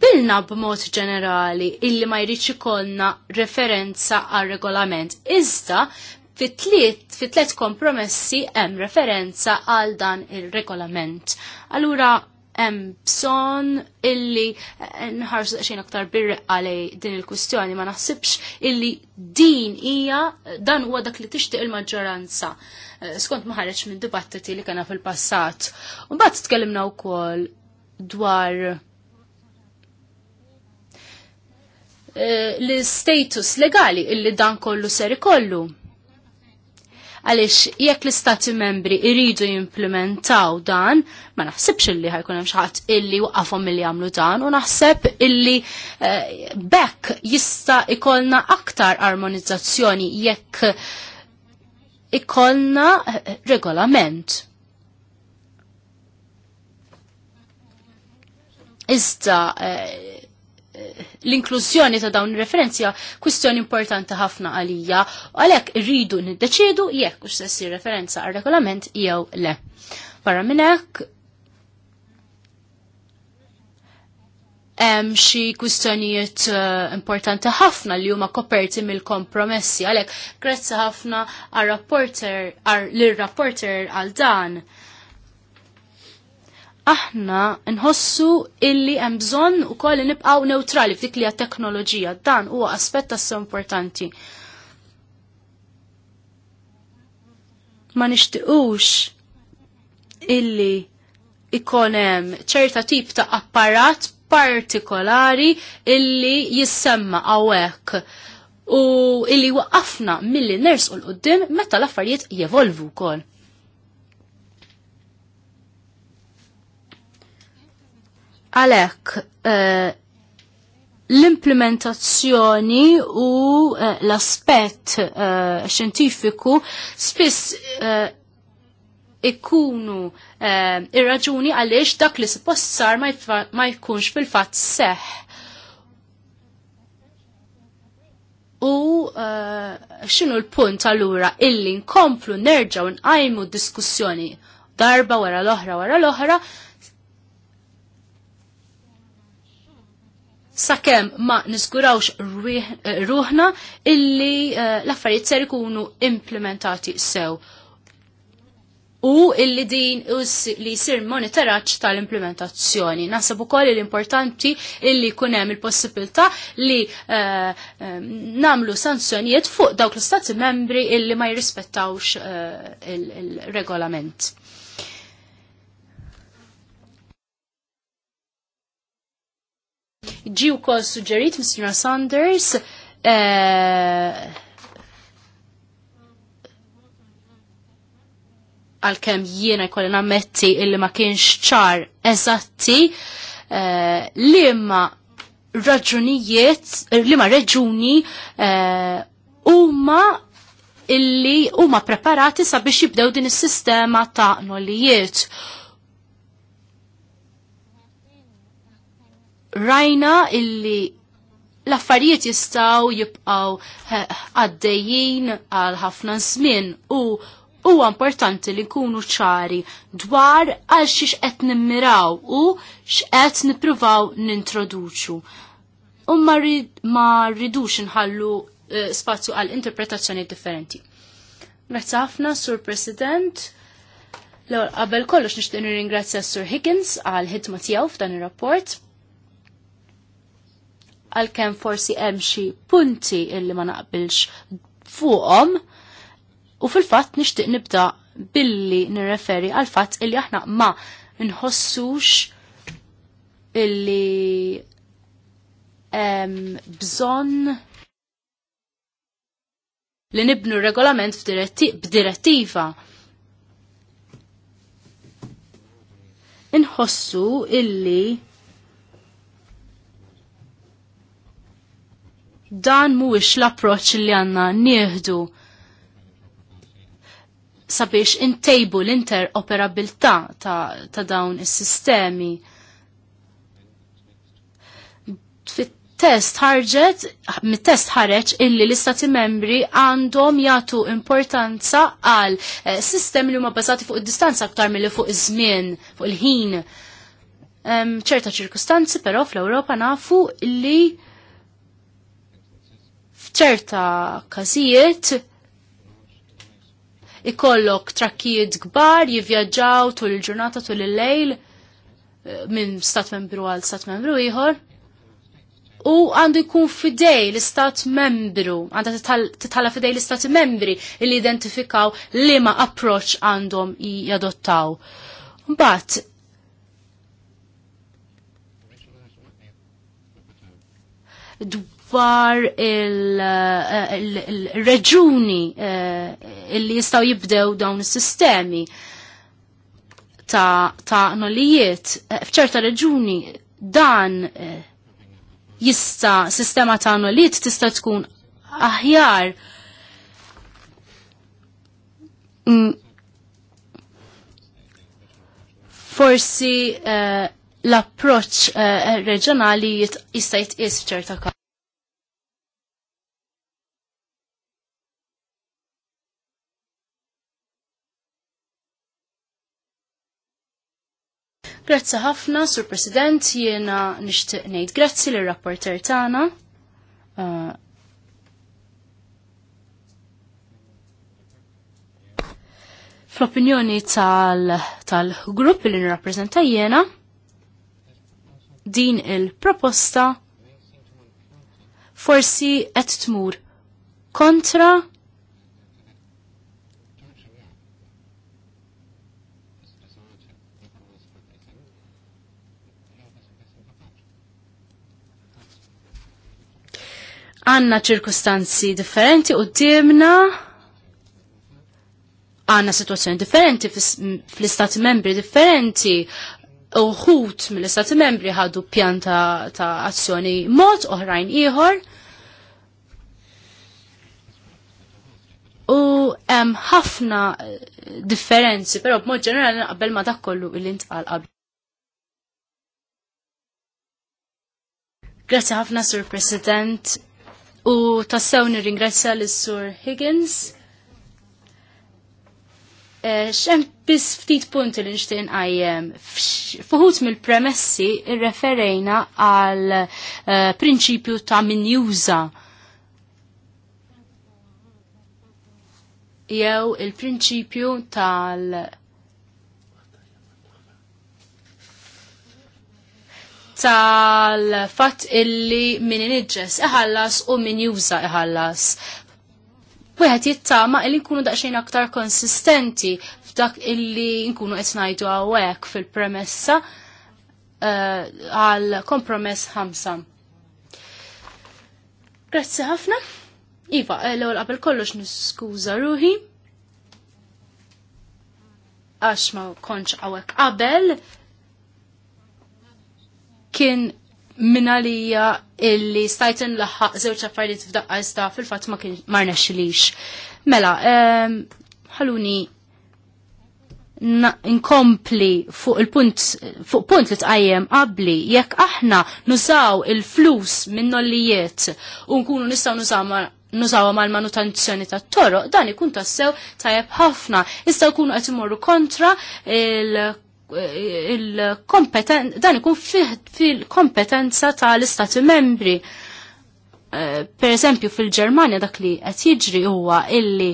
bilna b'mod ġenerali illi ma jridx ikollna referenza għal regolament. Iżda fit-tliet kompromessi hemm referenza għal dan il-regolament. Allura hemm bżonn illi eh, nħarsu xejn aktar birreq għalej din il-kwistjoni ma naħsibx illi din hija dan huwa dak li tixtieq il-maġġoranza eh, skont ma ħareġ minn dibattiti li kena fil-passat. Mbagħad tkellimna wkoll dwar eh, l-status legali illi dan kollu ser ikollu. Għalix, jekk l-istati membri iridu jimplementaw dan, ma naħsibx illi ħajkun hemm xaħat illi waqafhom illi jagħmlu dan, u naħseb illi uh, bekk jista' ikolna aktar armonizzazzjoni jekk ikolna eh, regolament. Iżda eh, eh, l-inklużjoni ta' dawn referenzja kwistjoni importanti ħafna għalija u għalhekk irridu niddeċiedu jekk hux se referenza għal regolament jew le. Barra minn hekk hemm xi kwistjonijiet eh, importanti ħafna li huma koperti mill-kompromessi għalhekk grazzi ħafna għar-rapporter lir-rapporter għal dan aħna nħossu illi hemm bżonn ukoll nibqgħu neutrali f'dik li teknoloġija dan huwa aspett tassew importanti. Ma nixtiqux illi ikon hemm ċerta tip ta' apparat partikolari illi jissemma hawnhekk u illi waqafna milli nersqu l-qoddim meta l-affarijiet jevolvu wkoll. Għalek, uh, l-implementazzjoni u uh, l-aspett uh, eh, xjentifiku spiss uh, ikunu uh, irraġuni raġuni għaliex dak li s-possar ma jkunx fil-fatt seħ. U eh, xinu l-punt allura illi nkomplu nerġaw nqajmu diskussjoni darba wara l-oħra wara l-oħra sakemm ma niskurawx ruħna illi eh, l-affarijiet ser ikunu implementati sew u illi din li jisir monitoraċ tal-implementazzjoni. Nasabu ukoll l-importanti illi kunem il possibilta li eh, eh, namlu sanzjonijiet fuq dawk l-istati membri illi ma jirrispettawx uh, il-regolament. Ġi wkoll suġġerit Mr. Sanders eh, għalkemm jiena jkolli nammetti illi ma kienx ċar eżatti uh, li ma raġunijiet, li ma reġuni eh, huma uh, illi huma preparati sabiex jibdew din is-sistema ta' nollijiet rajna illi l-affarijiet jistaw jibqaw għaddejjin għal ħafna żmien u huwa importanti li nkunu ċari dwar għal xiex qed nimmiraw u x'qed nippruvaw nintroduċu. U ma rridux nħallu eh, spazju għal interpretazzjoni differenti. Grazzi ħafna, Sur President. L-ewwel qabel kollox nixtieq nirringrazzja Sur Higgins għal ħidma tiegħu f'dan ir-rapport għalkemm forsi hemm xi punti illi ma naqbilx fuqhom u fil-fatt nixtieq nibda billi nirreferi għal fatt illi aħna ma nħossux illi um, bżonn li nibnu regolament b'direttiva. Inħossu illi dan mhuwiex l-approċċ li għandna nieħdu sabiex intejbu l-interoperabilità ta', ta dawn is-sistemi. Fit-test ħarġet, mit-test ħareġ illi l-istati membri għandhom jagħtu importanza għal eh, sistemi li huma bbażati fuq id-distanza aktar milli fuq iż-żmien, fuq il-ħin. ċerta ċirkustanzi, però fl-Ewropa nafu li F'ċerta każijiet ikollok trakkijiet kbar jivvjaġġaw tul il-ġurnata tul il-lejl eh, minn stat membru għal stat membru ieħor. U għandu jkun fidej l-istat membru, għanda titħalla fidej l-istat membri li identifikaw li ma approċ għandhom jadottaw. Mbagħad dwar il-reġuni eh, eh, illi jistaw jibdew dawn is-sistemi ta', nolijiet. Eh, f'ċerta reġuni dan jista sistema ta' nolijiet tista' tkun aħjar mm. forsi l-approċ reġjonali jista' jitqies f'ċerta ka. Grazzi ħafna, Sur President, jiena nixtieq ngħid grazzi l rapporter tagħna. Uh, Fl-opinjoni tal-grupp tal li nirrappreżenta jiena, din il-proposta forsi qed tmur kontra għanna ċirkustanzi differenti u dimna għanna situazzjoni differenti fl-istati membri differenti uħut mill-istati membri ħadu pjan ta', azzjoni mod oħrajn ieħor. U hemm ħafna eh, differenzi, però b'mod ġenerali naqbel ma dakollu kollu li għal qabel. Grazzi ħafna Sur President U tassew nirringrazzja l-Sur Higgins. E, eh, Xem bis ftit punti li nxtin għajem. Fuħut mill-premessi referejna għal eh, prinċipju ta' min juża. Jew il-prinċipju tal- tal-fatt illi min inġess iħallas u min juża iħallas. Wieħed jittama illi nkunu daqsxejn aktar konsistenti f'dak illi nkunu qed ngħidu hawnhekk fil-premessa eh, għal kompromess ħamsa. Grazzi ħafna. Iva, eh, l-ewwel qabel kollox niskuża ruħi għax ma konċ għawek qabel kien minalija illi stajten laħħaq zewċa affarijiet f'daqqa iżda fil-fatt ma kien marna xilix. Mela, ehm, ħaluni inkompli fuq il-punt fuq punt li tqajjem qabli jekk aħna nużaw il-flus minn nollijiet u nkunu nistgħu nużaw mal-manutenzjoni ta' toroq, dan ikun tassew tajab ħafna. Issa jkunu qed imorru kontra il- dan ikun fil-kompetenza tal-istati membri. Eh, per eżempju fil-Germania dak li qed jiġri huwa illi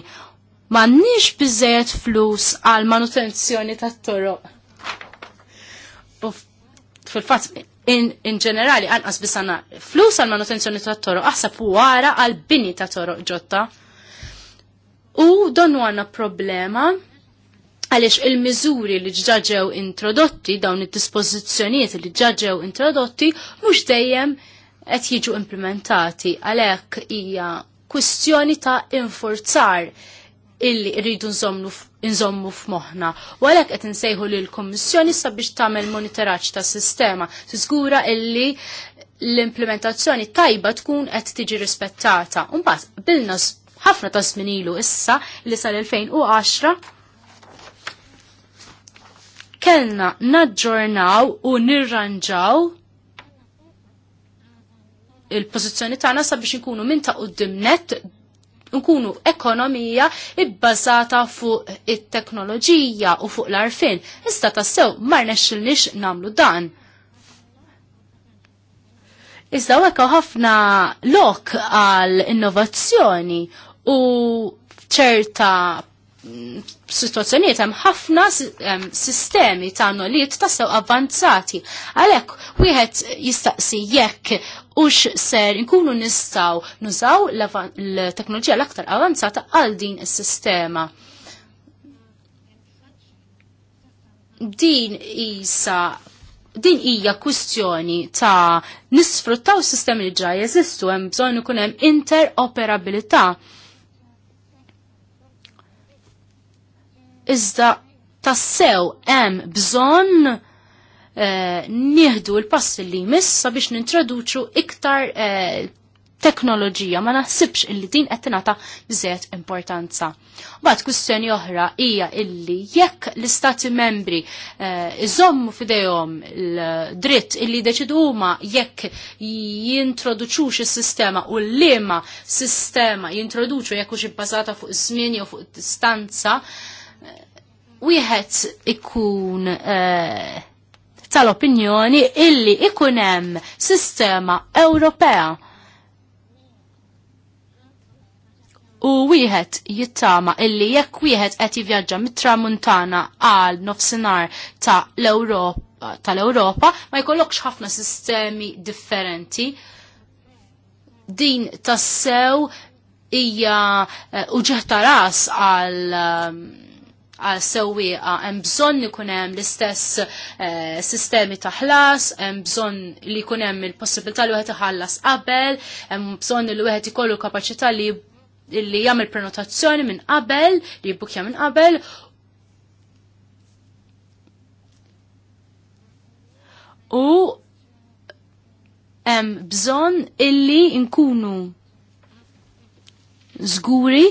m'għandniex biżejjed flus għal manutenzjoni tat-toroq. fil-fatt in, in ġenerali anqas biss flus għal manutenzjoni tat-toroq aħseb wara għal bini ta' toroq ġotta. U donnu għanna problema għaliex il-miżuri li ġġaġew introdotti, dawn id-dispożizzjonijiet li ġġaġew introdotti, mhux dejjem qed jiġu implementati għalhekk hija kwistjoni ta' infurzar illi rridu nżommu f'moħħna. U għalhekk qed insejħu l kommissjoni sabiex tagħmel monitoraċ tas sistema tiżgura illi l-implementazzjoni tajba tkun qed tiġi rispettata. Mbagħad bilna ħafna ta' ilu issa li sal-2010 kellna naġġornaw u nirranġaw il-pozizjoni tagħna sabiex inkunu minn ta' qudiem net nkunu ekonomija ibbażata fuq it-teknoloġija u fuq l-arfin. ta' tassew ma rnexxilniex nagħmlu dan. Iżda hekk ħafna lok għal innovazzjoni u ċerta situazzjoniet hemm ħafna sistemi ta' noliet tassew avvanzati. Għalhekk wieħed jistaqsi jekk ux ser inkunu nistaw nużaw l-teknoloġija l-aktar avanzata għal din is-sistema. Din isa din hija kwistjoni ta' nisfruttaw sistemi li ġaj jeżistu hemm bżonn ikun hemm interoperabilità iżda tassew hemm bżonn eh, nieħdu l-pass li jmiss sabiex nintroduċu iktar eh, teknoloġija ma naħsibx illi din qed tingħata bżejt importanza. Mbagħad kwistjoni oħra hija illi jekk l-istati membri eh, iżommu f'idejhom l-dritt illi deċidu huma jekk jintroduċux is-sistema u liema sistema jintroduċu jekk hux ibbażata fuq żmien jew fuq distanza, wieħed ikun uh, tal-opinjoni illi ikun hemm sistema Ewropea. U wieħed jittama illi jekk wieħed qed jivvjaġġa mit-tramuntana għal nofsinhar ta' l-Ewropa tal-Ewropa ma jkollokx ħafna sistemi differenti. Din tassew hija eh, uġeħ ta' ras għal ehm, għal ah, sewwieqa hemm bżonn ikun hemm l-istess eh, sistemi ta' ħlas, hemm bżonn li jkun hemm il-possibilità li wieħed iħallas qabel, hemm bżonn li wieħed ikollu kapaċità li li jagħmel prenotazzjoni minn qabel, li jibbukja minn qabel. U hemm bżonn illi nkunu żguri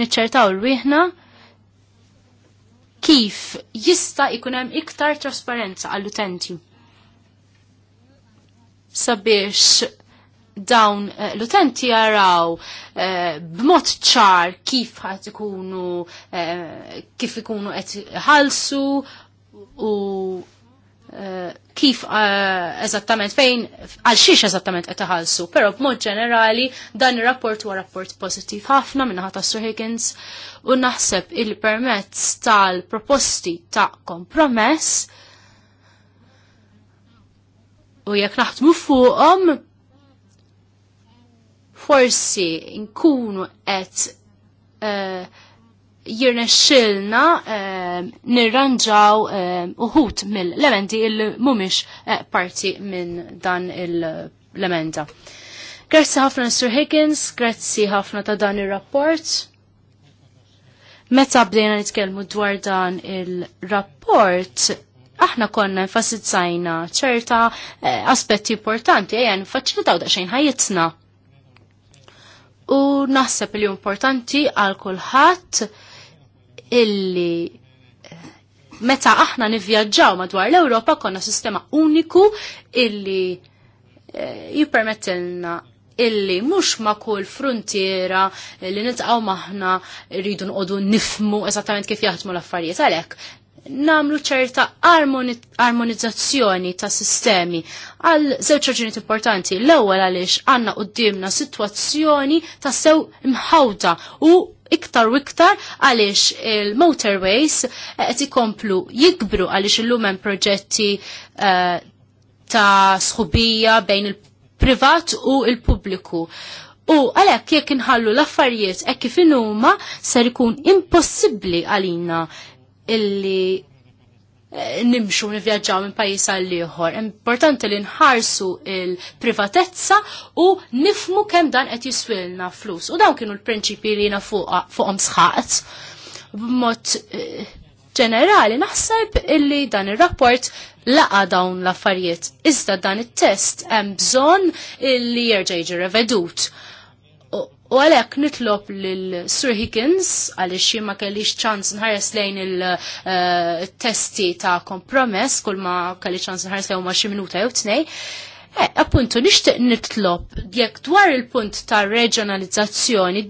niċċertaw rwieħna kif jista' jkun hemm iktar trasparenza għall-utenti. Sabiex dawn eh, l-utenti jaraw eh, b'mod ċar kif ħat ikunu uh, kif ikunu qed ħalsu u Eh, kif eh, eżattament fejn, għal xiex eżattament qed iħallsu, però b'mod ġenerali dan ir-rapport huwa rapport pożittiv ħafna minn ħata Sir Higgins u naħseb il-permezz tal-proposti ta' kompromess u jekk naħdmu fuqhom forsi nkunu qed uh, jirna xilna eh, nirranġaw eh, uħut mill-lementi il-mumiex eh, parti minn dan il-lementa. Grazzi ħafna Sir Higgins, grazzi ħafna ta' dan il-rapport. Meta bdejna nitkellmu dwar dan il-rapport, aħna konna nfasizzajna ċerta aspetti importanti, ejja nfaċilitaw daqsxejn ħajitna. U naħseb li importanti għal kulħadd illi eh, meta aħna nivvjaġġaw madwar l-Ewropa konna sistema uniku illi eh, jippermettilna illi mhux ma' kull frontiera li nitqgħu maħna rridu nqogħdu nifmu eżattament kif jaħdmu l-affarijiet għalhekk namlu ċerta armonizzazzjoni ta' sistemi għal żewġ raġunijiet importanti. L-ewwel għaliex għandna qudiemna sitwazzjoni ta' sew imħawda u iktar u iktar għaliex il-motorways qed ikomplu jikbru għaliex illum hemm proġetti uh, ta' sħubija bejn il-privat u l il pubbliku U għalhekk jekk inħallu l-affarijiet hekk kif inhuma ser ikun impossibbli għalina illi eh, nimxu nivjaġġaw minn pajis għall ieħor. Importanti li nħarsu il-privatezza u nifmu kemm dan qed jiswilna flus. U dawn kienu l-prinċipi li jiena fuqhom sħaqt. B'mod eh, ġenerali naħseb illi dan ir-rapport laqa dawn l-affarijiet. Iżda dan it-test hemm bżonn illi jerġa' jiġi revedut. U għalek nitlob l-Sir Higgins għalix jien ma kellix ċans nħares lejn il-testi eh, ta' kompromess kull ma kelli ċans nħares lejn ma xi minuta jew tnej. Eh, appuntu nixtieq nitlob jekk dwar il-punt ta' reġjonalizzazzjoni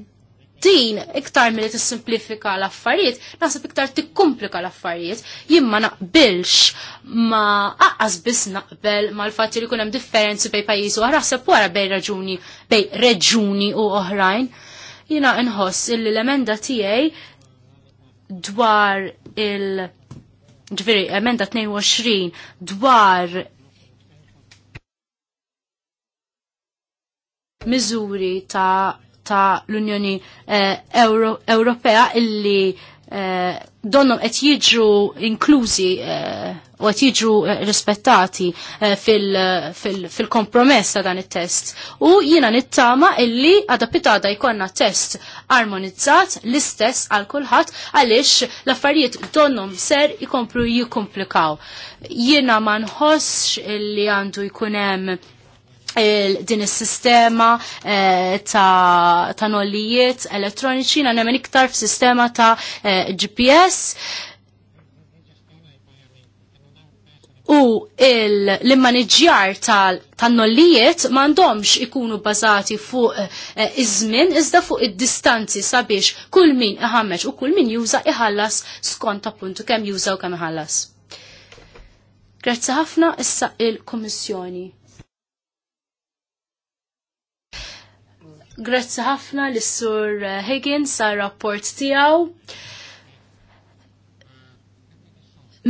din iktar mill tissimplifika l-affarijiet, naħseb iktar tikkumplika l-affarijiet, jimma naqbilx ma aqqas biss naqbel ma l-fatt li kunem differenzi bej pajjiż u ħraħseb wara bej raġuni bej reġuni u oħrajn. Jina nħoss l-emenda tiegħi dwar il- ġveri, emenda 22 dwar miżuri ta' ta' l-Unjoni eh, Ewropea illi eh, donnom qed jiġru inklużi eh, u qed jiġru rispettati fil-kompromess ta' dan it-test. U jiena nittama illi adapitada jkollna test armonizzat l-istess għal kulħadd għaliex l-affarijiet donnom ser ikomplu jikkomplikaw. Jiena ma nħossx illi għandu jkun hemm din is-sistema eh, ta', ta nollijiet elettroniċi na iktar f'sistema ta' eh, GPS u l-immaniġjar tal-nollijiet ta mandomx ikunu bazati fuq eh, iż-żmien iżda fuq id-distanzi sabiex kull min iħammeġ u kull min juża iħallas skont appuntu kemm juża u kemm iħallas. Grazzi ħafna issa il-Kummissjoni. Grazzi ħafna l-Sur Higgins sa' rapport tijaw.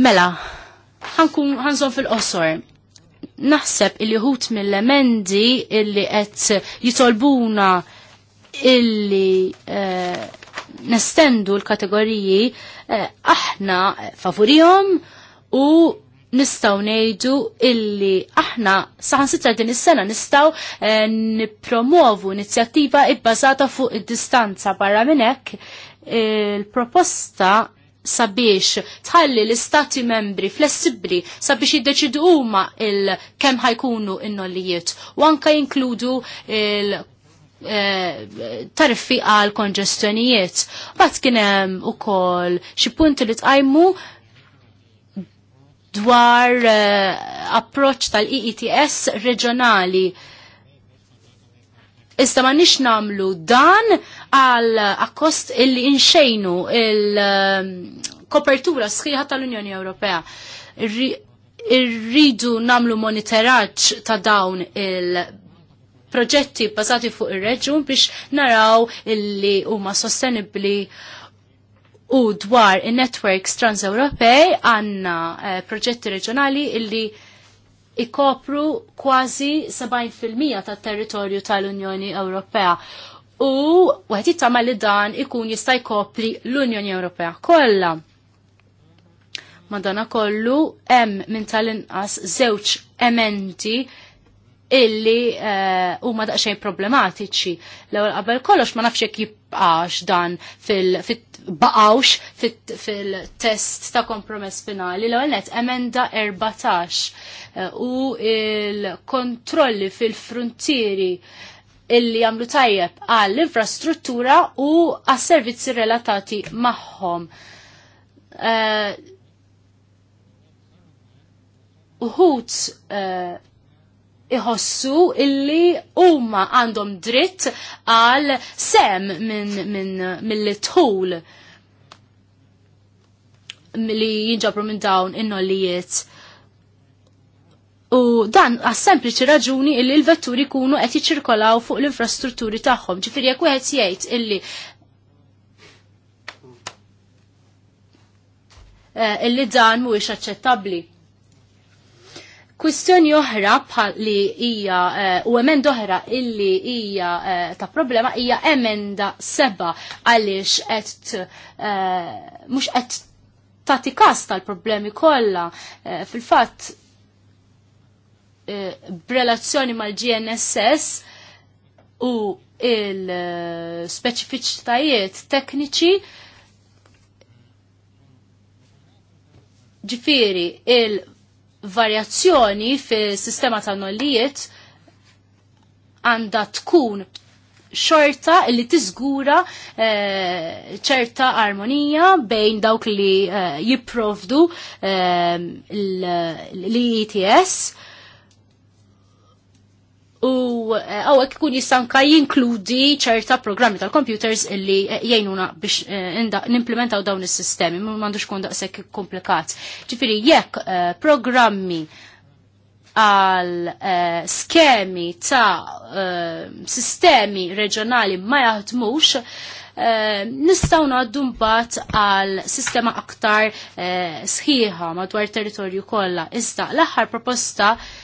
Mela, ħanżon fil-qosor. Naħseb il ħut mill-emendi illi qed jitolbuna illi eh, nestendu l-kategoriji eh, aħna favorihom u nistaw nejdu illi aħna sitra din is-sena nistaw eh, nipromovu inizjattiva ibbażata fuq id-distanza barra minn hekk il-proposta sabiex tħalli l-istati membri flessibli sabiex jiddeċidu huma il kemm ħajkunu in-nollijiet u anka jinkludu il eh, tariffi għal konġestjonijiet. Bat kienem u kol xie punti li tqajmu dwar uh, approċ tal-EETS reġjonali. Iżda ma nix namlu dan għal akkost illi inxejnu il-kopertura ehm, sħiħa tal-Unjoni Ewropea. Irridu namlu monitoraġġ ta' dawn il- proġetti bazati fuq ir reġjun biex naraw illi huma sostenibbli U dwar in-networks trans-Ewropej għanna uh, proġetti reġjonali illi ikopru kważi 70% tat-territorju tal-Unjoni Ewropea. U għed jittama li dan ikun jista' jkopri l-Unjoni Ewropea kollha. Madonna kollu hemm minn tal-inqas żewġ ementi illi eh, huma uh, daqsxejn problematiċi. L-ewwel qabel kollox ma nafx jekk jibqax dan fil-fit baqawx fil-test ta' kompromess finali l għalnet emenda 14 eh, u il-kontrolli fil-frontieri illi għamlu tajjeb għall-infrastruttura u għas-servizzi relatati magħhom. Eh, Uħut uh, iħossu illi huma għandhom dritt għal sem minn min, mill-tħul li jinġabru minn dawn in-nollijiet. U dan għas sempliċi raġuni illi l-vetturi kunu qed jiċirkolaw fuq l-infrastrutturi tagħhom. Ġifieri jekk wieħed jgħid illi eh, illi dan mhuwiex aċċettabbli. Kwistjoni oħra bħal li hija eh, u emenda oħra illi hija eh, ta' problema hija emenda seba għaliex qed eh, mhux qed tagħti każ tal-problemi kollha fil-fatt b'relazzjoni mal-GNSS u il speċifiċitajiet tekniċi ġifiri il- varjazzjoni fil-sistema ta' nollijiet għanda tkun xorta li tiżgura eh, ċerta e, armonija bejn dawk li e, jipprovdu e, eh, l-ETS u eh, għawek kun jistanka jinkludi ċerta programmi tal-computers illi eh, jgħinuna biex eh, nimplementaw dawn is-sistemi, Ma m'għandux kun daqshekk komplikat. Ġifieri jekk programmi għal skemi ta' sistemi reġjonali ma jaħdmux, nistaw għaddu mbagħad għal sistema aktar sħiħa madwar territorju kollha. Iżda l-aħħar proposta uh,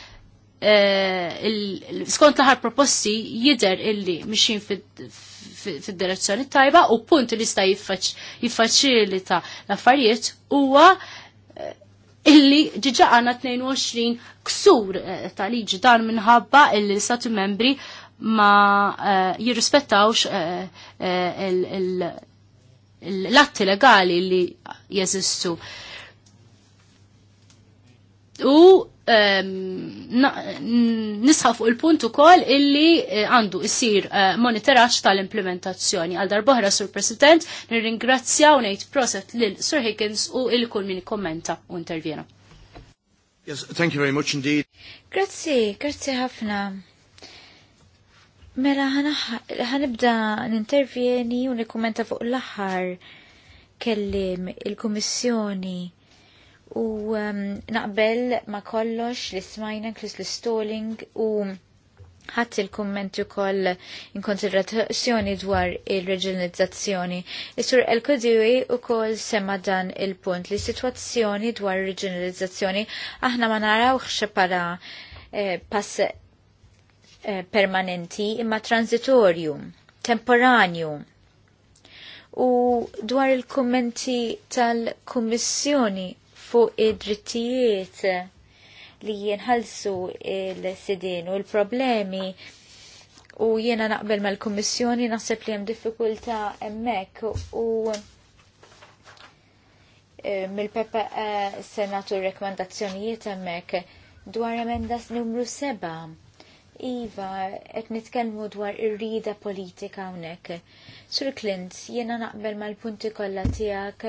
Eh, skont l proposti jider illi mxin fil-direzzjoni tajba u punt li sta jiffaċilita l-affarijiet huwa eh, illi ġiġa għanna 22 ksur eh, ta' liġi dan minħabba illi stati membri ma jirrispettawx l-atti legali li jeżistu. U Ehm, nisħa fuq il-punt ukoll illi eh, għandu issir eh, monitoraġġ tal-implementazzjoni. Għal darbohra sur President, nirringrazzja u ngħid proset lil Sir Higgins u il kull min kommenta u intervjena. Yes, thank you very much indeed. Grazzi, grazzi ħafna. Mela ħanibda nintervjeni u nikkumenta fuq l-aħħar kellim il-Kummissjoni u um, naqbel ma kollox li smajna Chris l-Stalling u ħadd il kummenti wkoll in konsiderazzjoni dwar il-reġionalizzazzjoni. Is-sur El Kodiwi ukoll semma dan il-punt li situazzjoni dwar il-reġionalizzazzjoni aħna ma narawx bħala eh, pass eh, permanenti imma transitorju, temporanju. U dwar il-kummenti tal-Kummissjoni fuq id-drittijiet li jienħalsu il-sidin u l-problemi u jiena naqbel mal-Kummissjoni naħseb li hemm diffikultà hemmhekk u e, mill-pepa e, senatu rekomendazzjonijiet hemmhekk dwar emendas numru 7. Iva, qed nitkellmu dwar ir-rida politika hawnhekk. Sur Clint, jiena naqbel mal-punti kollha tiegħek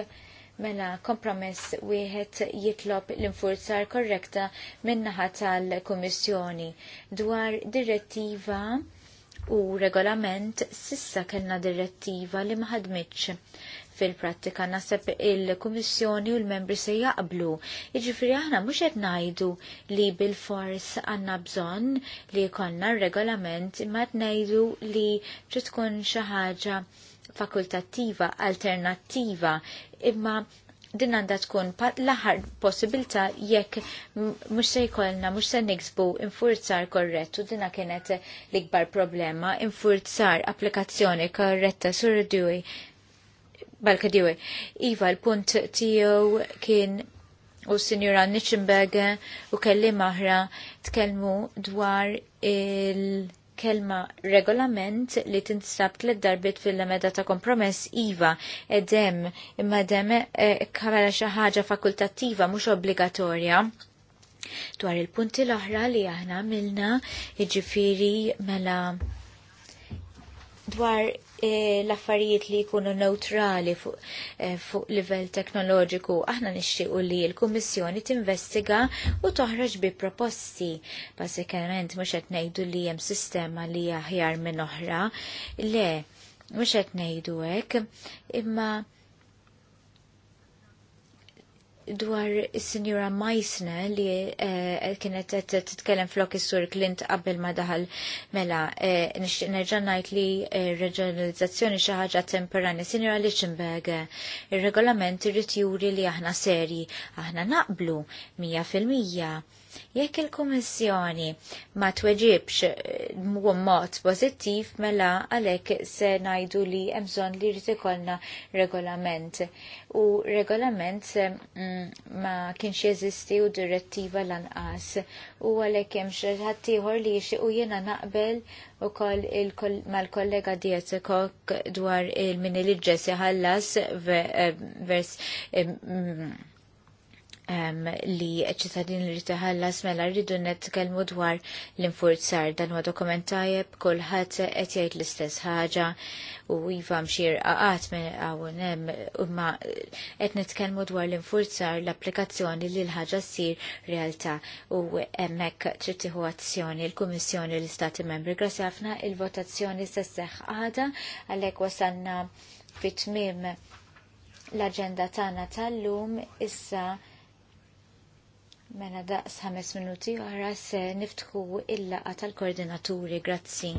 Mela, kompromess wieħed jitlob l-infurzar korrekta min-naħa tal-Kummissjoni dwar direttiva u regolament sissa kellna direttiva li ma ħadmitx fil-prattika nasab il-Kummissjoni u l-membri se jaqblu. Iġifri aħna mhux qed ngħidu li bil-fors għandna bżonn li jkollna r regolament imma qed ngħidu li trid tkun xi ħaġa fakultattiva alternattiva imma din għandha tkun l-aħħar possibilità jekk mhux se jkollna mhux se niksbu infurzar korrett u dina kienet l-ikbar problema infurzar applikazzjoni korretta sur dwi balka dwi. Iva l-punt tiegħu kien u sinjura Nichenberger u kelli maħra tkellmu dwar il- kelma regolament li tinsab tliet darbit fil-meda ta' kompromess iva edem imma dem e, kamera xi ħaġa fakultattiva mhux obbligatorja. Dwar il-punti l-oħra li aħna milna iġifiri mela dwar E, l-affarijiet li jkunu neutrali e, fuq livell teknoloġiku, aħna nixtiequ li l-Kummissjoni tinvestiga u toħroġ bi proposti. Basikament mhux qed ngħidu li hemm sistema li aħjar minn oħra, le mhux qed ngħidu hekk, imma dwar is-Sinjura Meissner li eh, kienet qed titkellem flok is-Sur Clint qabel ma daħal mela eh, nixtieq nerġa' ngħid li eh, reġjonalizzazzjoni xi ħaġa temporanja. Sinjura Lichtenberg, ir-regolament irid juri li aħna serji, aħna naqblu mija fil-mija Jekk il-Kummissjoni ma tweġibx eh, mod pożittiv mela għalhekk se ngħidu li hemm bżonn li jrid ikollna regolament. U regolament mm, ma kienx jeżisti u direttiva lanqas u għalhekk hemm xi ħadd ieħor li jixtieq u jiena naqbel u koll mal-kollega Dietzekok dwar il-min li ġesi ħallas eh, vers eh, mm, um, li ċittadin li taħallas mela rridu netkellmu dwar l-infurzar dan huwa dokumentajeb kulħadd qed jgħid l-istess ħaġa u iva xir qaqat me għawun hemm imma qed nitkellmu dwar l-infurzar l-applikazzjoni li l-ħaġa ssir realtà u hemmhekk trid tieħu azzjoni l-Kummissjoni l-Istati Membri. Grazzi ħafna il-votazzjoni s seħħ għada għalhekk wasanna fit l-aġenda tagħna tal-lum issa Mela daqs ħames minuti oħra se niftħu il-laqa tal-koordinaturi, grazzi.